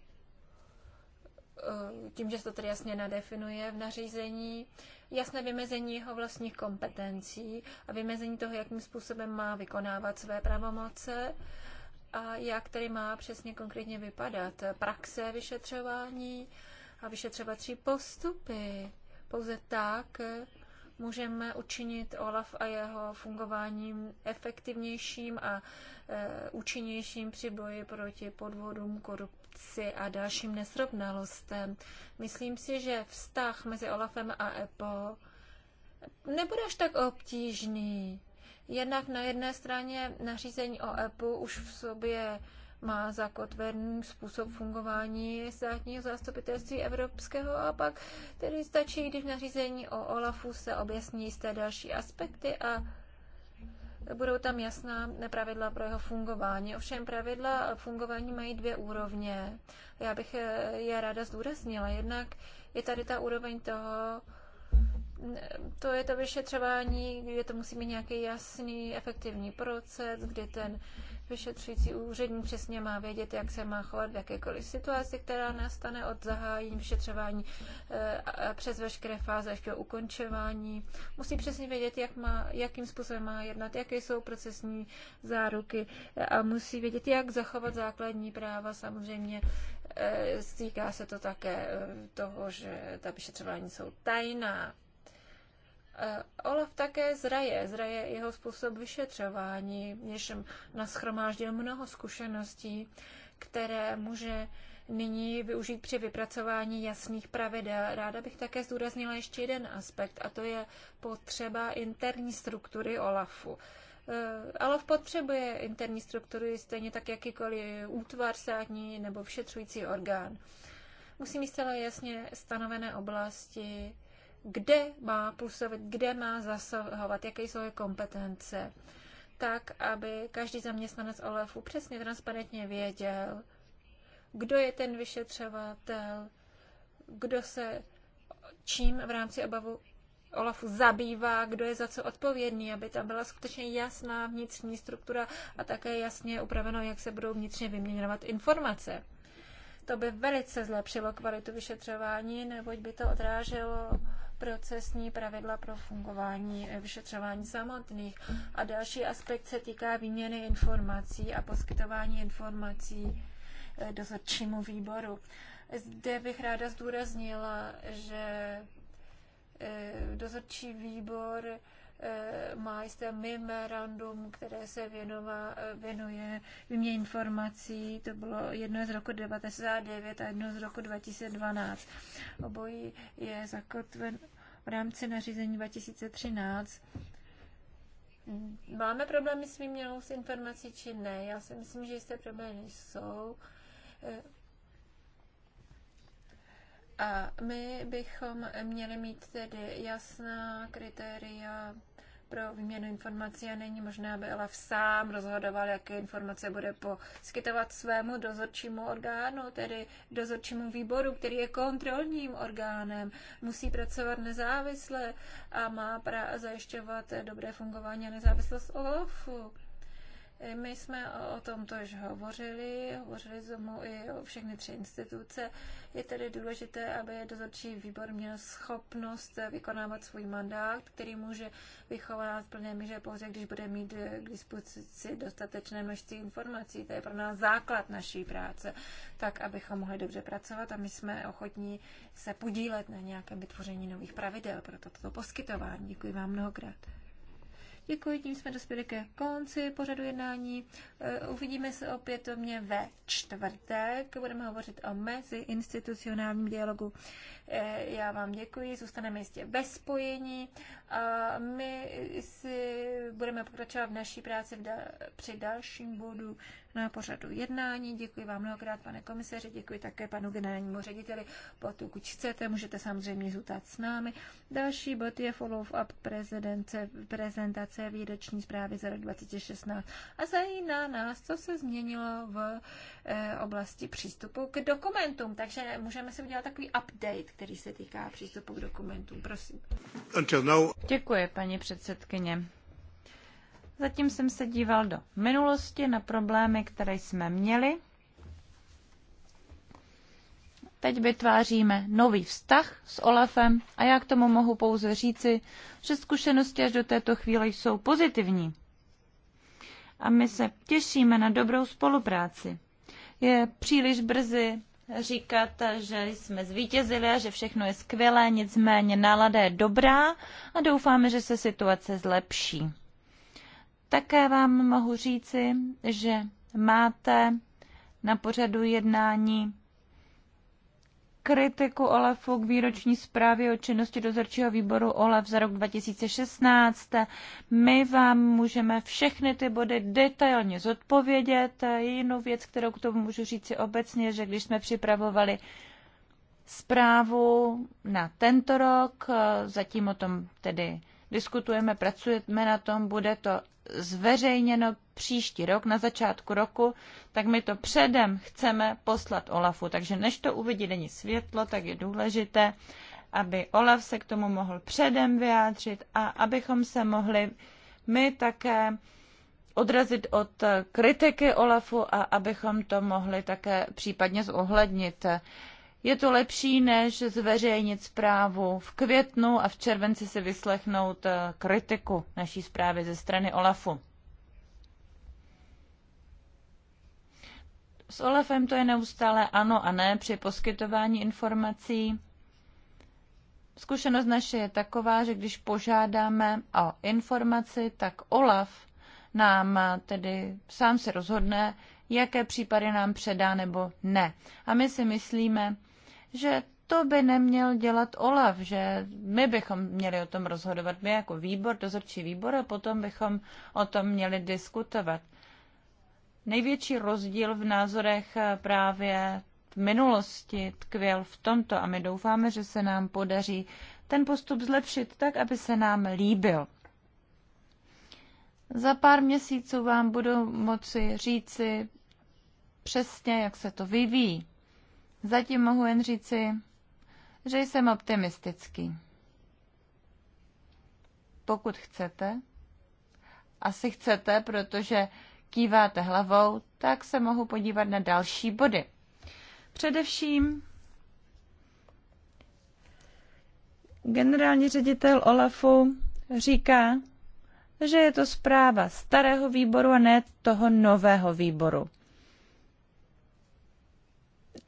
eh, tím, že se to tady jasně nadefinuje v nařízení, jasné vymezení jeho vlastních kompetencí a vymezení toho, jakým způsobem má vykonávat své pravomoce a jak tedy má přesně konkrétně vypadat praxe vyšetřování a vyšetřovací postupy. Pouze tak můžeme učinit OLAF a jeho fungováním efektivnějším a e, účinnějším při boji proti podvodům, korupci a dalším nesrovnalostem. Myslím si, že vztah mezi OLAFem a EPO nebude až tak obtížný. Jednak na jedné straně nařízení o EPU už v sobě má zakotvený způsob fungování státního zastupitelství evropského a pak tedy stačí, když v nařízení o OLAFu se objasní jisté další aspekty a budou tam jasná pravidla pro jeho fungování. Ovšem pravidla fungování mají dvě úrovně. Já bych je ráda zdůraznila. Jednak je tady ta úroveň toho, to je to vyšetřování, kde to musí mít nějaký jasný, efektivní proces, kde ten Vyšetřující úředník přesně má vědět, jak se má chovat v jakékoliv situaci, která nastane od zahájení vyšetřování eh, přes veškeré fáze až do ukončování. Musí přesně vědět, jak má, jakým způsobem má jednat, jaké jsou procesní záruky eh, a musí vědět, jak zachovat základní práva. Samozřejmě eh, stýká se to také toho, že ta vyšetřování jsou tajná. Eh, Olaf také zraje, zraje jeho způsob vyšetřování, něž naschromáždil mnoho zkušeností, které může nyní využít při vypracování jasných pravidel. Ráda bych také zdůraznila ještě jeden aspekt, a to je potřeba interní struktury OLAFu. Eh, OLAF potřebuje interní struktury stejně tak jakýkoliv útvar sádní nebo vyšetřující orgán. Musí mít zcela jasně stanovené oblasti, kde má působit, kde má zasahovat, jaké jsou jeho kompetence, tak, aby každý zaměstnanec OLAFu přesně transparentně věděl, kdo je ten vyšetřovatel, kdo se čím v rámci obavu Olafu zabývá, kdo je za co odpovědný, aby tam byla skutečně jasná vnitřní struktura a také jasně upraveno, jak se budou vnitřně vyměňovat informace. To by velice zlepšilo kvalitu vyšetřování, neboť by to odráželo procesní pravidla pro fungování vyšetřování samotných. A další aspekt se týká výměny informací a poskytování informací eh, dozorčímu výboru. Zde bych ráda zdůraznila, že eh, dozorčí výbor Eh, má jisté memorandum, které se věnova, eh, věnuje výměně informací. To bylo jedno z roku 1999 a jedno z roku 2012. Obojí je zakotven v rámci nařízení 2013. Máme problémy s výměnou s informací či ne? Já si myslím, že jisté problémy jsou eh, a my bychom měli mít tedy jasná kritéria pro výměnu informací a není možné, aby Olaf sám rozhodoval, jaké informace bude poskytovat svému dozorčímu orgánu, tedy dozorčímu výboru, který je kontrolním orgánem, musí pracovat nezávisle a má zajišťovat dobré fungování a nezávislost Olafu. My jsme o tom to již hovořili, hovořili s mnou i o všechny tři instituce. Je tedy důležité, aby dozorčí výbor měl schopnost vykonávat svůj mandát, který může vychovat v plné míře pouze, když bude mít k dispozici dostatečné množství informací. To je pro nás základ naší práce, tak abychom mohli dobře pracovat a my jsme ochotní se podílet na nějakém vytvoření nových pravidel pro toto poskytování. Děkuji vám mnohokrát. Děkuji, tím jsme dospěli ke konci pořadu jednání. E, uvidíme se opět mě ve čtvrtek. Budeme hovořit o meziinstitucionálním dialogu. E, já vám děkuji, zůstaneme jistě ve spojení. A my si budeme pokračovat v naší práci v da- při dalším bodu na pořadu jednání. Děkuji vám mnohokrát, pane komisaři, děkuji také panu generálnímu řediteli. Pokud chcete, můžete samozřejmě zůstat s námi. Další bod je follow-up prezentace výroční zprávy za rok 2016 a zajímá nás, co se změnilo v eh, oblasti přístupu k dokumentům. Takže můžeme si udělat takový update, který se týká přístupu k dokumentům. Prosím. Děkuji, paní předsedkyně. Zatím jsem se díval do minulosti na problémy, které jsme měli. Teď vytváříme nový vztah s Olafem a já k tomu mohu pouze říci, že zkušenosti až do této chvíle jsou pozitivní. A my se těšíme na dobrou spolupráci. Je příliš brzy říkat, že jsme zvítězili a že všechno je skvělé, nicméně nálada je dobrá a doufáme, že se situace zlepší. Také vám mohu říci, že máte na pořadu jednání kritiku OLAFu k výroční zprávě o činnosti dozorčího výboru OLAF za rok 2016. My vám můžeme všechny ty body detailně zodpovědět. Jinou věc, kterou k tomu můžu říci obecně, že když jsme připravovali zprávu na tento rok, zatím o tom tedy diskutujeme, pracujeme na tom, bude to zveřejněno příští rok, na začátku roku, tak my to předem chceme poslat Olafu. Takže než to uvidí denní světlo, tak je důležité, aby Olaf se k tomu mohl předem vyjádřit a abychom se mohli my také odrazit od kritiky Olafu a abychom to mohli také případně zohlednit. Je to lepší, než zveřejnit zprávu v květnu a v červenci si vyslechnout eh, kritiku naší zprávy ze strany OLAFu. S OLAFem to je neustále ano a ne při poskytování informací. Zkušenost naše je taková, že když požádáme o informaci, tak OLAF nám eh, tedy sám se rozhodne, jaké případy nám předá nebo ne. A my si myslíme, že to by neměl dělat OLAF, že my bychom měli o tom rozhodovat, my jako výbor, dozorčí výbor, a potom bychom o tom měli diskutovat. Největší rozdíl v názorech právě v minulosti tkvěl v tomto a my doufáme, že se nám podaří ten postup zlepšit tak, aby se nám líbil. Za pár měsíců vám budu moci říci přesně, jak se to vyvíjí. Zatím mohu jen říci, že jsem optimistický. Pokud chcete, asi chcete, protože kýváte hlavou, tak se mohu podívat na další body. Především generální ředitel Olafu říká, že je to zpráva starého výboru a ne toho nového výboru.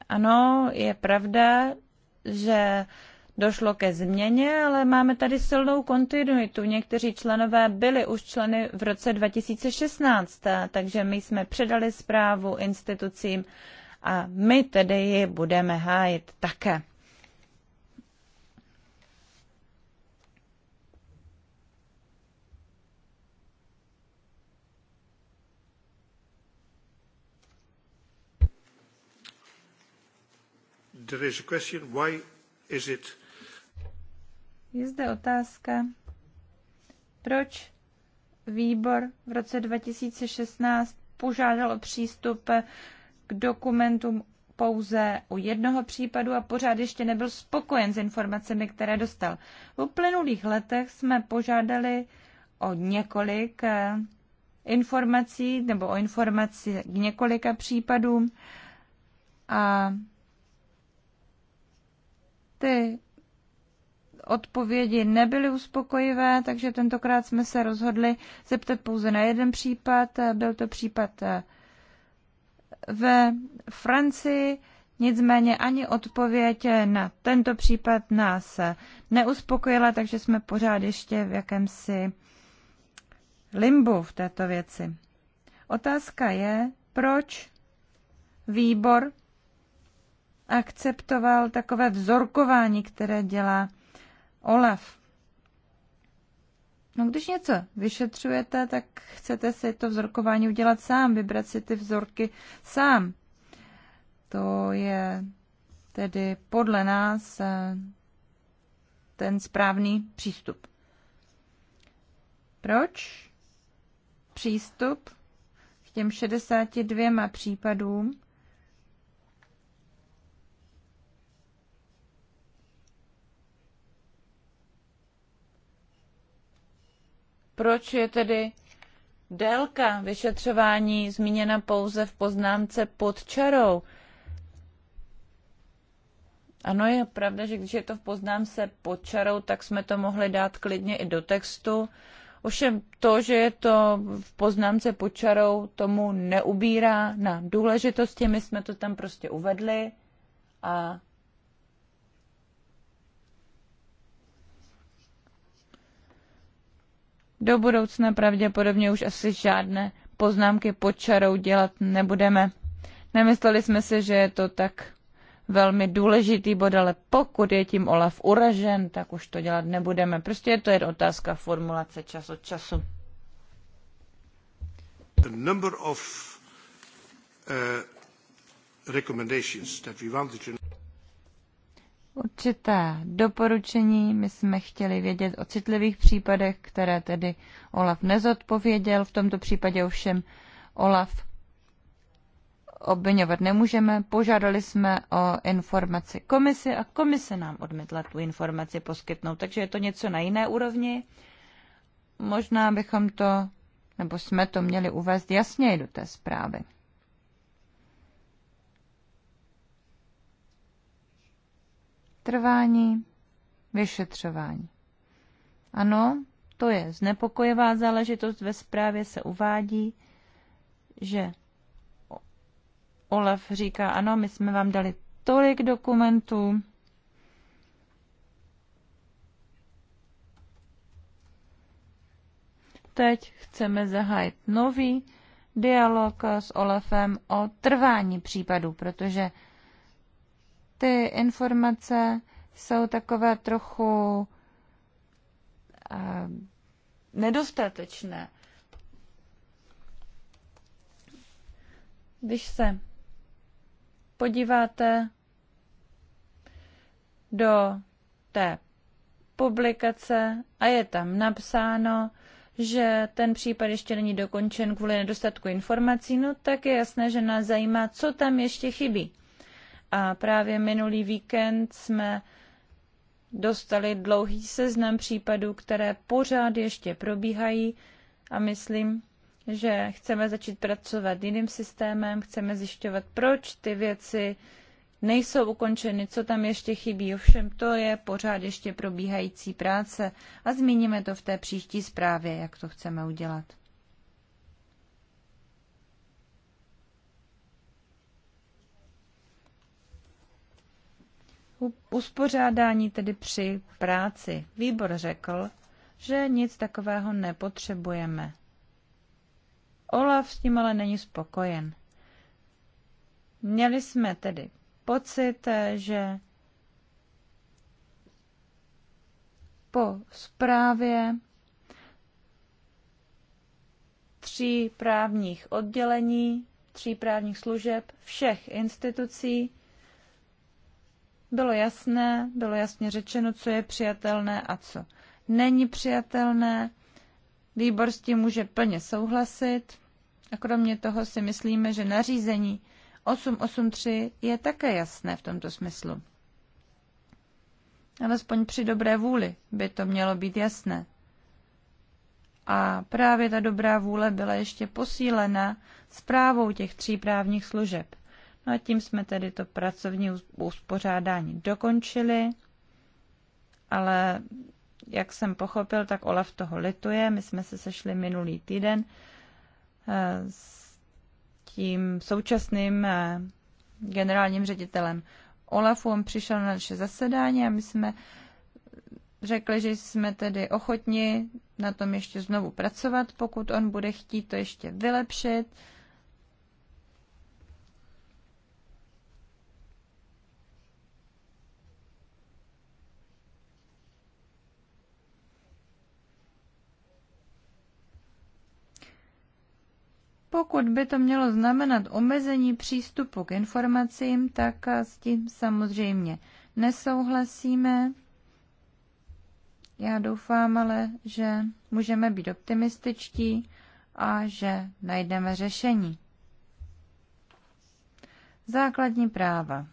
Ano, je pravda, že došlo ke změně, ale máme tady silnou kontinuitu. Někteří členové byli už členy v roce 2016, takže my jsme předali zprávu institucím a my tedy ji budeme hájit také. there is a question, why is it... Je zde otázka, proč výbor v roce 2016 požádal o přístup k dokumentům pouze u jednoho případu a pořád ještě nebyl spokojen s informacemi, které dostal. V uplynulých letech jsme požádali o několik eh, informací nebo o informaci k několika případům a ty odpovědi nebyly uspokojivé, takže tentokrát jsme se rozhodli zeptat pouze na jeden případ. Byl to případ eh, ve Francii, nicméně ani odpověď eh, na tento případ nás eh, neuspokojila, takže jsme pořád ještě v jakémsi limbu v této věci. Otázka je, proč výbor akceptoval takové vzorkování, které dělá Olaf. No, když něco vyšetřujete, tak chcete si to vzorkování udělat sám, vybrat si ty vzorky sám. To je tedy podle nás eh, ten správný přístup. Proč přístup k těm 62 případům Proč je tedy délka vyšetřování zmíněna pouze v poznámce pod čarou? Ano, je pravda, že když je to v poznámce pod čarou, tak jsme to mohli dát klidně i do textu. Ovšem to, že je to v poznámce pod čarou, tomu neubírá na důležitosti. My jsme to tam prostě uvedli a do budoucna pravděpodobně už asi žádné poznámky pod čarou dělat nebudeme. Nemysleli jsme si, že je to tak velmi důležitý bod, ale pokud je tím Olaf uražen, tak už to dělat nebudeme. Prostě je to jen otázka formulace čas od času. The number of uh, recommendations that we wanted to určité doporučení. My jsme chtěli vědět o citlivých případech, které tedy Olaf nezodpověděl. V tomto případě ovšem Olaf obvinovat nemůžeme. Požádali jsme o informaci komisi a komise nám odmítla tu informaci poskytnout. Takže je to něco na jiné úrovni. Možná bychom to, nebo jsme to měli uvést jasněji do té zprávy. trvání vyšetřování. Ano, to je znepokojivá záležitost. Ve zprávě se uvádí, že Olaf říká, ano, my jsme vám dali tolik dokumentů, teď chceme zahájit nový dialog s Olafem o trvání případu, protože ty informace jsou takové trochu eh, nedostatečné. Když se podíváte do té publikace a je tam napsáno, že ten případ ještě není dokončen kvůli nedostatku informací, no tak je jasné, že nás zajímá, co tam ještě chybí. A právě minulý víkend jsme dostali dlouhý seznam případů, které pořád ještě probíhají a myslím, že chceme začít pracovat jiným systémem, chceme zjišťovat, proč ty věci nejsou ukončeny, co tam ještě chybí. Ovšem to je pořád ještě probíhající práce a zmíníme to v té příští zprávě, jak to chceme udělat. uspořádání, tedy při práci. Výbor řekl, že nic takového nepotřebujeme. Olaf s tím ale není spokojen. Měli jsme tedy pocit, že po zprávě tří právních oddělení, tří právních služeb všech institucí bylo jasné, bylo jasně řečeno, co je přijatelné a co není přijatelné. Výbor s tím může plně souhlasit a kromě toho si myslíme, že nařízení 883 je také jasné v tomto smyslu. Alespoň při dobré vůli by to mělo být jasné. A právě ta dobrá vůle byla ještě posílena zprávou těch tří právních služeb. No a tím jsme tedy to pracovní uspořádání dokončili, ale jak jsem pochopil, tak Olaf toho lituje. My jsme se sešli minulý týden eh, s tím současným eh, generálním ředitelem Olafu. On přišel na naše zasedání a my jsme řekli, že jsme tedy ochotni na tom ještě znovu pracovat, pokud on bude chtít to ještě vylepšit Pokud by to mělo znamenat omezení přístupu k informacím, tak s tím samozřejmě nesouhlasíme. Já doufám ale, že můžeme být optimističtí a že najdeme řešení. Základní práva.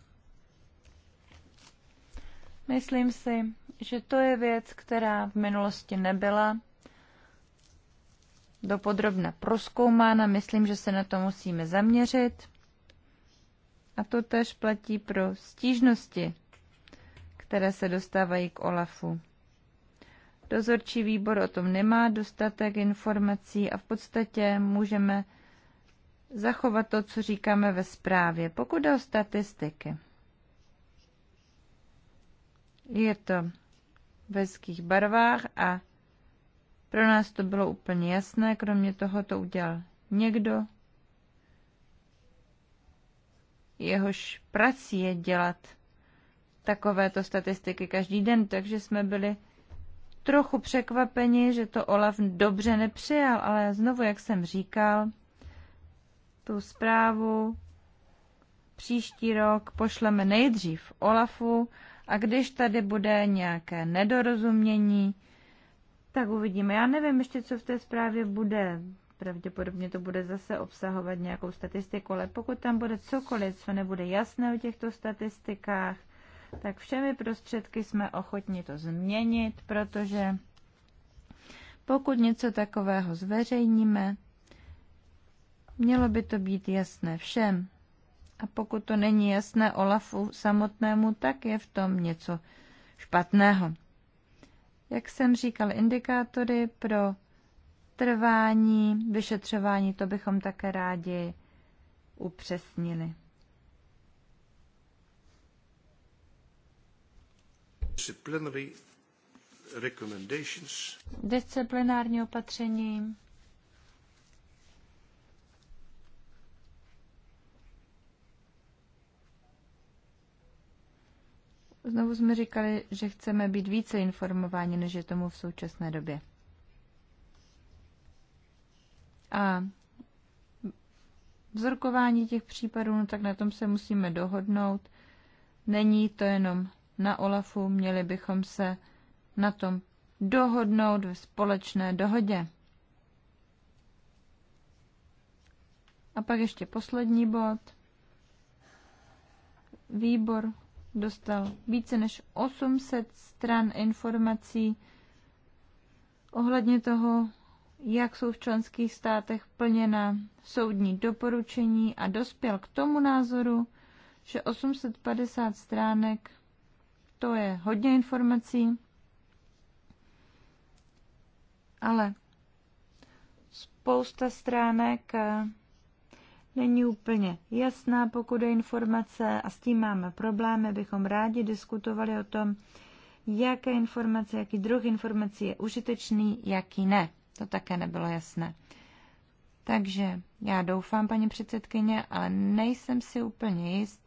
Myslím si, že to je věc, která v minulosti nebyla dopodrobna proskoumána. Myslím, že se na to musíme zaměřit. A to tež platí pro stížnosti, které se dostávají k OLAFu. Dozorčí výbor o tom nemá dostatek informací a v podstatě můžeme zachovat to, co říkáme ve zprávě. Pokud jde o statistiky, je to ve barvách a pro nás to bylo úplně jasné, kromě toho to udělal někdo, jehož prací je dělat takovéto statistiky každý den, takže jsme byli trochu překvapeni, že to Olaf dobře nepřijal, ale znovu, jak jsem říkal, tu zprávu příští rok pošleme nejdřív Olafu a když tady bude nějaké nedorozumění, tak uvidíme. Já nevím ještě, co v té zprávě bude. Pravděpodobně to bude zase obsahovat nějakou statistiku, ale pokud tam bude cokoliv, co nebude jasné o těchto statistikách, tak všemi prostředky jsme ochotni to změnit, protože pokud něco takového zveřejníme, mělo by to být jasné všem. A pokud to není jasné Olafu samotnému, tak je v tom něco špatného. Jak jsem říkal, indikátory pro trvání, vyšetřování, to bychom také rádi upřesnili. Disciplinární opatření Znovu jsme říkali, že chceme být více informováni, než je tomu v současné době. A vzorkování těch případů, no tak na tom se musíme dohodnout. Není to jenom na OLAFu, měli bychom se na tom dohodnout ve společné dohodě. A pak ještě poslední bod. Výbor dostal více než 800 stran informací ohledně toho, jak jsou v členských státech plněna soudní doporučení a dospěl k tomu názoru, že 850 stránek to je hodně informací, ale spousta stránek není úplně jasná, pokud je informace a s tím máme problémy, bychom rádi diskutovali o tom, jaké informace, jaký druh informací je užitečný, jaký ne. To také nebylo jasné. Takže já doufám, paní předsedkyně, ale nejsem si úplně jist,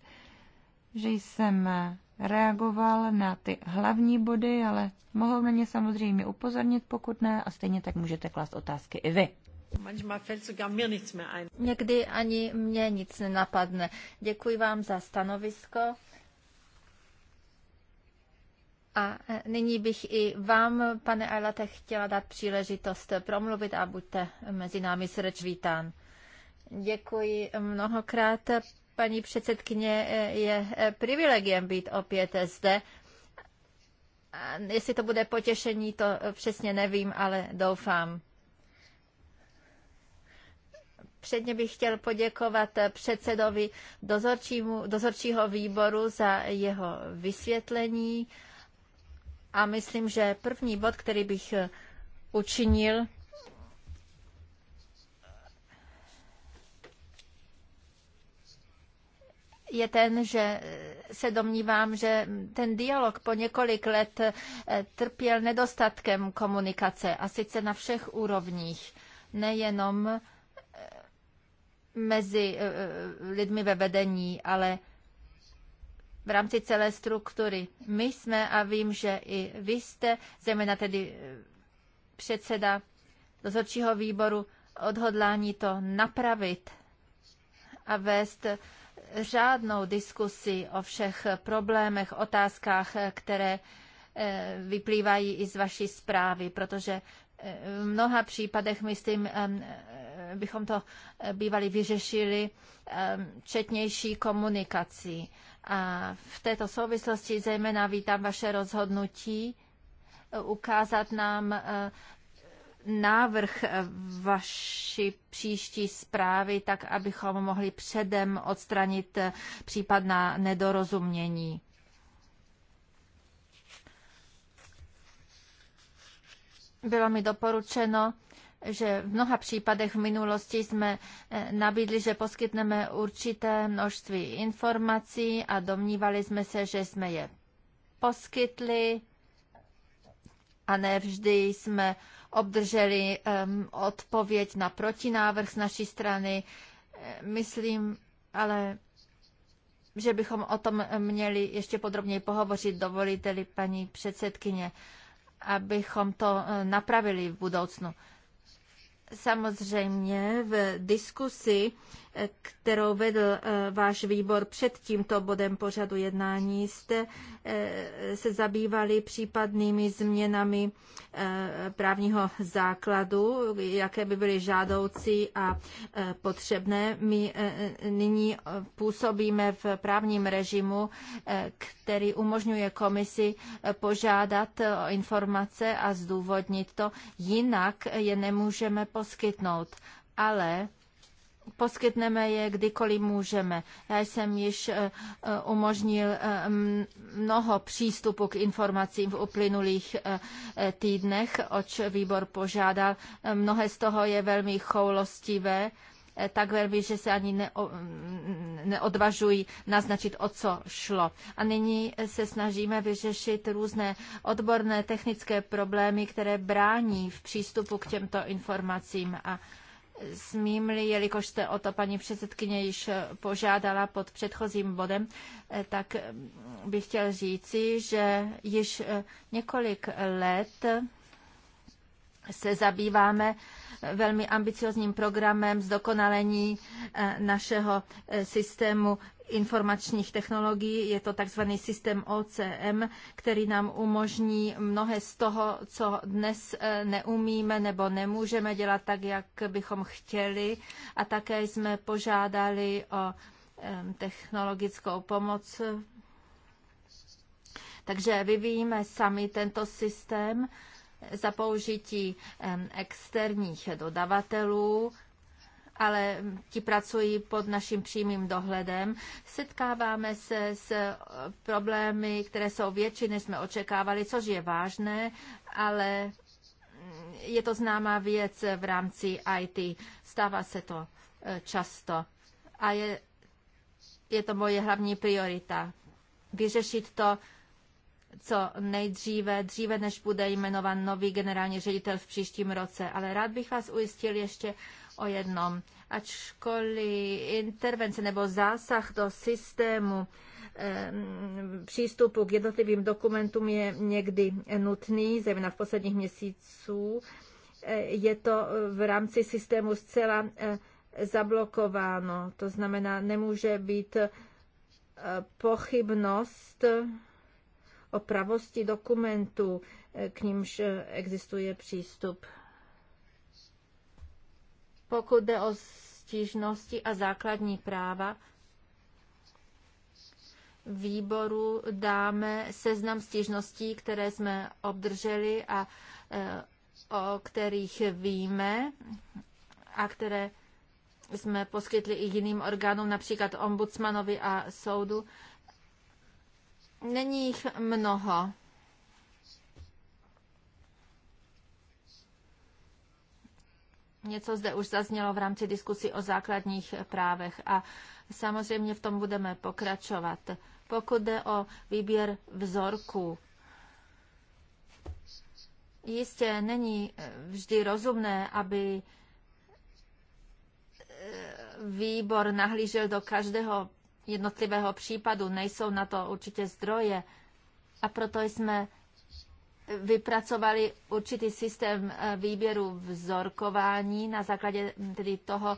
že jsem reagoval na ty hlavní body, ale mohou na ně samozřejmě upozornit, pokud ne, a stejně tak můžete klást otázky i vy. Někdy ani mě nic nenapadne. Děkuji vám za stanovisko. A e, nyní bych i vám, pane Ajlate, chtěla dát příležitost promluvit a buďte mezi námi srdč vítán. Děkuji mnohokrát. Paní předsedkyně, e, je e, privilegiem být opět zde. jestli to bude potěšení, to přesně nevím, ale doufám. Předně bych chtěl poděkovat eh, předsedovi dozorčímu, dozorčího výboru za jeho vysvětlení a myslím, že první bod, který bych eh, učinil, je ten, že eh, se domnívám, že ten dialog po několik let trpěl nedostatkem komunikace a sice na všech úrovních, nejenom mezi eh, eh, lidmi ve vedení, ale v rámci celé struktury. My jsme a vím, že i vy jste, zejména tedy eh, předseda dozorčího výboru, odhodlání to napravit a vést řádnou diskusi o všech problémech, otázkách, které vyplývají i z vaší zprávy, protože v mnoha případech, myslím, bychom to eh, bývali vyřešili eh, četnější komunikací. A v této souvislosti zejména vítám vaše rozhodnutí eh, ukázat nám návrh vaší příští zprávy, tak abychom mohli předem odstranit případná nedorozumění. Bylo mi doporučeno, že v mnoha případech v minulosti jsme eh, nabídli, že poskytneme určité množství informací a domnívali jsme se, že jsme je poskytli a ne vždy jsme obdrželi um, odpověď na protinávrh z naší strany. Eh, myslím, ale že bychom o tom měli ještě podrobněji pohovořit, dovolíte-li paní předsedkyně, abychom to eh, napravili v budoucnu. Samozřejmě v diskusi, eh, kterou vedl eh, váš výbor před tímto bodem pořadu jednání, jste eh, se zabývali případnými změnami právního základu, jaké by byly žádoucí a potřebné. My nyní působíme v právním režimu, který který umožňuje komisi eh, požádat eh, o informace a zdůvodnit to, jinak je nemůžeme poskytnout. Ale poskytneme je kdykoliv můžeme. Já jsem již eh, umožnil mnoho přístupu k informacím v uplynulých týdnech, oč výbor požádal. Mnohé z toho je velmi choulostivé Eh, tak velmi, že se ani neo, neodvažují naznačit, o co šlo. A nyní se snažíme vyřešit různé odborné technické problémy, které brání v přístupu k těmto informacím a smím-li, jelikož jste o to paní předsedkyně již požádala pod předchozím bodem, eh, tak mm, bych chtěl říci, že již eh, několik let se zabýváme velmi ambiciozním programem zdokonalení eh, našeho eh, systému informačních technologií. Je to takzvaný systém OCM, který nám umožní mnohé z toho, co dnes eh, neumíme nebo nemůžeme dělat tak, jak bychom chtěli. A také jsme požádali o technologickou pomoc. Takže vyvíjíme sami tento systém za použití externích dodavatelů, ale ti pracují pod naším přímým dohledem. Setkáváme se s eh, problémy, které jsou větší, než jsme očekávali, což je vážné, ale mm, je to známá věc v rámci IT. Stává se to eh, často. A je, je to moje hlavní priorita. Vyřešit to co nejdříve, dříve než bude jmenován nový generální ředitel v příštím roce. Ale rád bych vás ujistil ještě o jednom. Ačkoliv intervence nebo zásah do systému přístupu k jednotlivým dokumentům je někdy nutný, zejména v posledních měsíců, e, je to v rámci systému zcela e, zablokováno. To znamená, nemůže být e, pochybnost o pravosti dokumentů, eh, k nímž eh, existuje přístup. Pokud jde o stížnosti a základní práva, výboru dáme seznam stížností, které jsme obdrželi a eh, o kterých víme a které jsme poskytli i jiným orgánům, například ombudsmanovi a soudu. Není jich mnoho. Něco zde už zaznělo v rámci diskusy o základních právech a samozřejmě v tom budeme pokračovat. Pokud jde o výběr vzorků, jistě není eh, vždy rozumné, aby eh, výbor nahlížel do každého jednotlivého případu, nejsou na to určitě zdroje. A proto jsme vypracovali určitý systém eh, výběru vzorkování. Na základě hm, tedy toho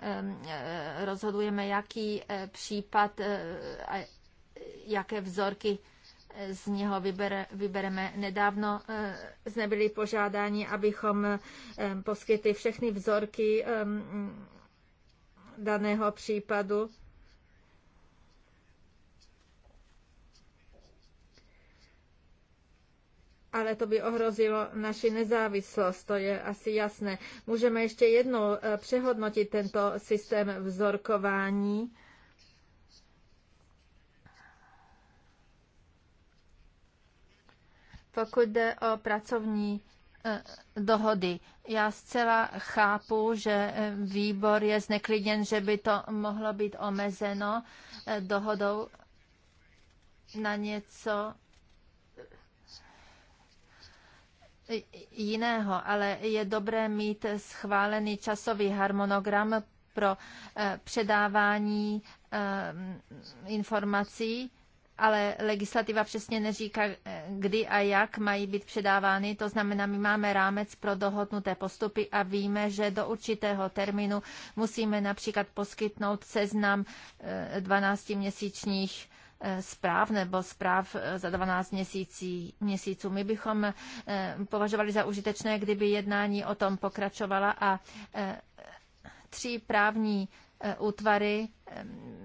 ehm, eh, rozhodujeme, jaký eh, případ a jaké vzorky z něho vybere, vybereme. Nedávno jsme byli požádáni, abychom ehm, poskytli všechny vzorky ehm, daného případu ale to by ohrozilo naši nezávislost, to je asi jasné. Můžeme ještě jednou eh, přehodnotit tento systém vzorkování. Pokud jde o pracovní eh, dohody. Já zcela chápu, že eh, výbor je zneklidněn, že by to mohlo být omezeno dohodou na něco, jiného, ale je dobré mít schválený časový harmonogram pro eh, předávání eh, informací, ale legislativa přesně neříká, eh, kdy a jak mají být předávány. To znamená, my máme rámec pro dohodnuté postupy a víme, že do určitého termínu musíme například poskytnout seznam 12-měsíčních zpráv nebo zpráv za 12 měsící, měsíců. My bychom eh, považovali za užitečné, kdyby jednání o tom pokračovala a eh, tři právní eh, útvary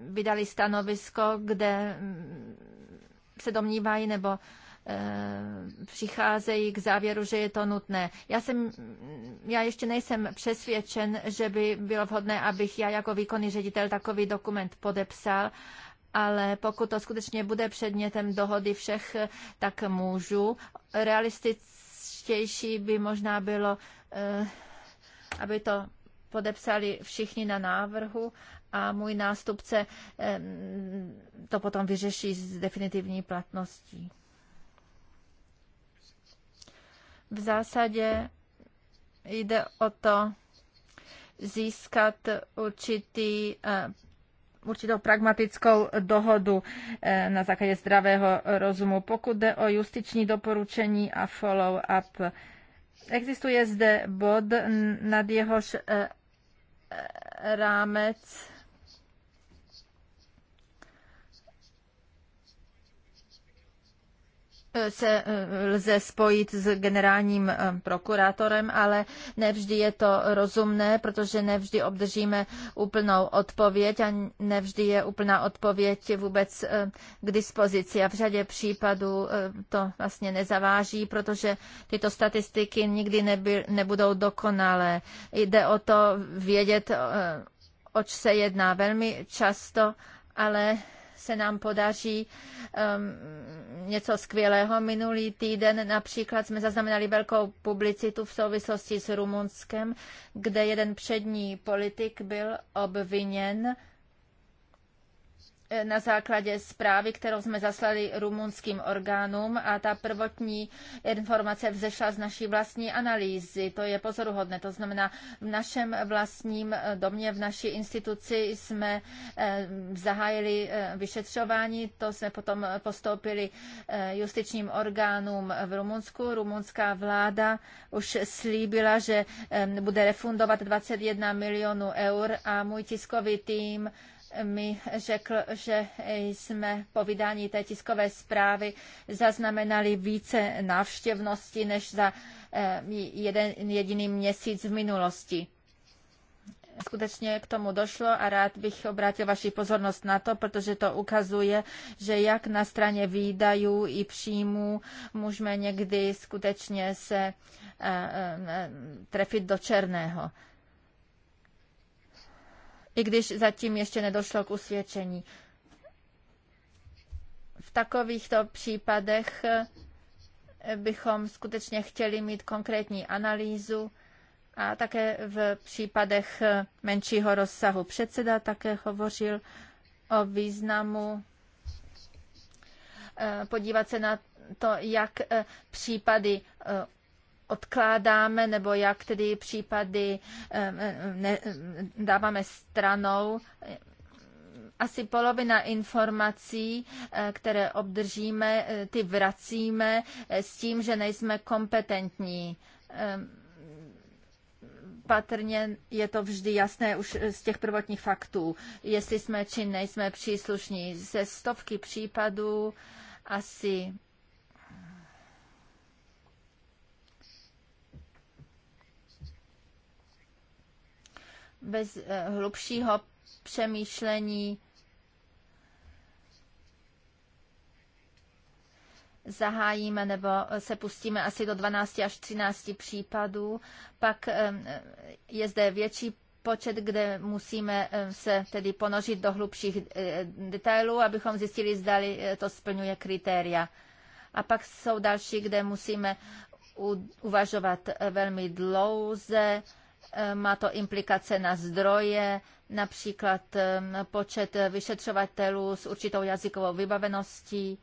vydali stanovisko, kde mm, se domnívají nebo přicházejí k závěru, že je to nutné. Já, jsem, já ještě nejsem přesvědčen, že by bylo vhodné, abych já jako výkonný ředitel takový dokument podepsal, ale pokud to skutečně bude předmětem dohody všech, tak můžu. Realističtější by možná bylo, eh, aby to podepsali všichni na návrhu a můj nástupce eh, to potom vyřeší s definitivní platností. V zásadě jde o to získat určitý eh, určitou pragmatickou dohodu eh, na základě zdravého rozumu. Pokud jde o justiční doporučení a follow-up, existuje zde bod, nad jehož eh, eh, rámec se eh, lze spojit s generálním eh, prokurátorem, ale nevždy je to rozumné, protože nevždy obdržíme úplnou odpověď a nevždy je úplná odpověď vůbec eh, k dispozici. A v řadě případů to vlastně nezaváží, protože tyto statistiky nikdy nebyl, nebudou dokonalé. Jde o to vědět, oč se jedná velmi často, ale se nám podaří um, něco skvělého. Minulý týden například jsme zaznamenali velkou publicitu v souvislosti s Rumunskem, kde jeden přední politik byl obviněn na základě zprávy, kterou jsme zaslali rumunským orgánům a ta prvotní informace vzešla z naší vlastní analýzy. To je pozoruhodné. To znamená, v našem vlastním domě, v naší instituci jsme eh, zahájili eh, vyšetřování, to jsme potom postoupili eh, justičním orgánům v Rumunsku. Rumunská vláda už slíbila, že bude refundovat 21 milionů eur a můj tiskový tým mi řekl, že jsme po vydání té tiskové zprávy zaznamenali více návštěvnosti než za eh, jeden jediný měsíc v minulosti. Skutečně k tomu došlo a rád bych obrátil vaši pozornost na to, protože to ukazuje, že jak na straně výdajů i příjmů můžeme někdy skutečně se eh, eh, trefit do černého i když zatím ještě nedošlo k usvědčení. V takovýchto případech eh, bychom skutečně chtěli mít konkrétní analýzu a také v případech eh, menšího rozsahu. Předseda také hovořil o významu eh, podívat se na to, jak případy odkládáme nebo jak tedy případy ne, dáváme stranou. Asi polovina informací, eh, které obdržíme, eh, ty vracíme eh, s tím, že nejsme kompetentní patrně je to vždy jasné už z těch prvotních faktů, jestli jsme či nejsme příslušní. Ze stovky případů asi bez eh, hlubšího přemýšlení zahájíme nebo se pustíme asi do 12 až 13 případů. Pak eh, je zde větší počet, kde musíme eh, se tedy ponožit do hlubších detailů, abychom zjistili, zda to splňuje kritéria. A pak jsou další, kde musíme uvažovat velmi dlouze, Eh, má to implikace na zdroje, například eh, počet vyšetřovatelů s určitou jazykovou vybaveností,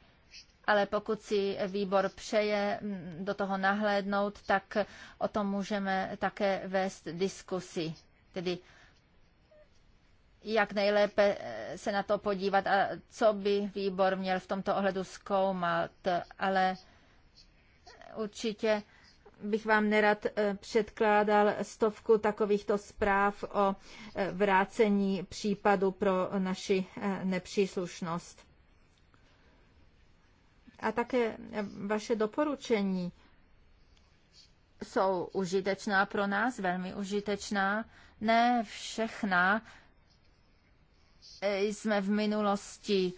ale pokud si výbor přeje mm, do toho nahlédnout, tak o tom můžeme také vést diskusi. Tedy jak nejlépe eh, se na to podívat a co by výbor měl v tomto ohledu zkoumat, ale určitě bych vám nerad eh, předkládal stovku takovýchto zpráv o eh, vrácení případu pro naši eh, nepříslušnost. A také vaše doporučení jsou užitečná pro nás, velmi užitečná. Ne všechna jsme v minulosti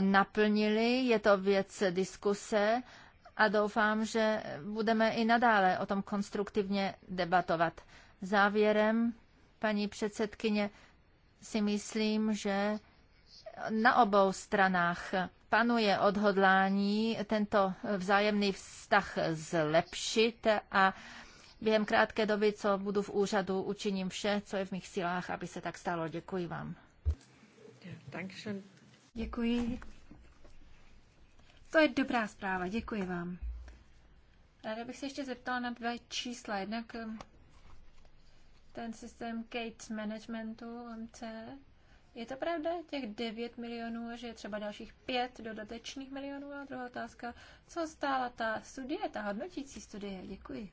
naplnili, je to věc diskuse, a doufám, že budeme i nadále o tom konstruktivně debatovat. Závěrem, paní předsedkyně, si myslím, že na obou stranách panuje odhodlání tento vzájemný vztah zlepšit a během krátké doby, co budu v úřadu, učiním vše, co je v mých silách, aby se tak stalo. Děkuji vám. Děkuji. To je dobrá zpráva, děkuji vám. Ráda bych se ještě zeptala na dvě čísla. Jednak eh, ten systém Gates managementu MC. Je to pravda, těch 9 milionů a že je třeba dalších 5 dodatečných milionů? A druhá otázka, co stála ta studie, ta hodnotící studie? Děkuji.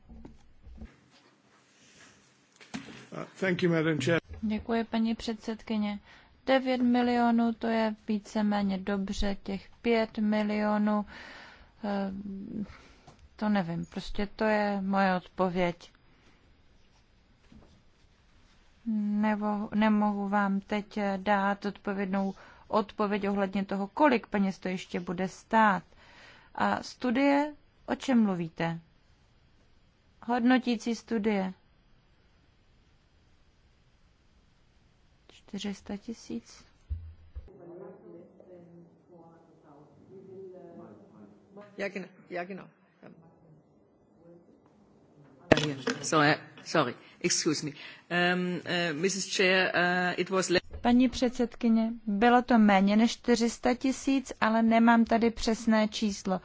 Uh, thank you, Madam Chair. Děkuji, paní předsedkyně. 9 milionů, to je víceméně dobře, těch 5 milionů, eh, to nevím, prostě to je moje odpověď. Nebo nemohu vám teď eh, dát odpovědnou odpověď ohledně toho, kolik peněz to ještě bude stát. A studie, o čem mluvíte? Hodnotící studie. 400 tisíc. Ja, genau. Ja, genau. Sorry, excuse me. Um, uh, Mrs. Chair, uh, it was... Paní předsedkyně, bylo to méně než 400 tisíc, ale nemám tady přesné číslo.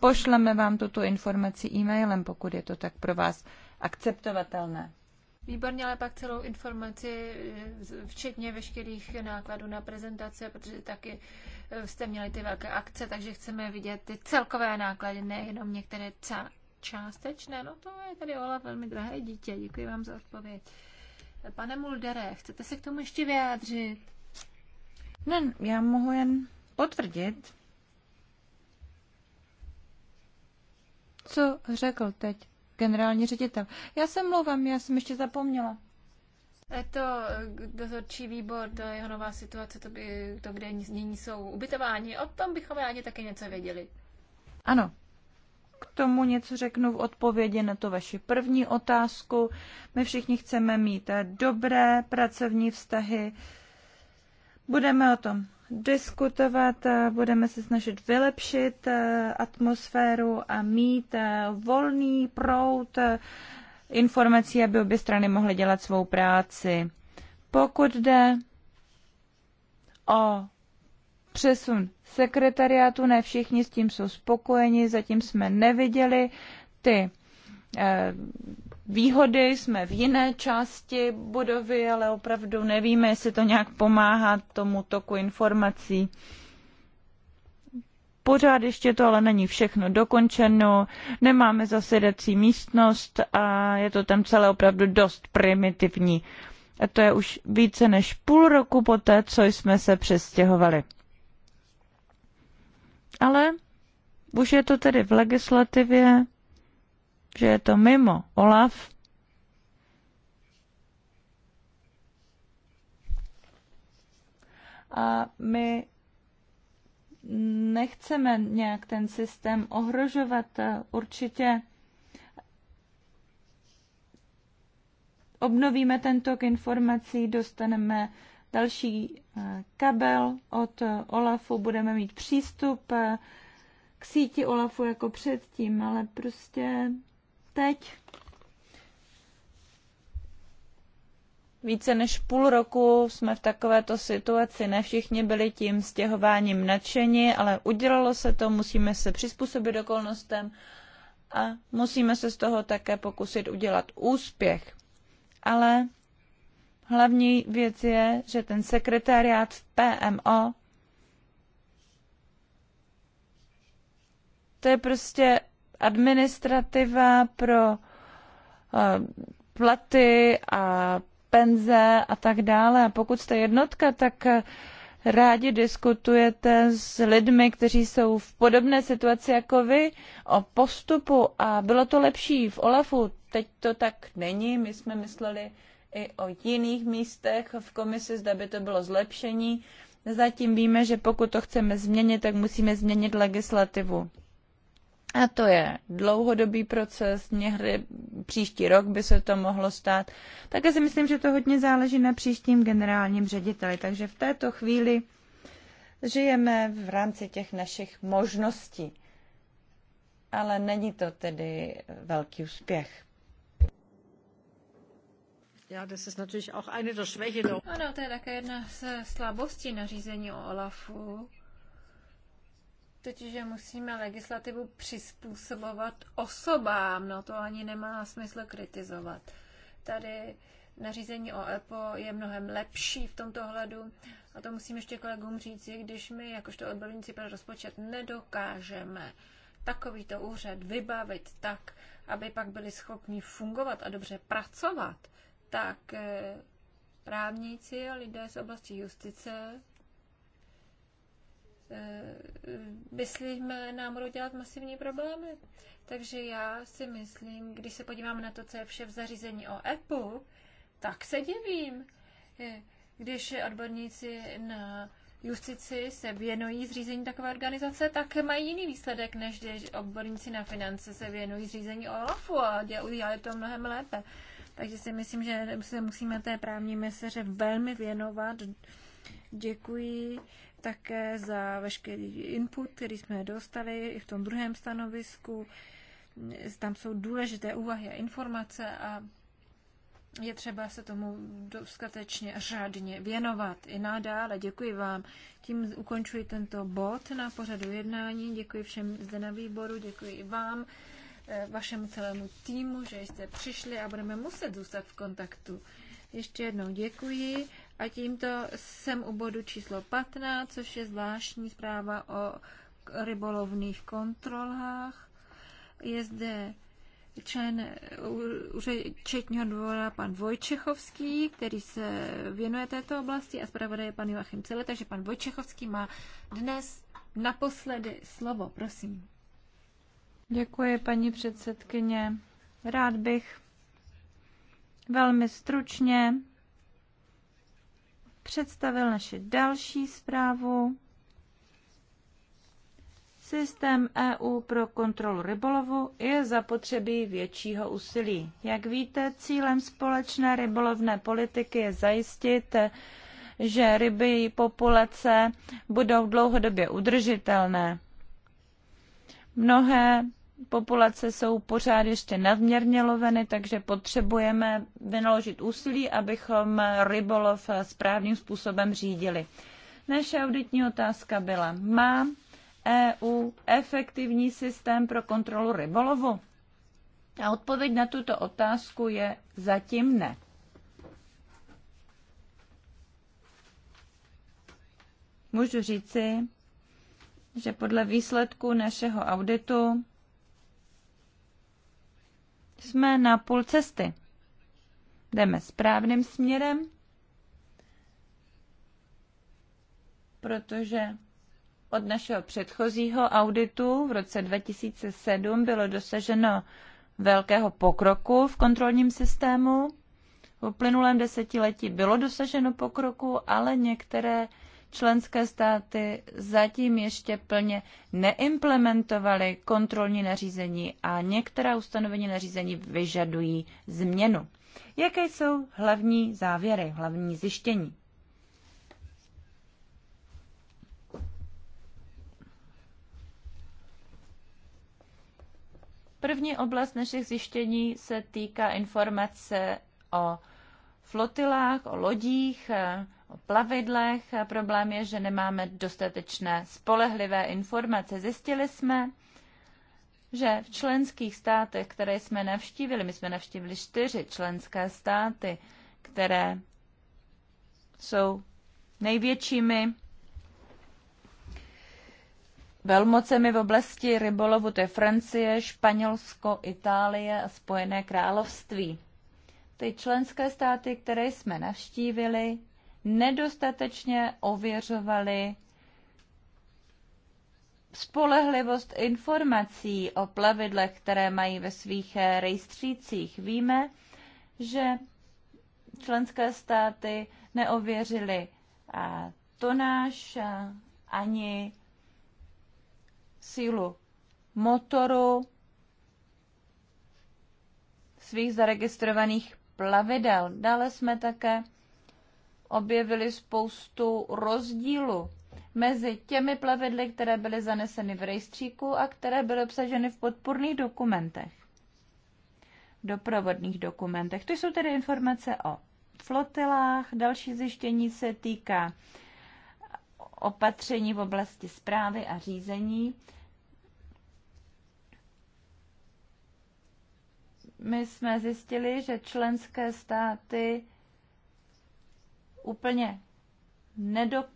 Pošleme vám tuto informaci e-mailem, pokud je to tak pro vás akceptovatelné. Výborně, ale pak celou informaci, eh, včetně veškerých nákladů na prezentace, protože taky eh, jste měli ty velké akce, takže chceme vidět ty celkové náklady, nejenom některé částečné. No to je tady Ola velmi drahé dítě. Děkuji vám za odpověď. Pane Muldere, chcete se k tomu ještě vyjádřit? Ne, já mohu jen potvrdit, co řekl teď generální ředitel. Já se mluvám, já jsem ještě zapomněla. Je to eh, dozorčí výbor, to jeho nová situace, to, by, to kde nyní jsou ubytováni, o tom bychom rádi taky něco věděli. Ano, k tomu něco řeknu v odpovědi na to vaši první otázku. My všichni chceme mít dobré pracovní vztahy. Budeme o tom diskutovat, eh, budeme se snažit vylepšit eh, atmosféru a mít eh, volný proud informací, aby obě strany mohly dělat svou práci. Pokud jde o přesun sekretariátu, ne všichni s tím jsou spokojeni, zatím jsme neviděli ty výhody, jsme v jiné části budovy, ale opravdu nevíme, jestli to nějak pomáhá tomu toku informací. Pořád ještě to ale není všechno dokončeno, nemáme zasedací místnost a je to tam celé opravdu dost primitivní. A to je už více než půl roku poté, co jsme se přestěhovali. Ale už je to tedy v legislativě, že je to mimo OLAF, a my nechceme nějak ten systém ohrožovat. Eh, určitě obnovíme ten tok informací, dostaneme další eh, kabel od eh, OLAFu, budeme mít přístup k síti OLAFu jako předtím, ale prostě Teď více než půl roku jsme v takovéto situaci. Ne všichni byli tím stěhováním nadšeni, ale udělalo se to, musíme se přizpůsobit okolnostem a musíme se z toho také pokusit udělat úspěch. Ale hlavní věc je, že ten sekretariát v PMO to je prostě administrativa pro eh, platy a penze a tak dále. A pokud jste jednotka, tak eh, rádi diskutujete s lidmi, kteří jsou v podobné situaci jako vy, o postupu a bylo to lepší v OLAFu. Teď to tak není, my jsme mysleli i o jiných místech v komisi, zda by to bylo zlepšení. Zatím víme, že pokud to chceme změnit, tak musíme změnit legislativu. A to je dlouhodobý proces, někdy příští rok by se to mohlo stát. Také si myslím, že to hodně záleží na příštím generálním řediteli. Takže v této chvíli žijeme v rámci těch našich možností. Ale není to tedy velký úspěch. Ja, das ist natürlich auch eine der Schwächen. Ano, to je také jedna z slabostí nařízení o OLAFu totiž, že musíme legislativu přizpůsobovat osobám, no to ani nemá smysl kritizovat. Tady nařízení o EPO je mnohem lepší v tomto hledu a to musím ještě kolegům říct, když my jakožto odborníci pro rozpočet nedokážeme takovýto úřad vybavit tak, aby pak byli schopni fungovat a dobře pracovat, tak eh, právníci a lidé z oblasti justice Eh, myslíme nám budou dělat masivní problémy. Takže já si myslím, když se podívám na to, co je vše v zařízení o Apple, tak se divím, eh, když odborníci na justici se věnují zřízení takové organizace, tak mají jiný výsledek, než když odborníci na finance se věnují zřízení OLAFu a dělají to mnohem lépe. Takže si myslím, že se musíme té právní meseře velmi věnovat. Děkuji také za veškerý input, který jsme dostali i v tom druhém stanovisku. Tam jsou důležité úvahy a informace a je třeba se tomu dostatečně řádně věnovat i nadále. Děkuji vám. Tím ukončuji tento bod na pořadu jednání. Děkuji všem zde na výboru, děkuji i vám, eh, vašemu celému týmu, že jste přišli a budeme muset zůstat v kontaktu. Ještě jednou děkuji a tímto jsem u bodu číslo 15, což je zvláštní zpráva o rybolovných kontrolách. Je zde člen Četního dvora pan Vojčechovský, který se věnuje této oblasti a zpravodaj je pan Joachim Cele, takže pan Vojčechovský má dnes naposledy slovo, prosím. Děkuji, paní předsedkyně. Rád bych velmi stručně představil naši další zprávu. Systém EU pro kontrolu rybolovu je zapotřebí většího úsilí. Jak víte, cílem společné rybolovné politiky je zajistit, že ryby populace budou dlouhodobě udržitelné. Mnohé populace jsou pořád ještě nadměrně loveny, takže potřebujeme vynaložit úsilí, abychom rybolov správným způsobem řídili. Naše auditní otázka byla, má EU efektivní systém pro kontrolu rybolovu? A odpověď na tuto otázku je zatím ne. Můžu říci, že podle výsledku našeho auditu jsme na půl cesty. Jdeme správným směrem, protože od našeho předchozího auditu v roce 2007 bylo dosaženo velkého pokroku v kontrolním systému. V uplynulém desetiletí bylo dosaženo pokroku, ale některé členské státy zatím ještě plně neimplementovaly kontrolní nařízení a některá ustanovení nařízení vyžadují změnu. Jaké jsou hlavní závěry, hlavní zjištění? První oblast našich zjištění se týká informace o flotilách, o lodích, eh, o plavidlech. Problém je, že nemáme dostatečné spolehlivé informace. Zjistili jsme, že v členských státech, které jsme navštívili, my jsme navštívili čtyři členské státy, které jsou největšími velmocemi v oblasti rybolovu, to je Francie, Španělsko, Itálie a Spojené království ty členské státy, které jsme navštívili, nedostatečně ověřovaly spolehlivost informací o plavidlech, které mají ve svých rejstřících. Víme, že členské státy neověřily tonáž ani sílu motoru svých zaregistrovaných plavidel. Dále jsme také objevili spoustu rozdílů mezi těmi plavidly, které byly zaneseny v rejstříku a které byly obsaženy v podpůrných dokumentech, doprovodných dokumentech. To jsou tedy informace o flotilách. Další zjištění se týká opatření v oblasti zprávy a řízení. my jsme zjistili, že členské státy úplně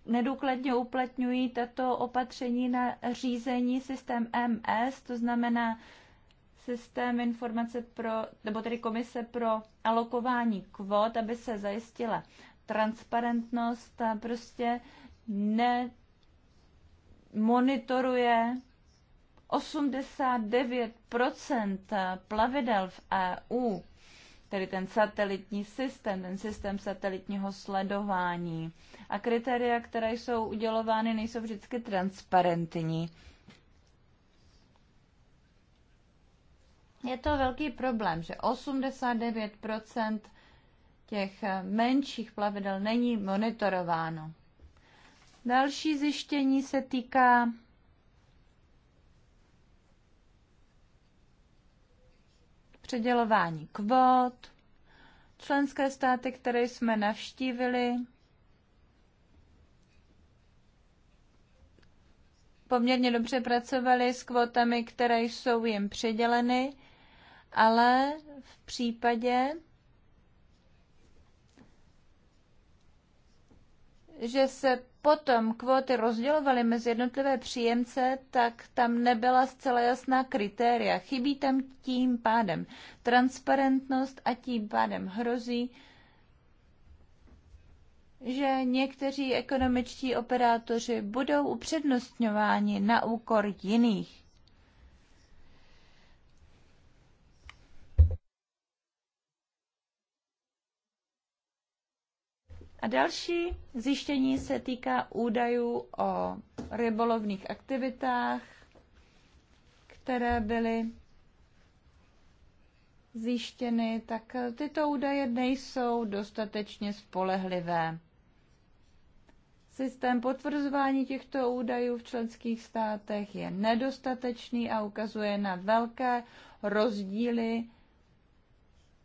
nedůkladně uplatňují tato opatření na řízení systém MS, to znamená systém informace pro, nebo tedy komise pro alokování kvot, aby se zajistila transparentnost a prostě ne monitoruje 89 plavidel v EU, tedy ten satelitní systém, ten systém satelitního sledování. A kritéria, které jsou udělovány, nejsou vždycky transparentní. Je to velký problém, že 89 těch menších plavidel není monitorováno. Další zjištění se týká předělování kvót, členské státy, které jsme navštívili, poměrně dobře pracovali s kvotami, které jsou jim předěleny, ale v případě že se potom kvóty rozdělovaly mezi jednotlivé příjemce, tak tam nebyla zcela jasná kritéria. Chybí tam tím pádem transparentnost a tím pádem hrozí, že někteří ekonomičtí operátoři budou upřednostňováni na úkor jiných. A další zjištění se týká údajů o rybolovných aktivitách, které byly zjištěny, tak tyto údaje nejsou dostatečně spolehlivé. Systém potvrzování těchto údajů v členských státech je nedostatečný a ukazuje na velké rozdíly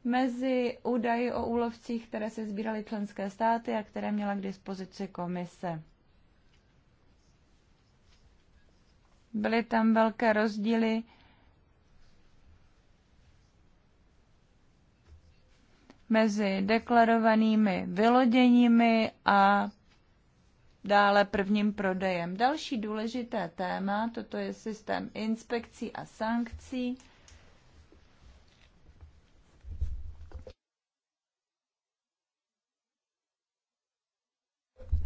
mezi údaji o úlovcích, které se sbíraly členské státy a které měla k dispozici komise. Byly tam velké rozdíly mezi deklarovanými vyloděními a dále prvním prodejem. Další důležité téma, toto je systém inspekcí a sankcí.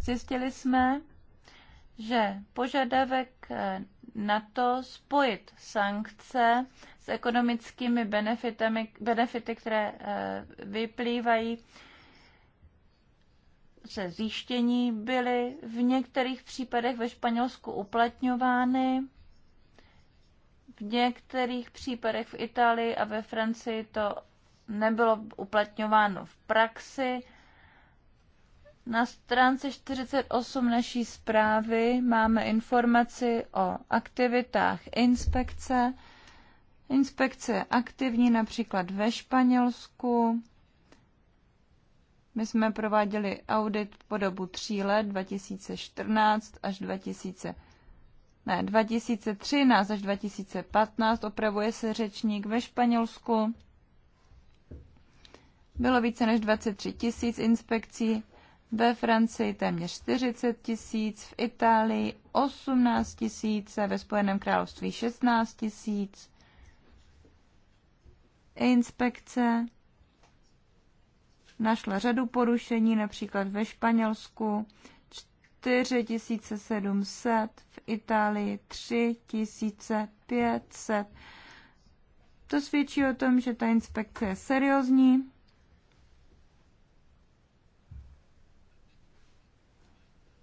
Zjistili jsme, že požadavek eh, na to spojit sankce s ekonomickými benefitami, benefity, které eh, vyplývají ze zjištění, byly v některých případech ve Španělsku uplatňovány, v některých případech v Itálii a ve Francii to nebylo uplatňováno v praxi na stránce 48 naší zprávy máme informaci o aktivitách inspekce. Inspekce je aktivní například ve Španělsku. My jsme prováděli audit po dobu tří let, 2014 až 2000, ne, 2013 až 2015, opravuje se řečník ve Španělsku. Bylo více než 23 tisíc inspekcí ve Francii téměř 40 tisíc, v Itálii 18 tisíc, ve Spojeném království 16 tisíc. Inspekce našla řadu porušení, například ve Španělsku 4700, v Itálii 3500. To svědčí o tom, že ta inspekce je seriózní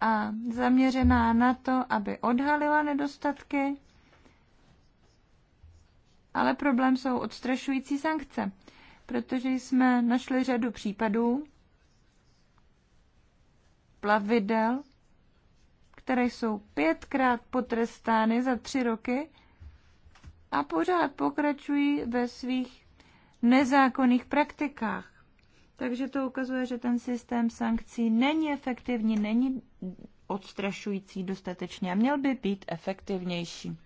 a zaměřená na to, aby odhalila nedostatky, ale problém jsou odstrašující sankce, protože jsme našli řadu případů plavidel, které jsou pětkrát potrestány za tři roky a pořád pokračují ve svých nezákonných praktikách. Takže to ukazuje, že ten systém sankcí není efektivní, není odstrašující dostatečně a měl by být efektivnější.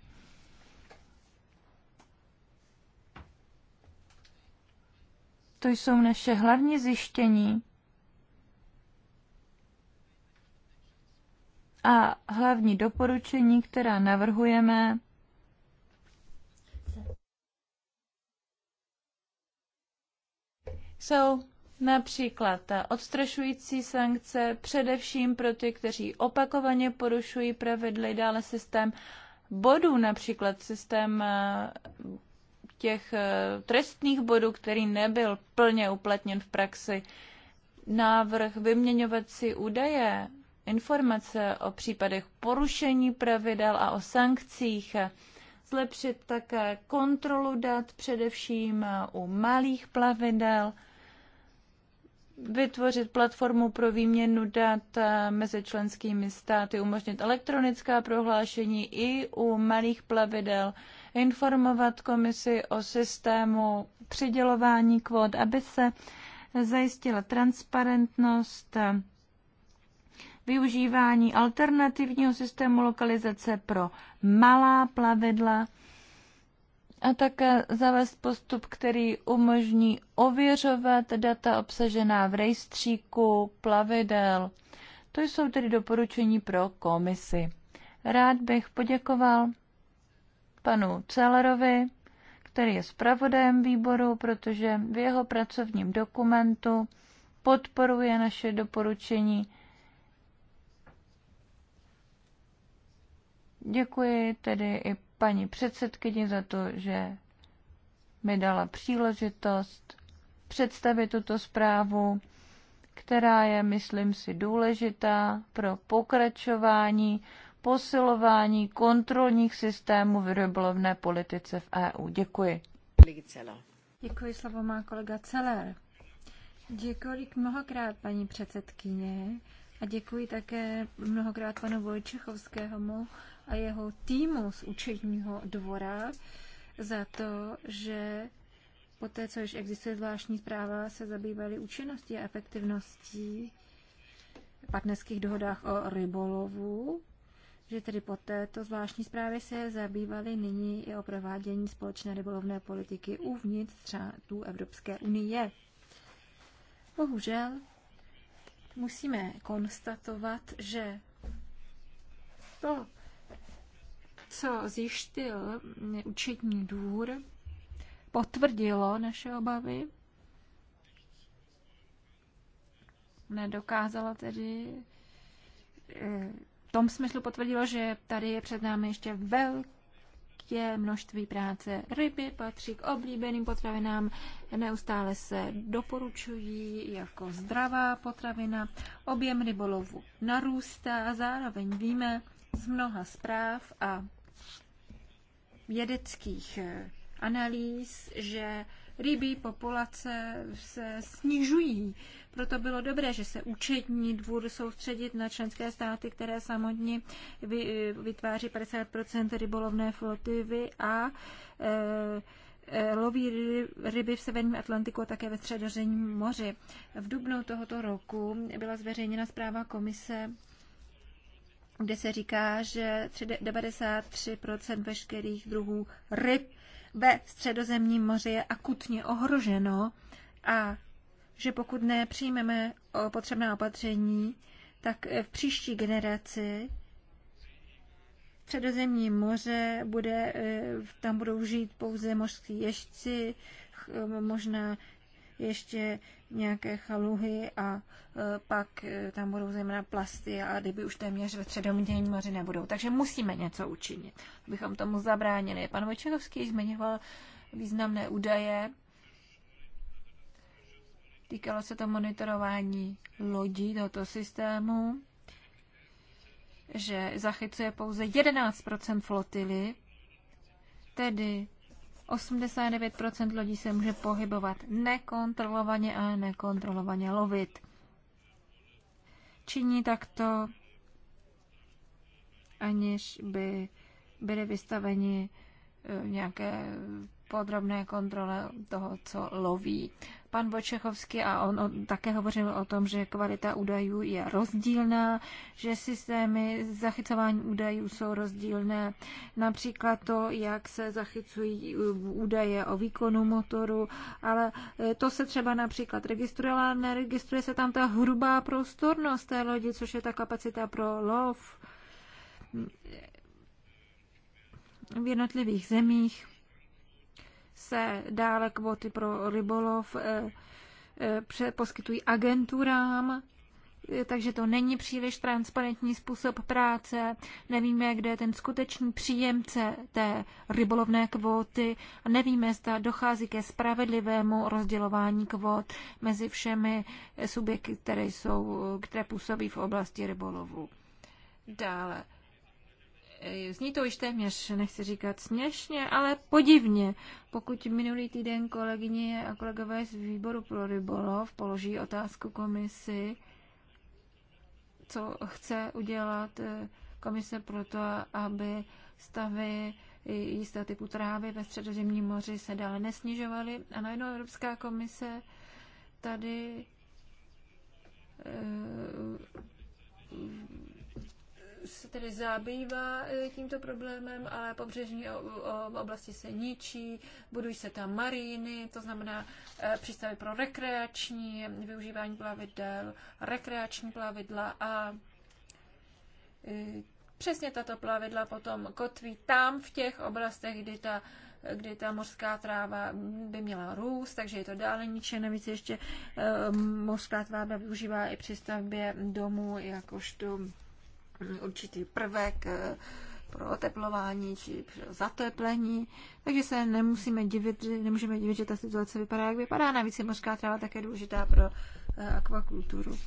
To jsou naše hlavní zjištění. A hlavní doporučení, která navrhujeme, so. Například odstrašující sankce především pro ty, kteří opakovaně porušují pravidly, dále systém bodů, například systém eh, těch eh, trestných bodů, který nebyl plně uplatněn v praxi, návrh vyměňovat si údaje, informace o případech porušení pravidel a o sankcích, zlepšit také kontrolu dat, především u malých plavidel – vytvořit platformu pro výměnu dat eh, mezi členskými státy, umožnit elektronická prohlášení i u malých plavidel, informovat komisi o systému přidělování kvót, aby se zajistila transparentnost eh, využívání alternativního systému lokalizace pro malá plavidla a také zavést postup, který umožní ověřovat data obsažená v rejstříku plavidel. To jsou tedy doporučení pro komisi. Rád bych poděkoval panu Celerovi, který je zpravodajem výboru, protože v jeho pracovním dokumentu podporuje naše doporučení. Děkuji tedy i paní předsedkyni za to, že mi dala příležitost představit tuto zprávu, která je, myslím si, důležitá pro pokračování posilování kontrolních systémů v rybolovné politice v EU. Děkuji. Děkuji, slovo má kolega Celer. Děkuji mnohokrát, paní předsedkyně, a děkuji také mnohokrát panu Vojčechovskému a jeho týmu z učedního dvora za to, že po té, co již existuje zvláštní zpráva, se zabývali účinností a efektivností partnerských dohodách o rybolovu, že tedy po této zvláštní zprávě se zabývali nyní i o provádění společné rybolovné politiky uvnitř třátů Evropské unie. Bohužel musíme konstatovat, že to, co zjištil účetní důr, potvrdilo naše obavy. Nedokázalo tedy eh, v tom smyslu potvrdilo, že tady je před námi ještě velké množství práce. Ryby patří k oblíbeným potravinám, neustále se doporučují jako zdravá potravina. Objem rybolovu narůstá a zároveň víme z mnoha zpráv a vědeckých eh, analýz, že rybí populace se snižují. Proto bylo dobré, že se účetní dvůr soustředit na členské státy, které samotně eh, vytváří 50 rybolovné flotivy a e, loví ryby v severním Atlantiku a také ve středořením moři. V dubnu tohoto roku byla zveřejněna zpráva komise kde se říká, že 93% veškerých druhů ryb ve středozemním moři je akutně ohroženo a že pokud nepřijmeme eh, potřebná opatření, tak eh, v příští generaci středozemní moře bude, eh, tam budou žít pouze mořští ježci, možná ještě nějaké chaluhy a e, pak e, tam budou zejména plasty a kdyby už téměř ve středomění moři nebudou. Takže musíme něco učinit, abychom tomu zabránili. Pan Vojčekovský zmiňoval významné údaje. Týkalo se to monitorování lodí tohoto systému, že zachycuje pouze 11 flotily, tedy 89% lodí se může pohybovat nekontrolovaně a nekontrolovaně lovit. Činí takto, aniž by byli vystaveni eh, nějaké podrobné kontrole toho, co loví pan Vočechovský a on, on také hovořil o tom, že kvalita údajů je rozdílná, že systémy zachycování údajů jsou rozdílné. Například to, jak se zachycují údaje o výkonu motoru, ale e, to se třeba například registruje, ale neregistruje se tam ta hrubá prostornost té lodi, což je ta kapacita pro lov v jednotlivých zemích se dále kvoty pro rybolov eh, eh, poskytují agenturám, eh, takže to není příliš transparentní způsob práce, nevíme, kde je ten skutečný příjemce té rybolovné kvóty a nevíme, zda dochází ke spravedlivému rozdělování kvót mezi všemi subjekty, které, jsou, které působí v oblasti rybolovu. Dále Zní to už téměř, nechci říkat směšně, ale podivně. Pokud minulý týden kolegyně a kolegové z výboru pro rybolov položí otázku komisi, co chce udělat eh, komise pro to, aby stavy jisté typu trávy ve středozemním moři se dále nesnižovaly. A najednou Evropská komise tady eh, se tedy zabývá e, tímto problémem, ale pobřežní oblasti se ničí, budují se tam maríny, to znamená e, přístavy pro rekreační využívání plavidel, rekreační plavidla a e, přesně tato plavidla potom kotví tam v těch oblastech, kdy ta kdy ta mořská tráva by měla růst, takže je to dále ničené. Navíc ještě mořská tráva využívá i při stavbě domů jakožto určitý prvek eh, pro oteplování či pro zateplení, takže se nemusíme divit, nemůžeme divit, že ta situace vypadá, jak vypadá. Navíc je mořská tráva také důležitá pro eh, akvakulturu.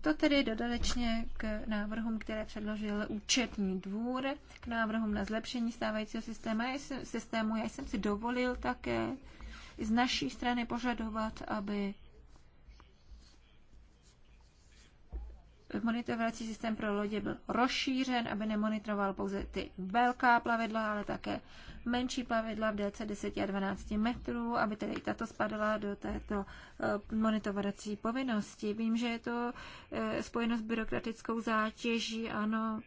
To tedy dodatečně k návrhům, které předložil účetní dvůr, k návrhům na zlepšení stávajícího systému. Já jsem, systému. Já jsem si dovolil také z naší strany požadovat, aby monitorovací systém pro lodě byl rozšířen, aby nemonitoroval pouze ty velká plavidla, ale také menší plavidla v délce 10 a 12 metrů, aby tedy i tato spadala do této eh, monitorovací povinnosti. Vím, že je to eh, spojeno s byrokratickou zátěží, ano,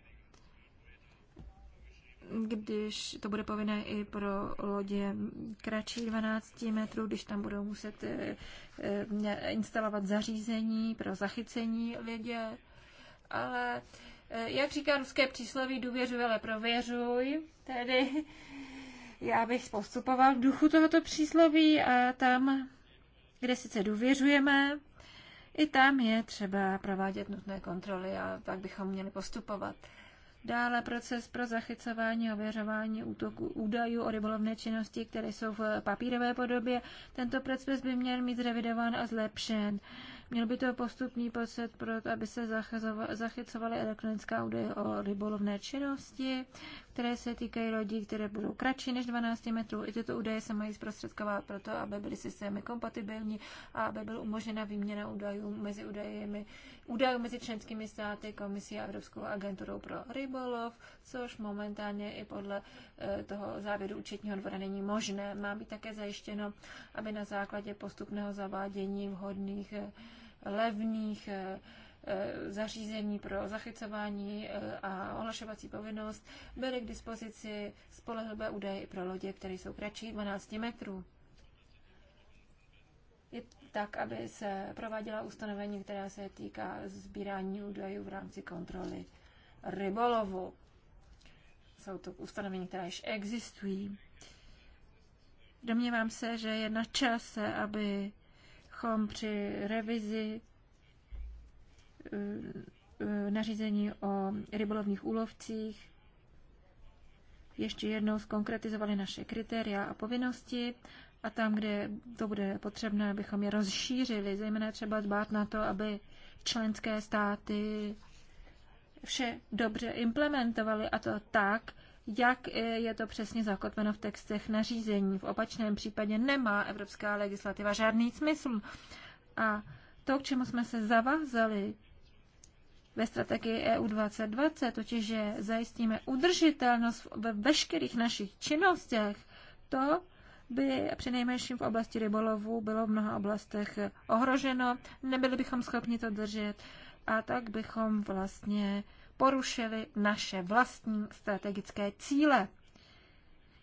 když to bude povinné i pro lodě kratší 12 metrů, když tam budou muset eh, instalovat zařízení pro zachycení lidě, ale eh, jak říká ruské přísloví, důvěřuj, ale prověřuj. Tedy já bych postupoval v duchu tohoto přísloví a tam, kde sice důvěřujeme, i tam je třeba provádět nutné kontroly a tak bychom měli postupovat. Dále proces pro zachycování a ověřování útoku údajů o rybolovné činnosti, které jsou v papírové podobě. Tento proces by měl mít zrevidován a zlepšen. Měl by to postupný proces pro to, aby se zachycovaly elektronická údaje o rybolovné činnosti, které se týkají lodí, které budou kratší než 12 metrů. I tyto údaje se mají zprostředkovat proto, aby byly systémy kompatibilní a aby byla umožněna výměna údajů mezi údajemi, údajů mezi členskými státy, komisí a Evropskou agenturou pro rybolov, což momentálně i podle eh, toho závěru účetního dvora není možné. Má být také zajištěno, aby na základě postupného zavádění vhodných eh, levných eh, eh, zařízení pro zachycování eh, a ohlašovací povinnost byly k dispozici spolehlivé údaje i pro lodě, které jsou kratší 12 metrů. Je tak, aby se prováděla ustanovení, která se týká sbírání údajů v rámci kontroly rybolovu. Jsou to ustanovení, která již existují. Domnívám se, že je na čase, aby bychom při revizi eh, eh, nařízení o rybolovních úlovcích ještě jednou zkonkretizovali naše kritéria a povinnosti a tam, kde to bude potřebné, bychom je rozšířili, zejména třeba dbát na to, aby členské státy vše dobře implementovaly a to tak, jak eh, je to přesně zakotveno v textech nařízení. V opačném případě nemá evropská legislativa žádný smysl. A to, k čemu jsme se zavázali ve strategii EU 2020, totiž že zajistíme udržitelnost ve veškerých našich činnostech, to by přinejmenším v oblasti rybolovu bylo v mnoha oblastech ohroženo, nebyli bychom schopni to držet a tak bychom vlastně porušili naše vlastní strategické cíle.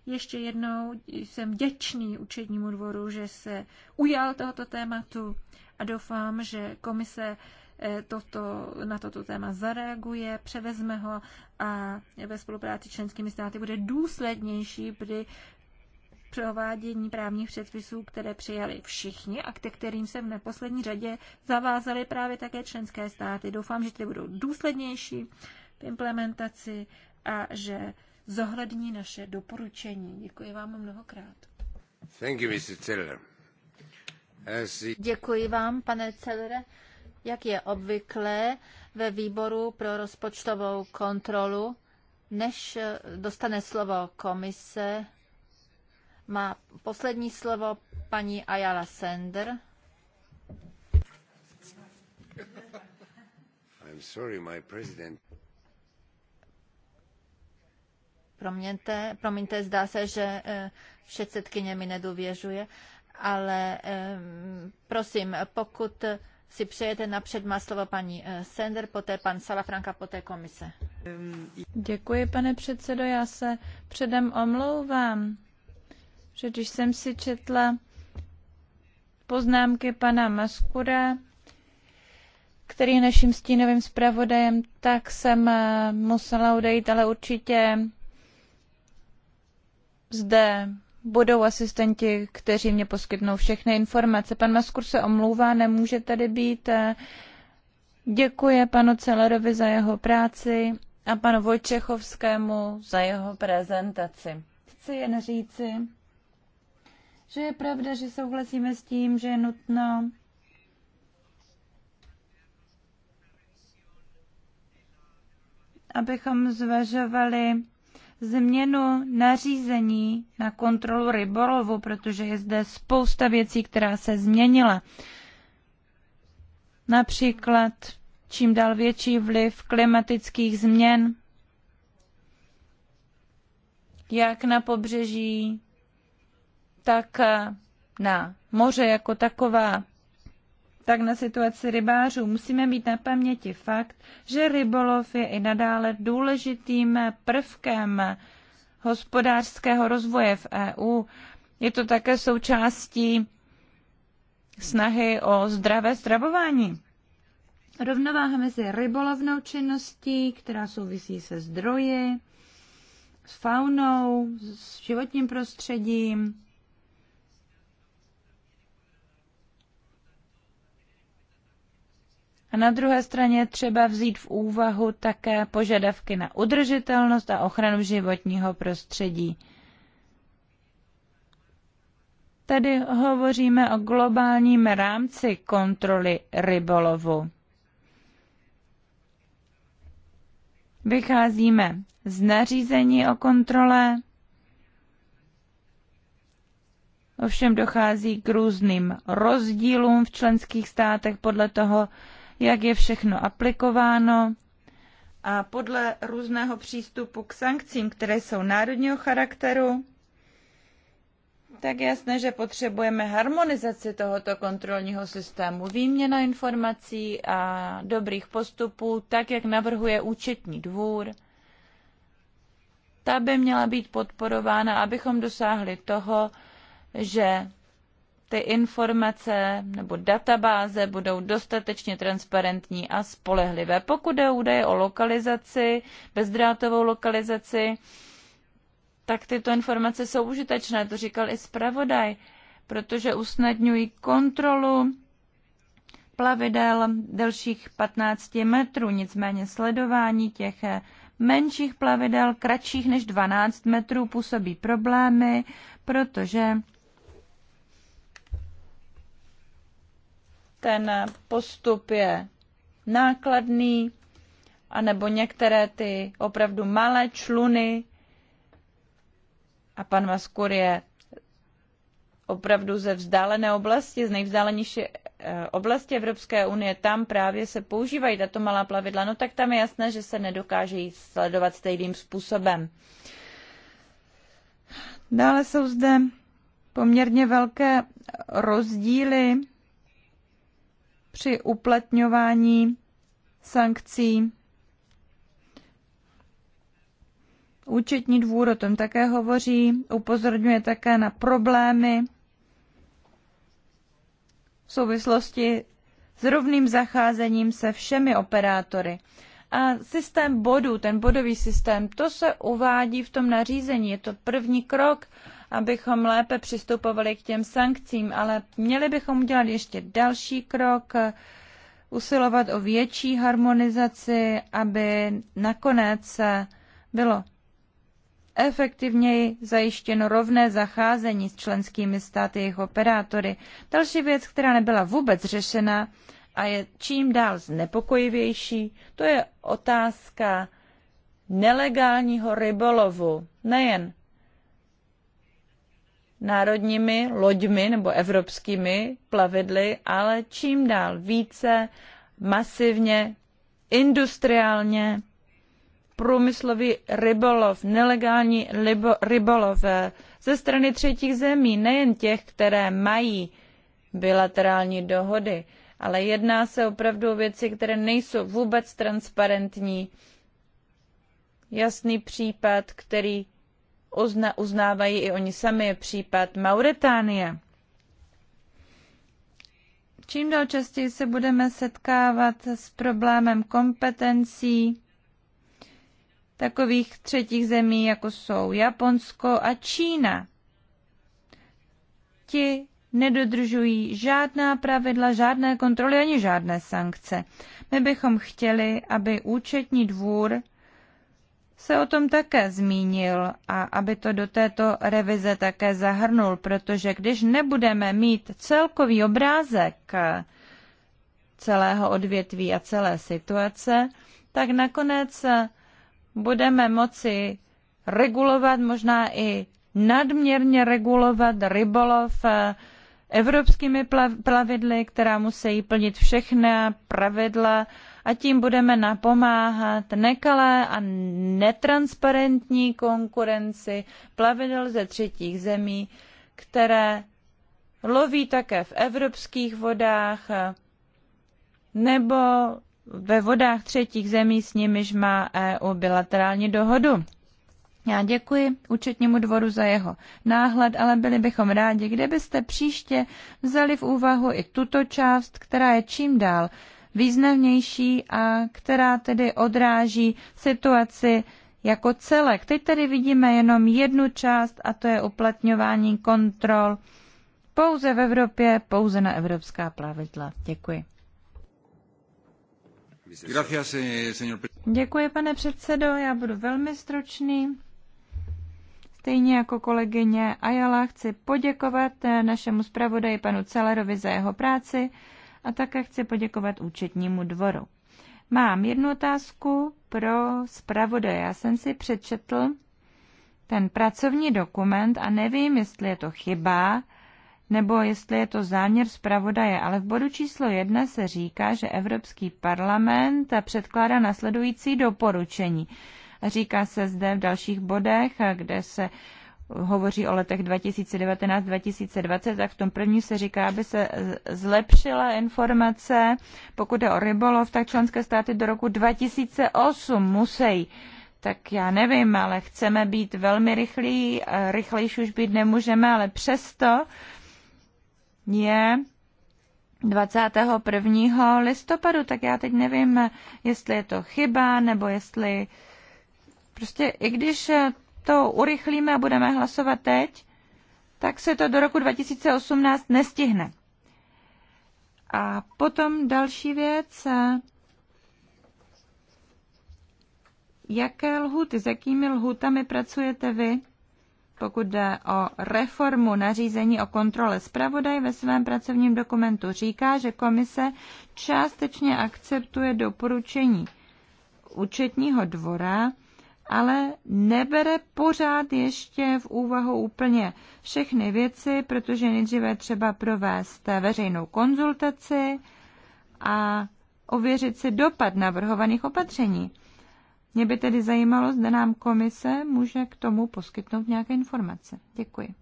Ještě jednou jsem děčný učednímu dvoru, že se ujal tohoto tématu a doufám, že komise eh, toto, na toto téma zareaguje, převezme ho a ve spolupráci s členskými státy bude důslednější při provádění právních předpisů, které přijali všichni a ke kterým se v neposlední řadě zavázaly právě také členské státy. Doufám, že ty budou důslednější v implementaci a že zohlední naše doporučení. Děkuji vám mnohokrát. Thank you, Mr. Teller. Děkuji vám, pane Cellere. Jak je obvyklé ve výboru pro rozpočtovou kontrolu, než dostane slovo komise, má poslední slovo paní Ayala Sender. I'm sorry, my president. Promiňte, promiňte, zdá se, že eh, předsedkyně mi nedůvěřuje, ale eh, prosím, pokud si přejete napřed má slovo paní eh, Sender, poté pan Salafranka, poté komise. Děkuji, pane předsedo, já se předem omlouvám že když jsem si četla poznámky pana Maskura, který je naším stínovým zpravodajem, tak jsem eh, musela odejít, ale určitě zde budou asistenti, kteří mě poskytnou všechny informace. Pan Maskur se omlouvá, nemůže tady být. Děkuje panu Celerovi za jeho práci a panu Vojčechovskému za jeho prezentaci. Chci jen říci, že je pravda, že souhlasíme s tím, že je nutno abychom zvažovali změnu nařízení na kontrolu rybolovu, protože je zde spousta věcí, která se změnila. Například čím dál větší vliv klimatických změn, jak na pobřeží, tak na moře jako taková, tak na situaci rybářů musíme mít na paměti fakt, že rybolov je i nadále důležitým prvkem hospodářského rozvoje v EU. Je to také součástí snahy o zdravé stravování. Rovnováha mezi rybolovnou činností, která souvisí se zdroji, s faunou, s životním prostředím, A na druhé straně třeba vzít v úvahu také požadavky na udržitelnost a ochranu životního prostředí. Tady hovoříme o globálním rámci kontroly rybolovu. Vycházíme z nařízení o kontrole, ovšem dochází k různým rozdílům v členských státech podle toho, jak je všechno aplikováno a podle různého přístupu k sankcím, které jsou národního charakteru, tak jasné, že potřebujeme harmonizaci tohoto kontrolního systému, výměna informací a dobrých postupů, tak jak navrhuje účetní dvůr. Ta by měla být podporována, abychom dosáhli toho, že ty informace nebo databáze budou dostatečně transparentní a spolehlivé. Pokud je údaje o lokalizaci, bezdrátovou lokalizaci, tak tyto informace jsou užitečné, to říkal i zpravodaj, protože usnadňují kontrolu plavidel delších 15 metrů, nicméně sledování těch menších plavidel kratších než 12 metrů působí problémy, protože ten postup je nákladný, anebo některé ty opravdu malé čluny. A pan Maskur je opravdu ze vzdálené oblasti, z nejvzdálenější eh, oblasti Evropské unie, tam právě se používají tato malá plavidla, no tak tam je jasné, že se nedokáží sledovat stejným způsobem. Dále jsou zde poměrně velké rozdíly při uplatňování sankcí. Účetní dvůr o tom také hovoří, upozorňuje také na problémy v souvislosti s rovným zacházením se všemi operátory. A systém bodů, ten bodový systém, to se uvádí v tom nařízení. Je to první krok abychom lépe přistupovali k těm sankcím, ale měli bychom udělat ještě další krok, usilovat o větší harmonizaci, aby nakonec bylo efektivněji zajištěno rovné zacházení s členskými státy jejich operátory. Další věc, která nebyla vůbec řešena a je čím dál znepokojivější, to je otázka nelegálního rybolovu, nejen národními loďmi nebo evropskými plavidly, ale čím dál více masivně, industriálně, průmyslový rybolov, nelegální libo, rybolov eh, ze strany třetích zemí, nejen těch, které mají bilaterální dohody, ale jedná se opravdu o věci, které nejsou vůbec transparentní. Jasný případ, který uznávají i oni sami případ Mauritánie. Čím dál častěji se budeme setkávat s problémem kompetencí takových třetích zemí, jako jsou Japonsko a Čína. Ti nedodržují žádná pravidla, žádné kontroly ani žádné sankce. My bychom chtěli, aby účetní dvůr se o tom také zmínil a aby to do této revize také zahrnul, protože když nebudeme mít celkový obrázek celého odvětví a celé situace, tak nakonec budeme moci regulovat, možná i nadměrně regulovat rybolov evropskými plavidly, která musí plnit všechna pravidla a tím budeme napomáhat nekalé a netransparentní konkurenci plavidel ze třetích zemí, které loví také v evropských vodách nebo ve vodách třetích zemí, s nimiž má EU bilaterální dohodu. Já děkuji účetnímu dvoru za jeho náhled, ale byli bychom rádi, kdybyste příště vzali v úvahu i tuto část, která je čím dál významnější a která tedy odráží situaci jako celek. Teď tedy vidíme jenom jednu část a to je uplatňování kontrol pouze v Evropě, pouze na evropská plavidla. Děkuji. Děkuji, pane předsedo. Já budu velmi stručný. Stejně jako kolegyně Ayala chci poděkovat našemu zpravodaji panu Celerovi za jeho práci a také chci poděkovat účetnímu dvoru. Mám jednu otázku pro zpravodaje. Já jsem si přečetl ten pracovní dokument a nevím, jestli je to chyba, nebo jestli je to záměr zpravodaje, ale v bodu číslo jedna se říká, že Evropský parlament předkládá nasledující doporučení. Říká se zde v dalších bodech, kde se hovoří o letech 2019-2020, tak v tom prvním se říká, aby se zlepšila informace, pokud je o rybolov, tak členské státy do roku 2008 musí. Tak já nevím, ale chceme být velmi rychlí, rychlejší už být nemůžeme, ale přesto je 21. listopadu, tak já teď nevím, jestli je to chyba, nebo jestli Prostě i když to urychlíme a budeme hlasovat teď, tak se to do roku 2018 nestihne. A potom další věc, jaké lhuty, s jakými lhutami pracujete vy, pokud jde o reformu nařízení o kontrole. Spravodaj ve svém pracovním dokumentu říká, že komise částečně akceptuje doporučení účetního dvora, ale nebere pořád ještě v úvahu úplně všechny věci, protože nejdříve třeba provést veřejnou konzultaci a ověřit si dopad navrhovaných opatření. Mě by tedy zajímalo, zda nám komise může k tomu poskytnout nějaké informace. Děkuji.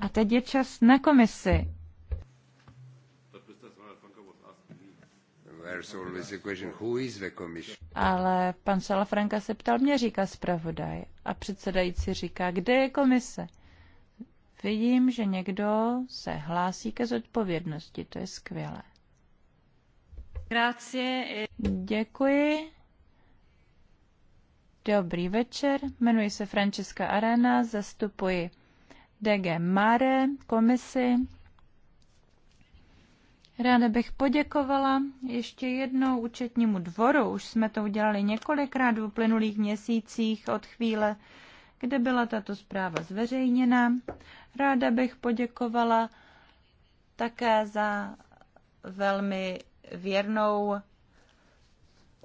A teď je čas na komisi. Ale pan Salafranka se ptal mě, říká zpravodaj. A předsedající říká, kde je komise? Vidím, že někdo se hlásí ke zodpovědnosti, to je skvělé. Děkuji. Dobrý večer, jmenuji se Francesca Arena, zastupuji DG Mare, komisi Ráda bych poděkovala ještě jednou účetnímu dvoru. Už jsme to udělali několikrát v uplynulých měsících od chvíle, kde byla tato zpráva zveřejněna. Ráda bych poděkovala také za velmi věrnou,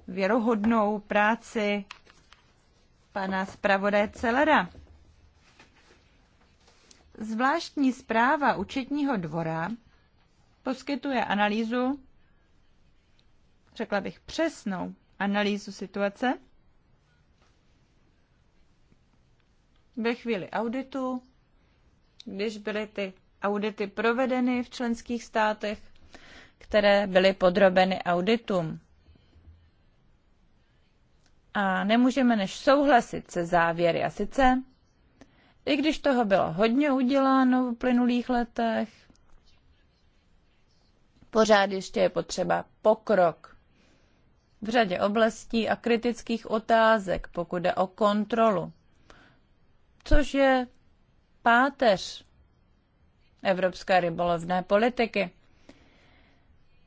věrohodnou práci pana zpravodaje Celera. Zvláštní zpráva účetního dvora poskytuje analýzu, řekla bych přesnou analýzu situace ve chvíli auditu, když byly ty audity provedeny v členských státech, které byly podrobeny auditům. A nemůžeme než souhlasit se závěry. A sice, i když toho bylo hodně uděláno v plynulých letech, Pořád ještě je potřeba pokrok v řadě oblastí a kritických otázek, pokud jde o kontrolu, což je páteř evropské rybolovné politiky.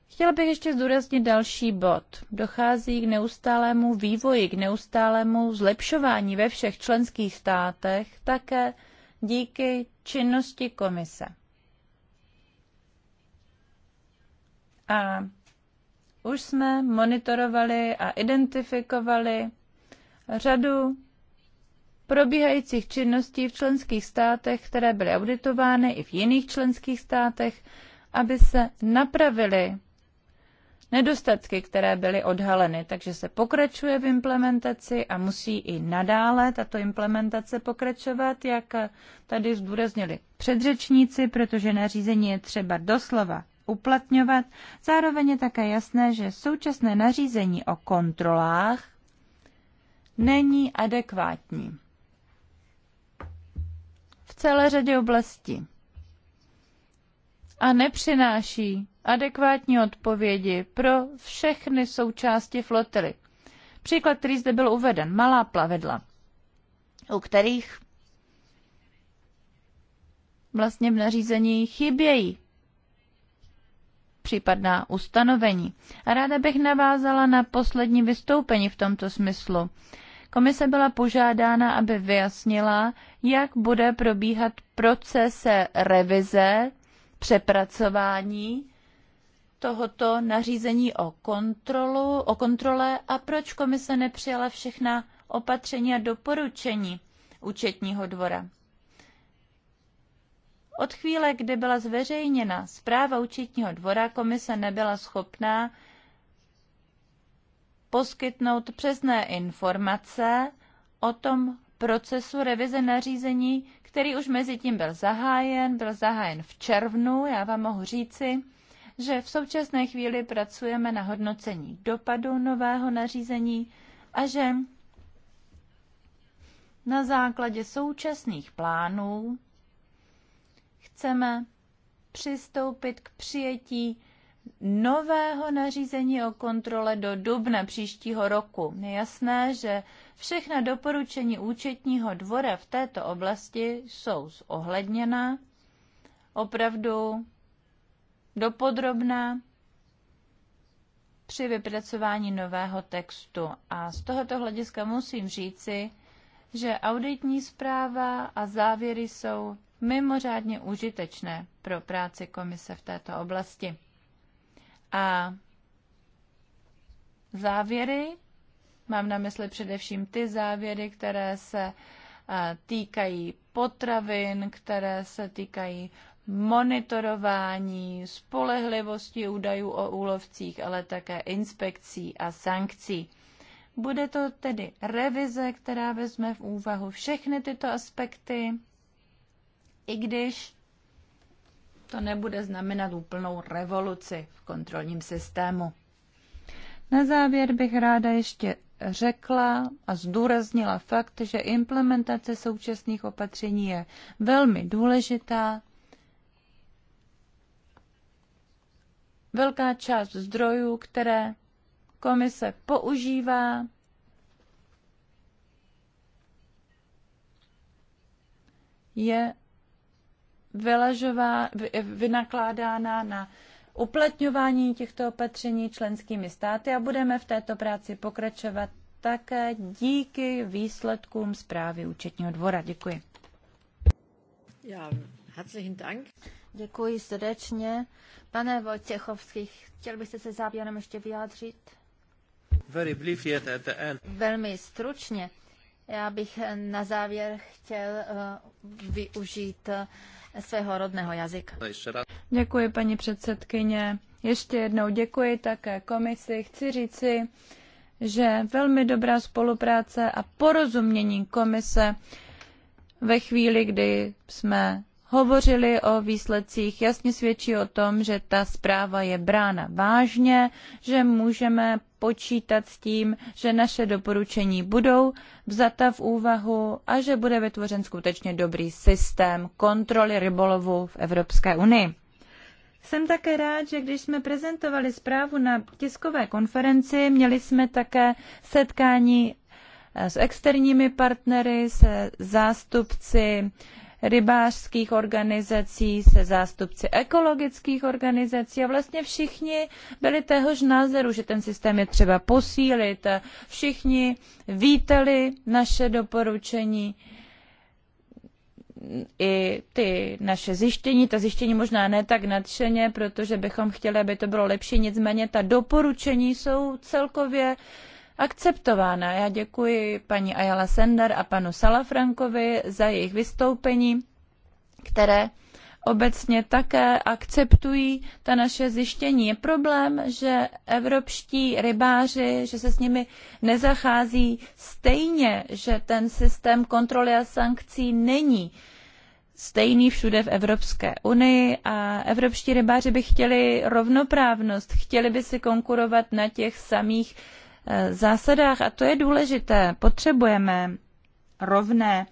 Chtěla bych ještě zdůraznit další bod. Dochází k neustálému vývoji, k neustálému zlepšování ve všech členských státech, také díky činnosti komise. A už jsme monitorovali a identifikovali řadu probíhajících činností v členských státech, které byly auditovány i v jiných členských státech, aby se napravily nedostatky, které byly odhaleny. Takže se pokračuje v implementaci a musí i nadále tato implementace pokračovat, jak tady zdůraznili předřečníci, protože nařízení je třeba doslova uplatňovat. Zároveň je také jasné, že současné nařízení o kontrolách není adekvátní v celé řadě oblastí a nepřináší adekvátní odpovědi pro všechny součásti flotily. Příklad, který zde byl uveden, malá plavidla, u kterých vlastně v nařízení chybějí případná ustanovení. A ráda bych navázala na poslední vystoupení v tomto smyslu. Komise byla požádána, aby vyjasnila, jak bude probíhat proces revize, přepracování tohoto nařízení o, kontrolu, o kontrole a proč komise nepřijala všechna opatření a doporučení účetního dvora. Od chvíle, kdy byla zveřejněna zpráva účetního dvora, komise nebyla schopná poskytnout přesné informace o tom procesu revize nařízení, který už mezi tím byl zahájen, byl zahájen v červnu. Já vám mohu říci, že v současné chvíli pracujeme na hodnocení dopadu nového nařízení a že na základě současných plánů chceme přistoupit k přijetí nového nařízení o kontrole do dubna příštího roku. Je jasné, že všechna doporučení účetního dvora v této oblasti jsou zohledněna opravdu dopodrobná při vypracování nového textu. A z tohoto hlediska musím říci, že auditní zpráva a závěry jsou mimořádně užitečné pro práci komise v této oblasti. A závěry, mám na mysli především ty závěry, které se eh, týkají potravin, které se týkají monitorování, spolehlivosti údajů o úlovcích, ale také inspekcí a sankcí. Bude to tedy revize, která vezme v úvahu všechny tyto aspekty i když to nebude znamenat úplnou revoluci v kontrolním systému. Na závěr bych ráda ještě řekla a zdůraznila fakt, že implementace současných opatření je velmi důležitá. Velká část zdrojů, které komise používá, je vyležová, vynakládána na uplatňování těchto opatření členskými státy a budeme v této práci pokračovat také díky výsledkům zprávy účetního dvora. Děkuji. Já, herzlichen Dank. Děkuji srdečně. Pane Vojtěchovský, chtěl byste se závěrem ještě vyjádřit? Very briefly at the end. Velmi stručně. Já bych na závěr chtěl eh, využít eh, svého rodného jazyka. Děkuji, paní předsedkyně. Ještě jednou děkuji také komisi. Chci říci, že velmi dobrá spolupráce a porozumění komise ve chvíli, kdy jsme hovořili o výsledcích, jasně svědčí o tom, že ta zpráva je brána vážně, že můžeme počítat s tím, že naše doporučení budou vzata v úvahu a že bude vytvořen skutečně dobrý systém kontroly rybolovu v Evropské unii. Jsem také rád, že když jsme prezentovali zprávu na tiskové konferenci, měli jsme také setkání s externími partnery, se zástupci rybářských organizací, se zástupci ekologických organizací a vlastně všichni byli téhož názoru, že ten systém je třeba posílit. a Všichni vítali naše doporučení i ty naše zjištění, ta zjištění možná ne tak nadšeně, protože bychom chtěli, aby to bylo lepší, nicméně ta doporučení jsou celkově uh, akceptována. Já děkuji paní Ayala Sender a panu Salafrankovi za jejich vystoupení, které obecně také akceptují ta naše zjištění. Je problém, že evropští rybáři, že se s nimi nezachází stejně, že ten systém kontroly a sankcí není stejný všude v Evropské unii a evropští rybáři by chtěli rovnoprávnost, chtěli by si konkurovat na těch samých Eh, zásadách a to je důležité. Potřebujeme rovné,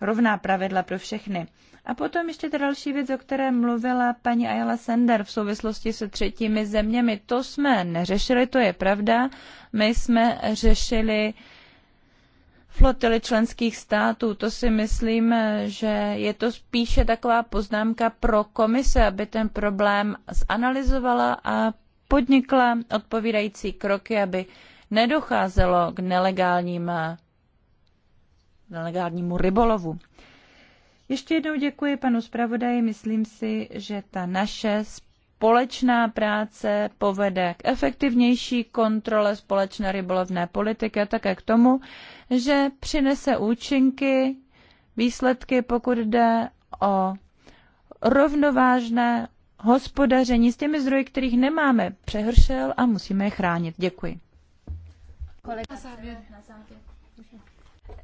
rovná pravidla pro všechny. A potom ještě ta další věc, o které mluvila paní Ayala Sender v souvislosti se třetími zeměmi. To jsme neřešili, to je pravda. My jsme řešili flotily členských států. To si myslím, že je to spíše taková poznámka pro komise, aby ten problém zanalizovala a podnikla odpovídající kroky, aby nedocházelo k nelegálním, nelegálnímu rybolovu. Ještě jednou děkuji panu zpravodaji. Myslím si, že ta naše společná práce povede k efektivnější kontrole společné rybolovné politiky a také k tomu, že přinese účinky, výsledky, pokud jde o rovnovážné hospodaření s těmi zdroji, kterých nemáme, přehršel a musíme je chránit. Děkuji. Kolega, na závěr. Na závěr.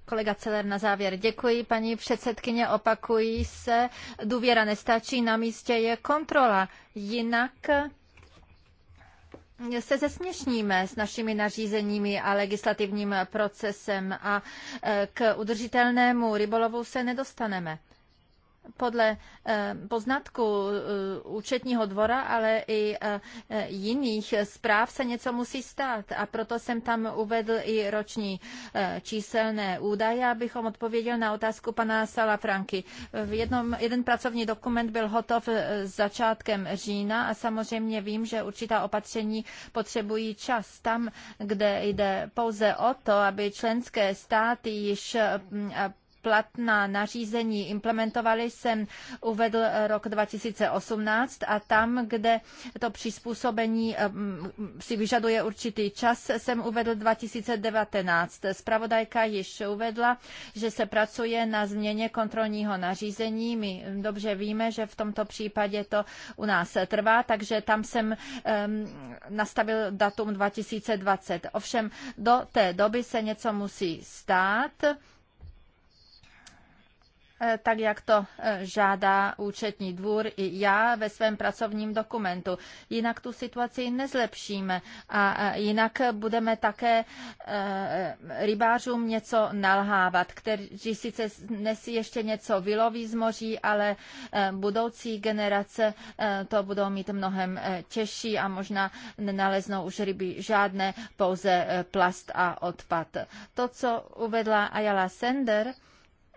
Kolega Celer na závěr. Děkuji, paní předsedkyně. Opakují se, důvěra nestačí, na místě je kontrola. Jinak eh, se zesměšníme s našimi nařízeními a legislativním procesem a eh, k udržitelnému rybolovu se nedostaneme podle eh, poznatku eh, účetního dvora, ale i eh, jiných zpráv se něco musí stát. A proto jsem tam uvedl i roční číselné údaje, abychom odpověděl na otázku pana Sala Franky. V jednom, jeden pracovní dokument byl hotov začátkem října a samozřejmě vím, že určitá opatření potřebují čas. Tam, kde jde pouze o to, aby členské státy již platná nařízení implementovali, jsem uvedl rok 2018 a tam, kde to přizpůsobení eh, si vyžaduje určitý čas, jsem uvedl 2019. Spravodajka již uvedla, že se pracuje na změně kontrolního nařízení. My dobře víme, že v tomto případě to u nás trvá, takže tam jsem ehm, nastavil datum 2020. Ovšem do té doby se něco musí stát. Eh, tak jak to eh, žádá účetní dvůr i já ve svém pracovním dokumentu. Jinak tu situaci nezlepšíme a eh, jinak budeme také rybářům něco nalhávat, kteří sice dnes ještě něco vyloví z moří, ale budoucí generace to budou mít mnohem těžší a možná nenaleznou už ryby žádné, pouze plast a odpad. To, co uvedla Ayala Sender,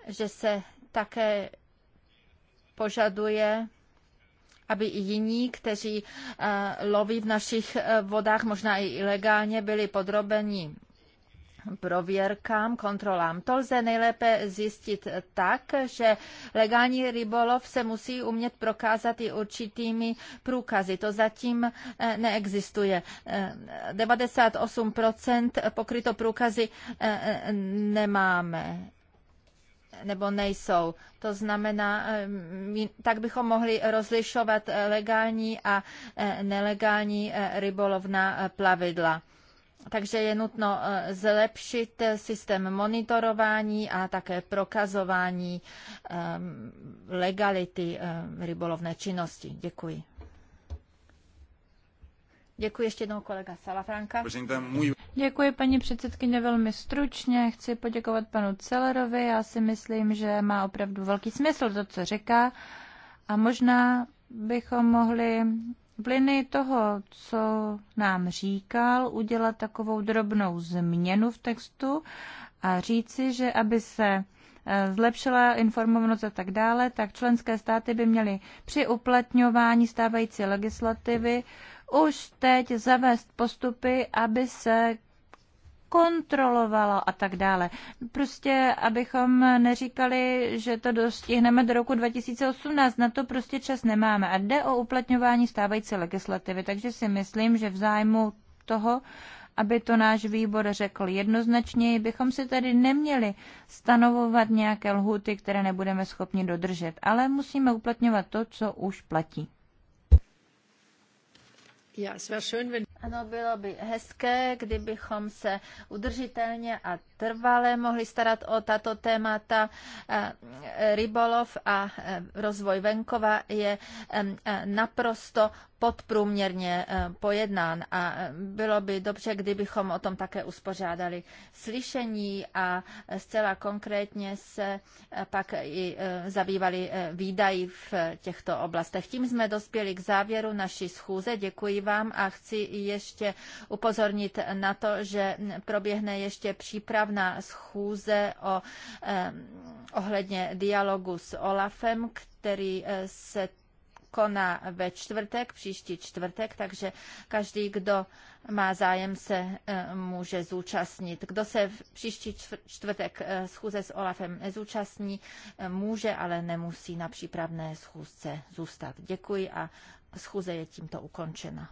že se také požaduje aby i jiní, kteří eh, loví v našich eh, vodách, možná i ilegálně, byli podrobeni prověrkám, kontrolám. To lze nejlépe zjistit tak, že legální rybolov se musí umět prokázat i určitými průkazy. To zatím eh, neexistuje. 98% pokryto průkazy nemáme nebo nejsou. To znamená, eh, tak bychom mohli rozlišovat eh, legální a eh, nelegální rybolovná plavidla. Takže je nutno zlepšit systém monitorování a také prokazování legality rybolovné činnosti. Děkuji. Děkuji ještě jednou kolega Salafranka. Děkuji paní předsedkyně velmi stručně. Chci poděkovat panu Celerovi. Já si myslím, že má opravdu velký smysl to, co říká. A možná bychom mohli v linii toho, co nám říkal, udělat takovou drobnou změnu v textu a říci, že aby se eh, zlepšila informovanost a tak dále, tak členské státy by měly při uplatňování stávající legislativy už teď zavést postupy, aby se kontrolovalo a tak dále. Prostě, abychom neříkali, že to dostihneme do roku 2018, na to prostě čas nemáme. A jde o uplatňování stávající legislativy, takže si myslím, že v zájmu toho, aby to náš výbor řekl jednoznačně, bychom si tady neměli stanovovat nějaké lhuty, které nebudeme schopni dodržet, ale musíme uplatňovat to, co už platí. Ano, bylo by hezké, kdybychom se udržitelně a trvale mohli starat o tato témata. E, e, rybolov a e, rozvoj venkova je naprosto podprůměrně eh, pojednán a eh, bylo by dobře, kdybychom o tom také uspořádali slyšení a eh, zcela konkrétně se pak i zabývali výdaji v těchto oblastech. Tím jsme dospěli k závěru naší schůze. Děkuji vám a chci ještě upozornit na to, že proběhne ještě přípravná schůze o, ohledně dialogu s Olafem, který se koná ve čtvrtek, příští čtvrtek, takže každý, kdo má zájem, se eh, může zúčastnit. Kdo se v příští čtvrtek eh, schůze s Olafem zúčastní, eh, může, ale nemusí na přípravné schůzce zůstat. Děkuji a schůze je tímto ukončena.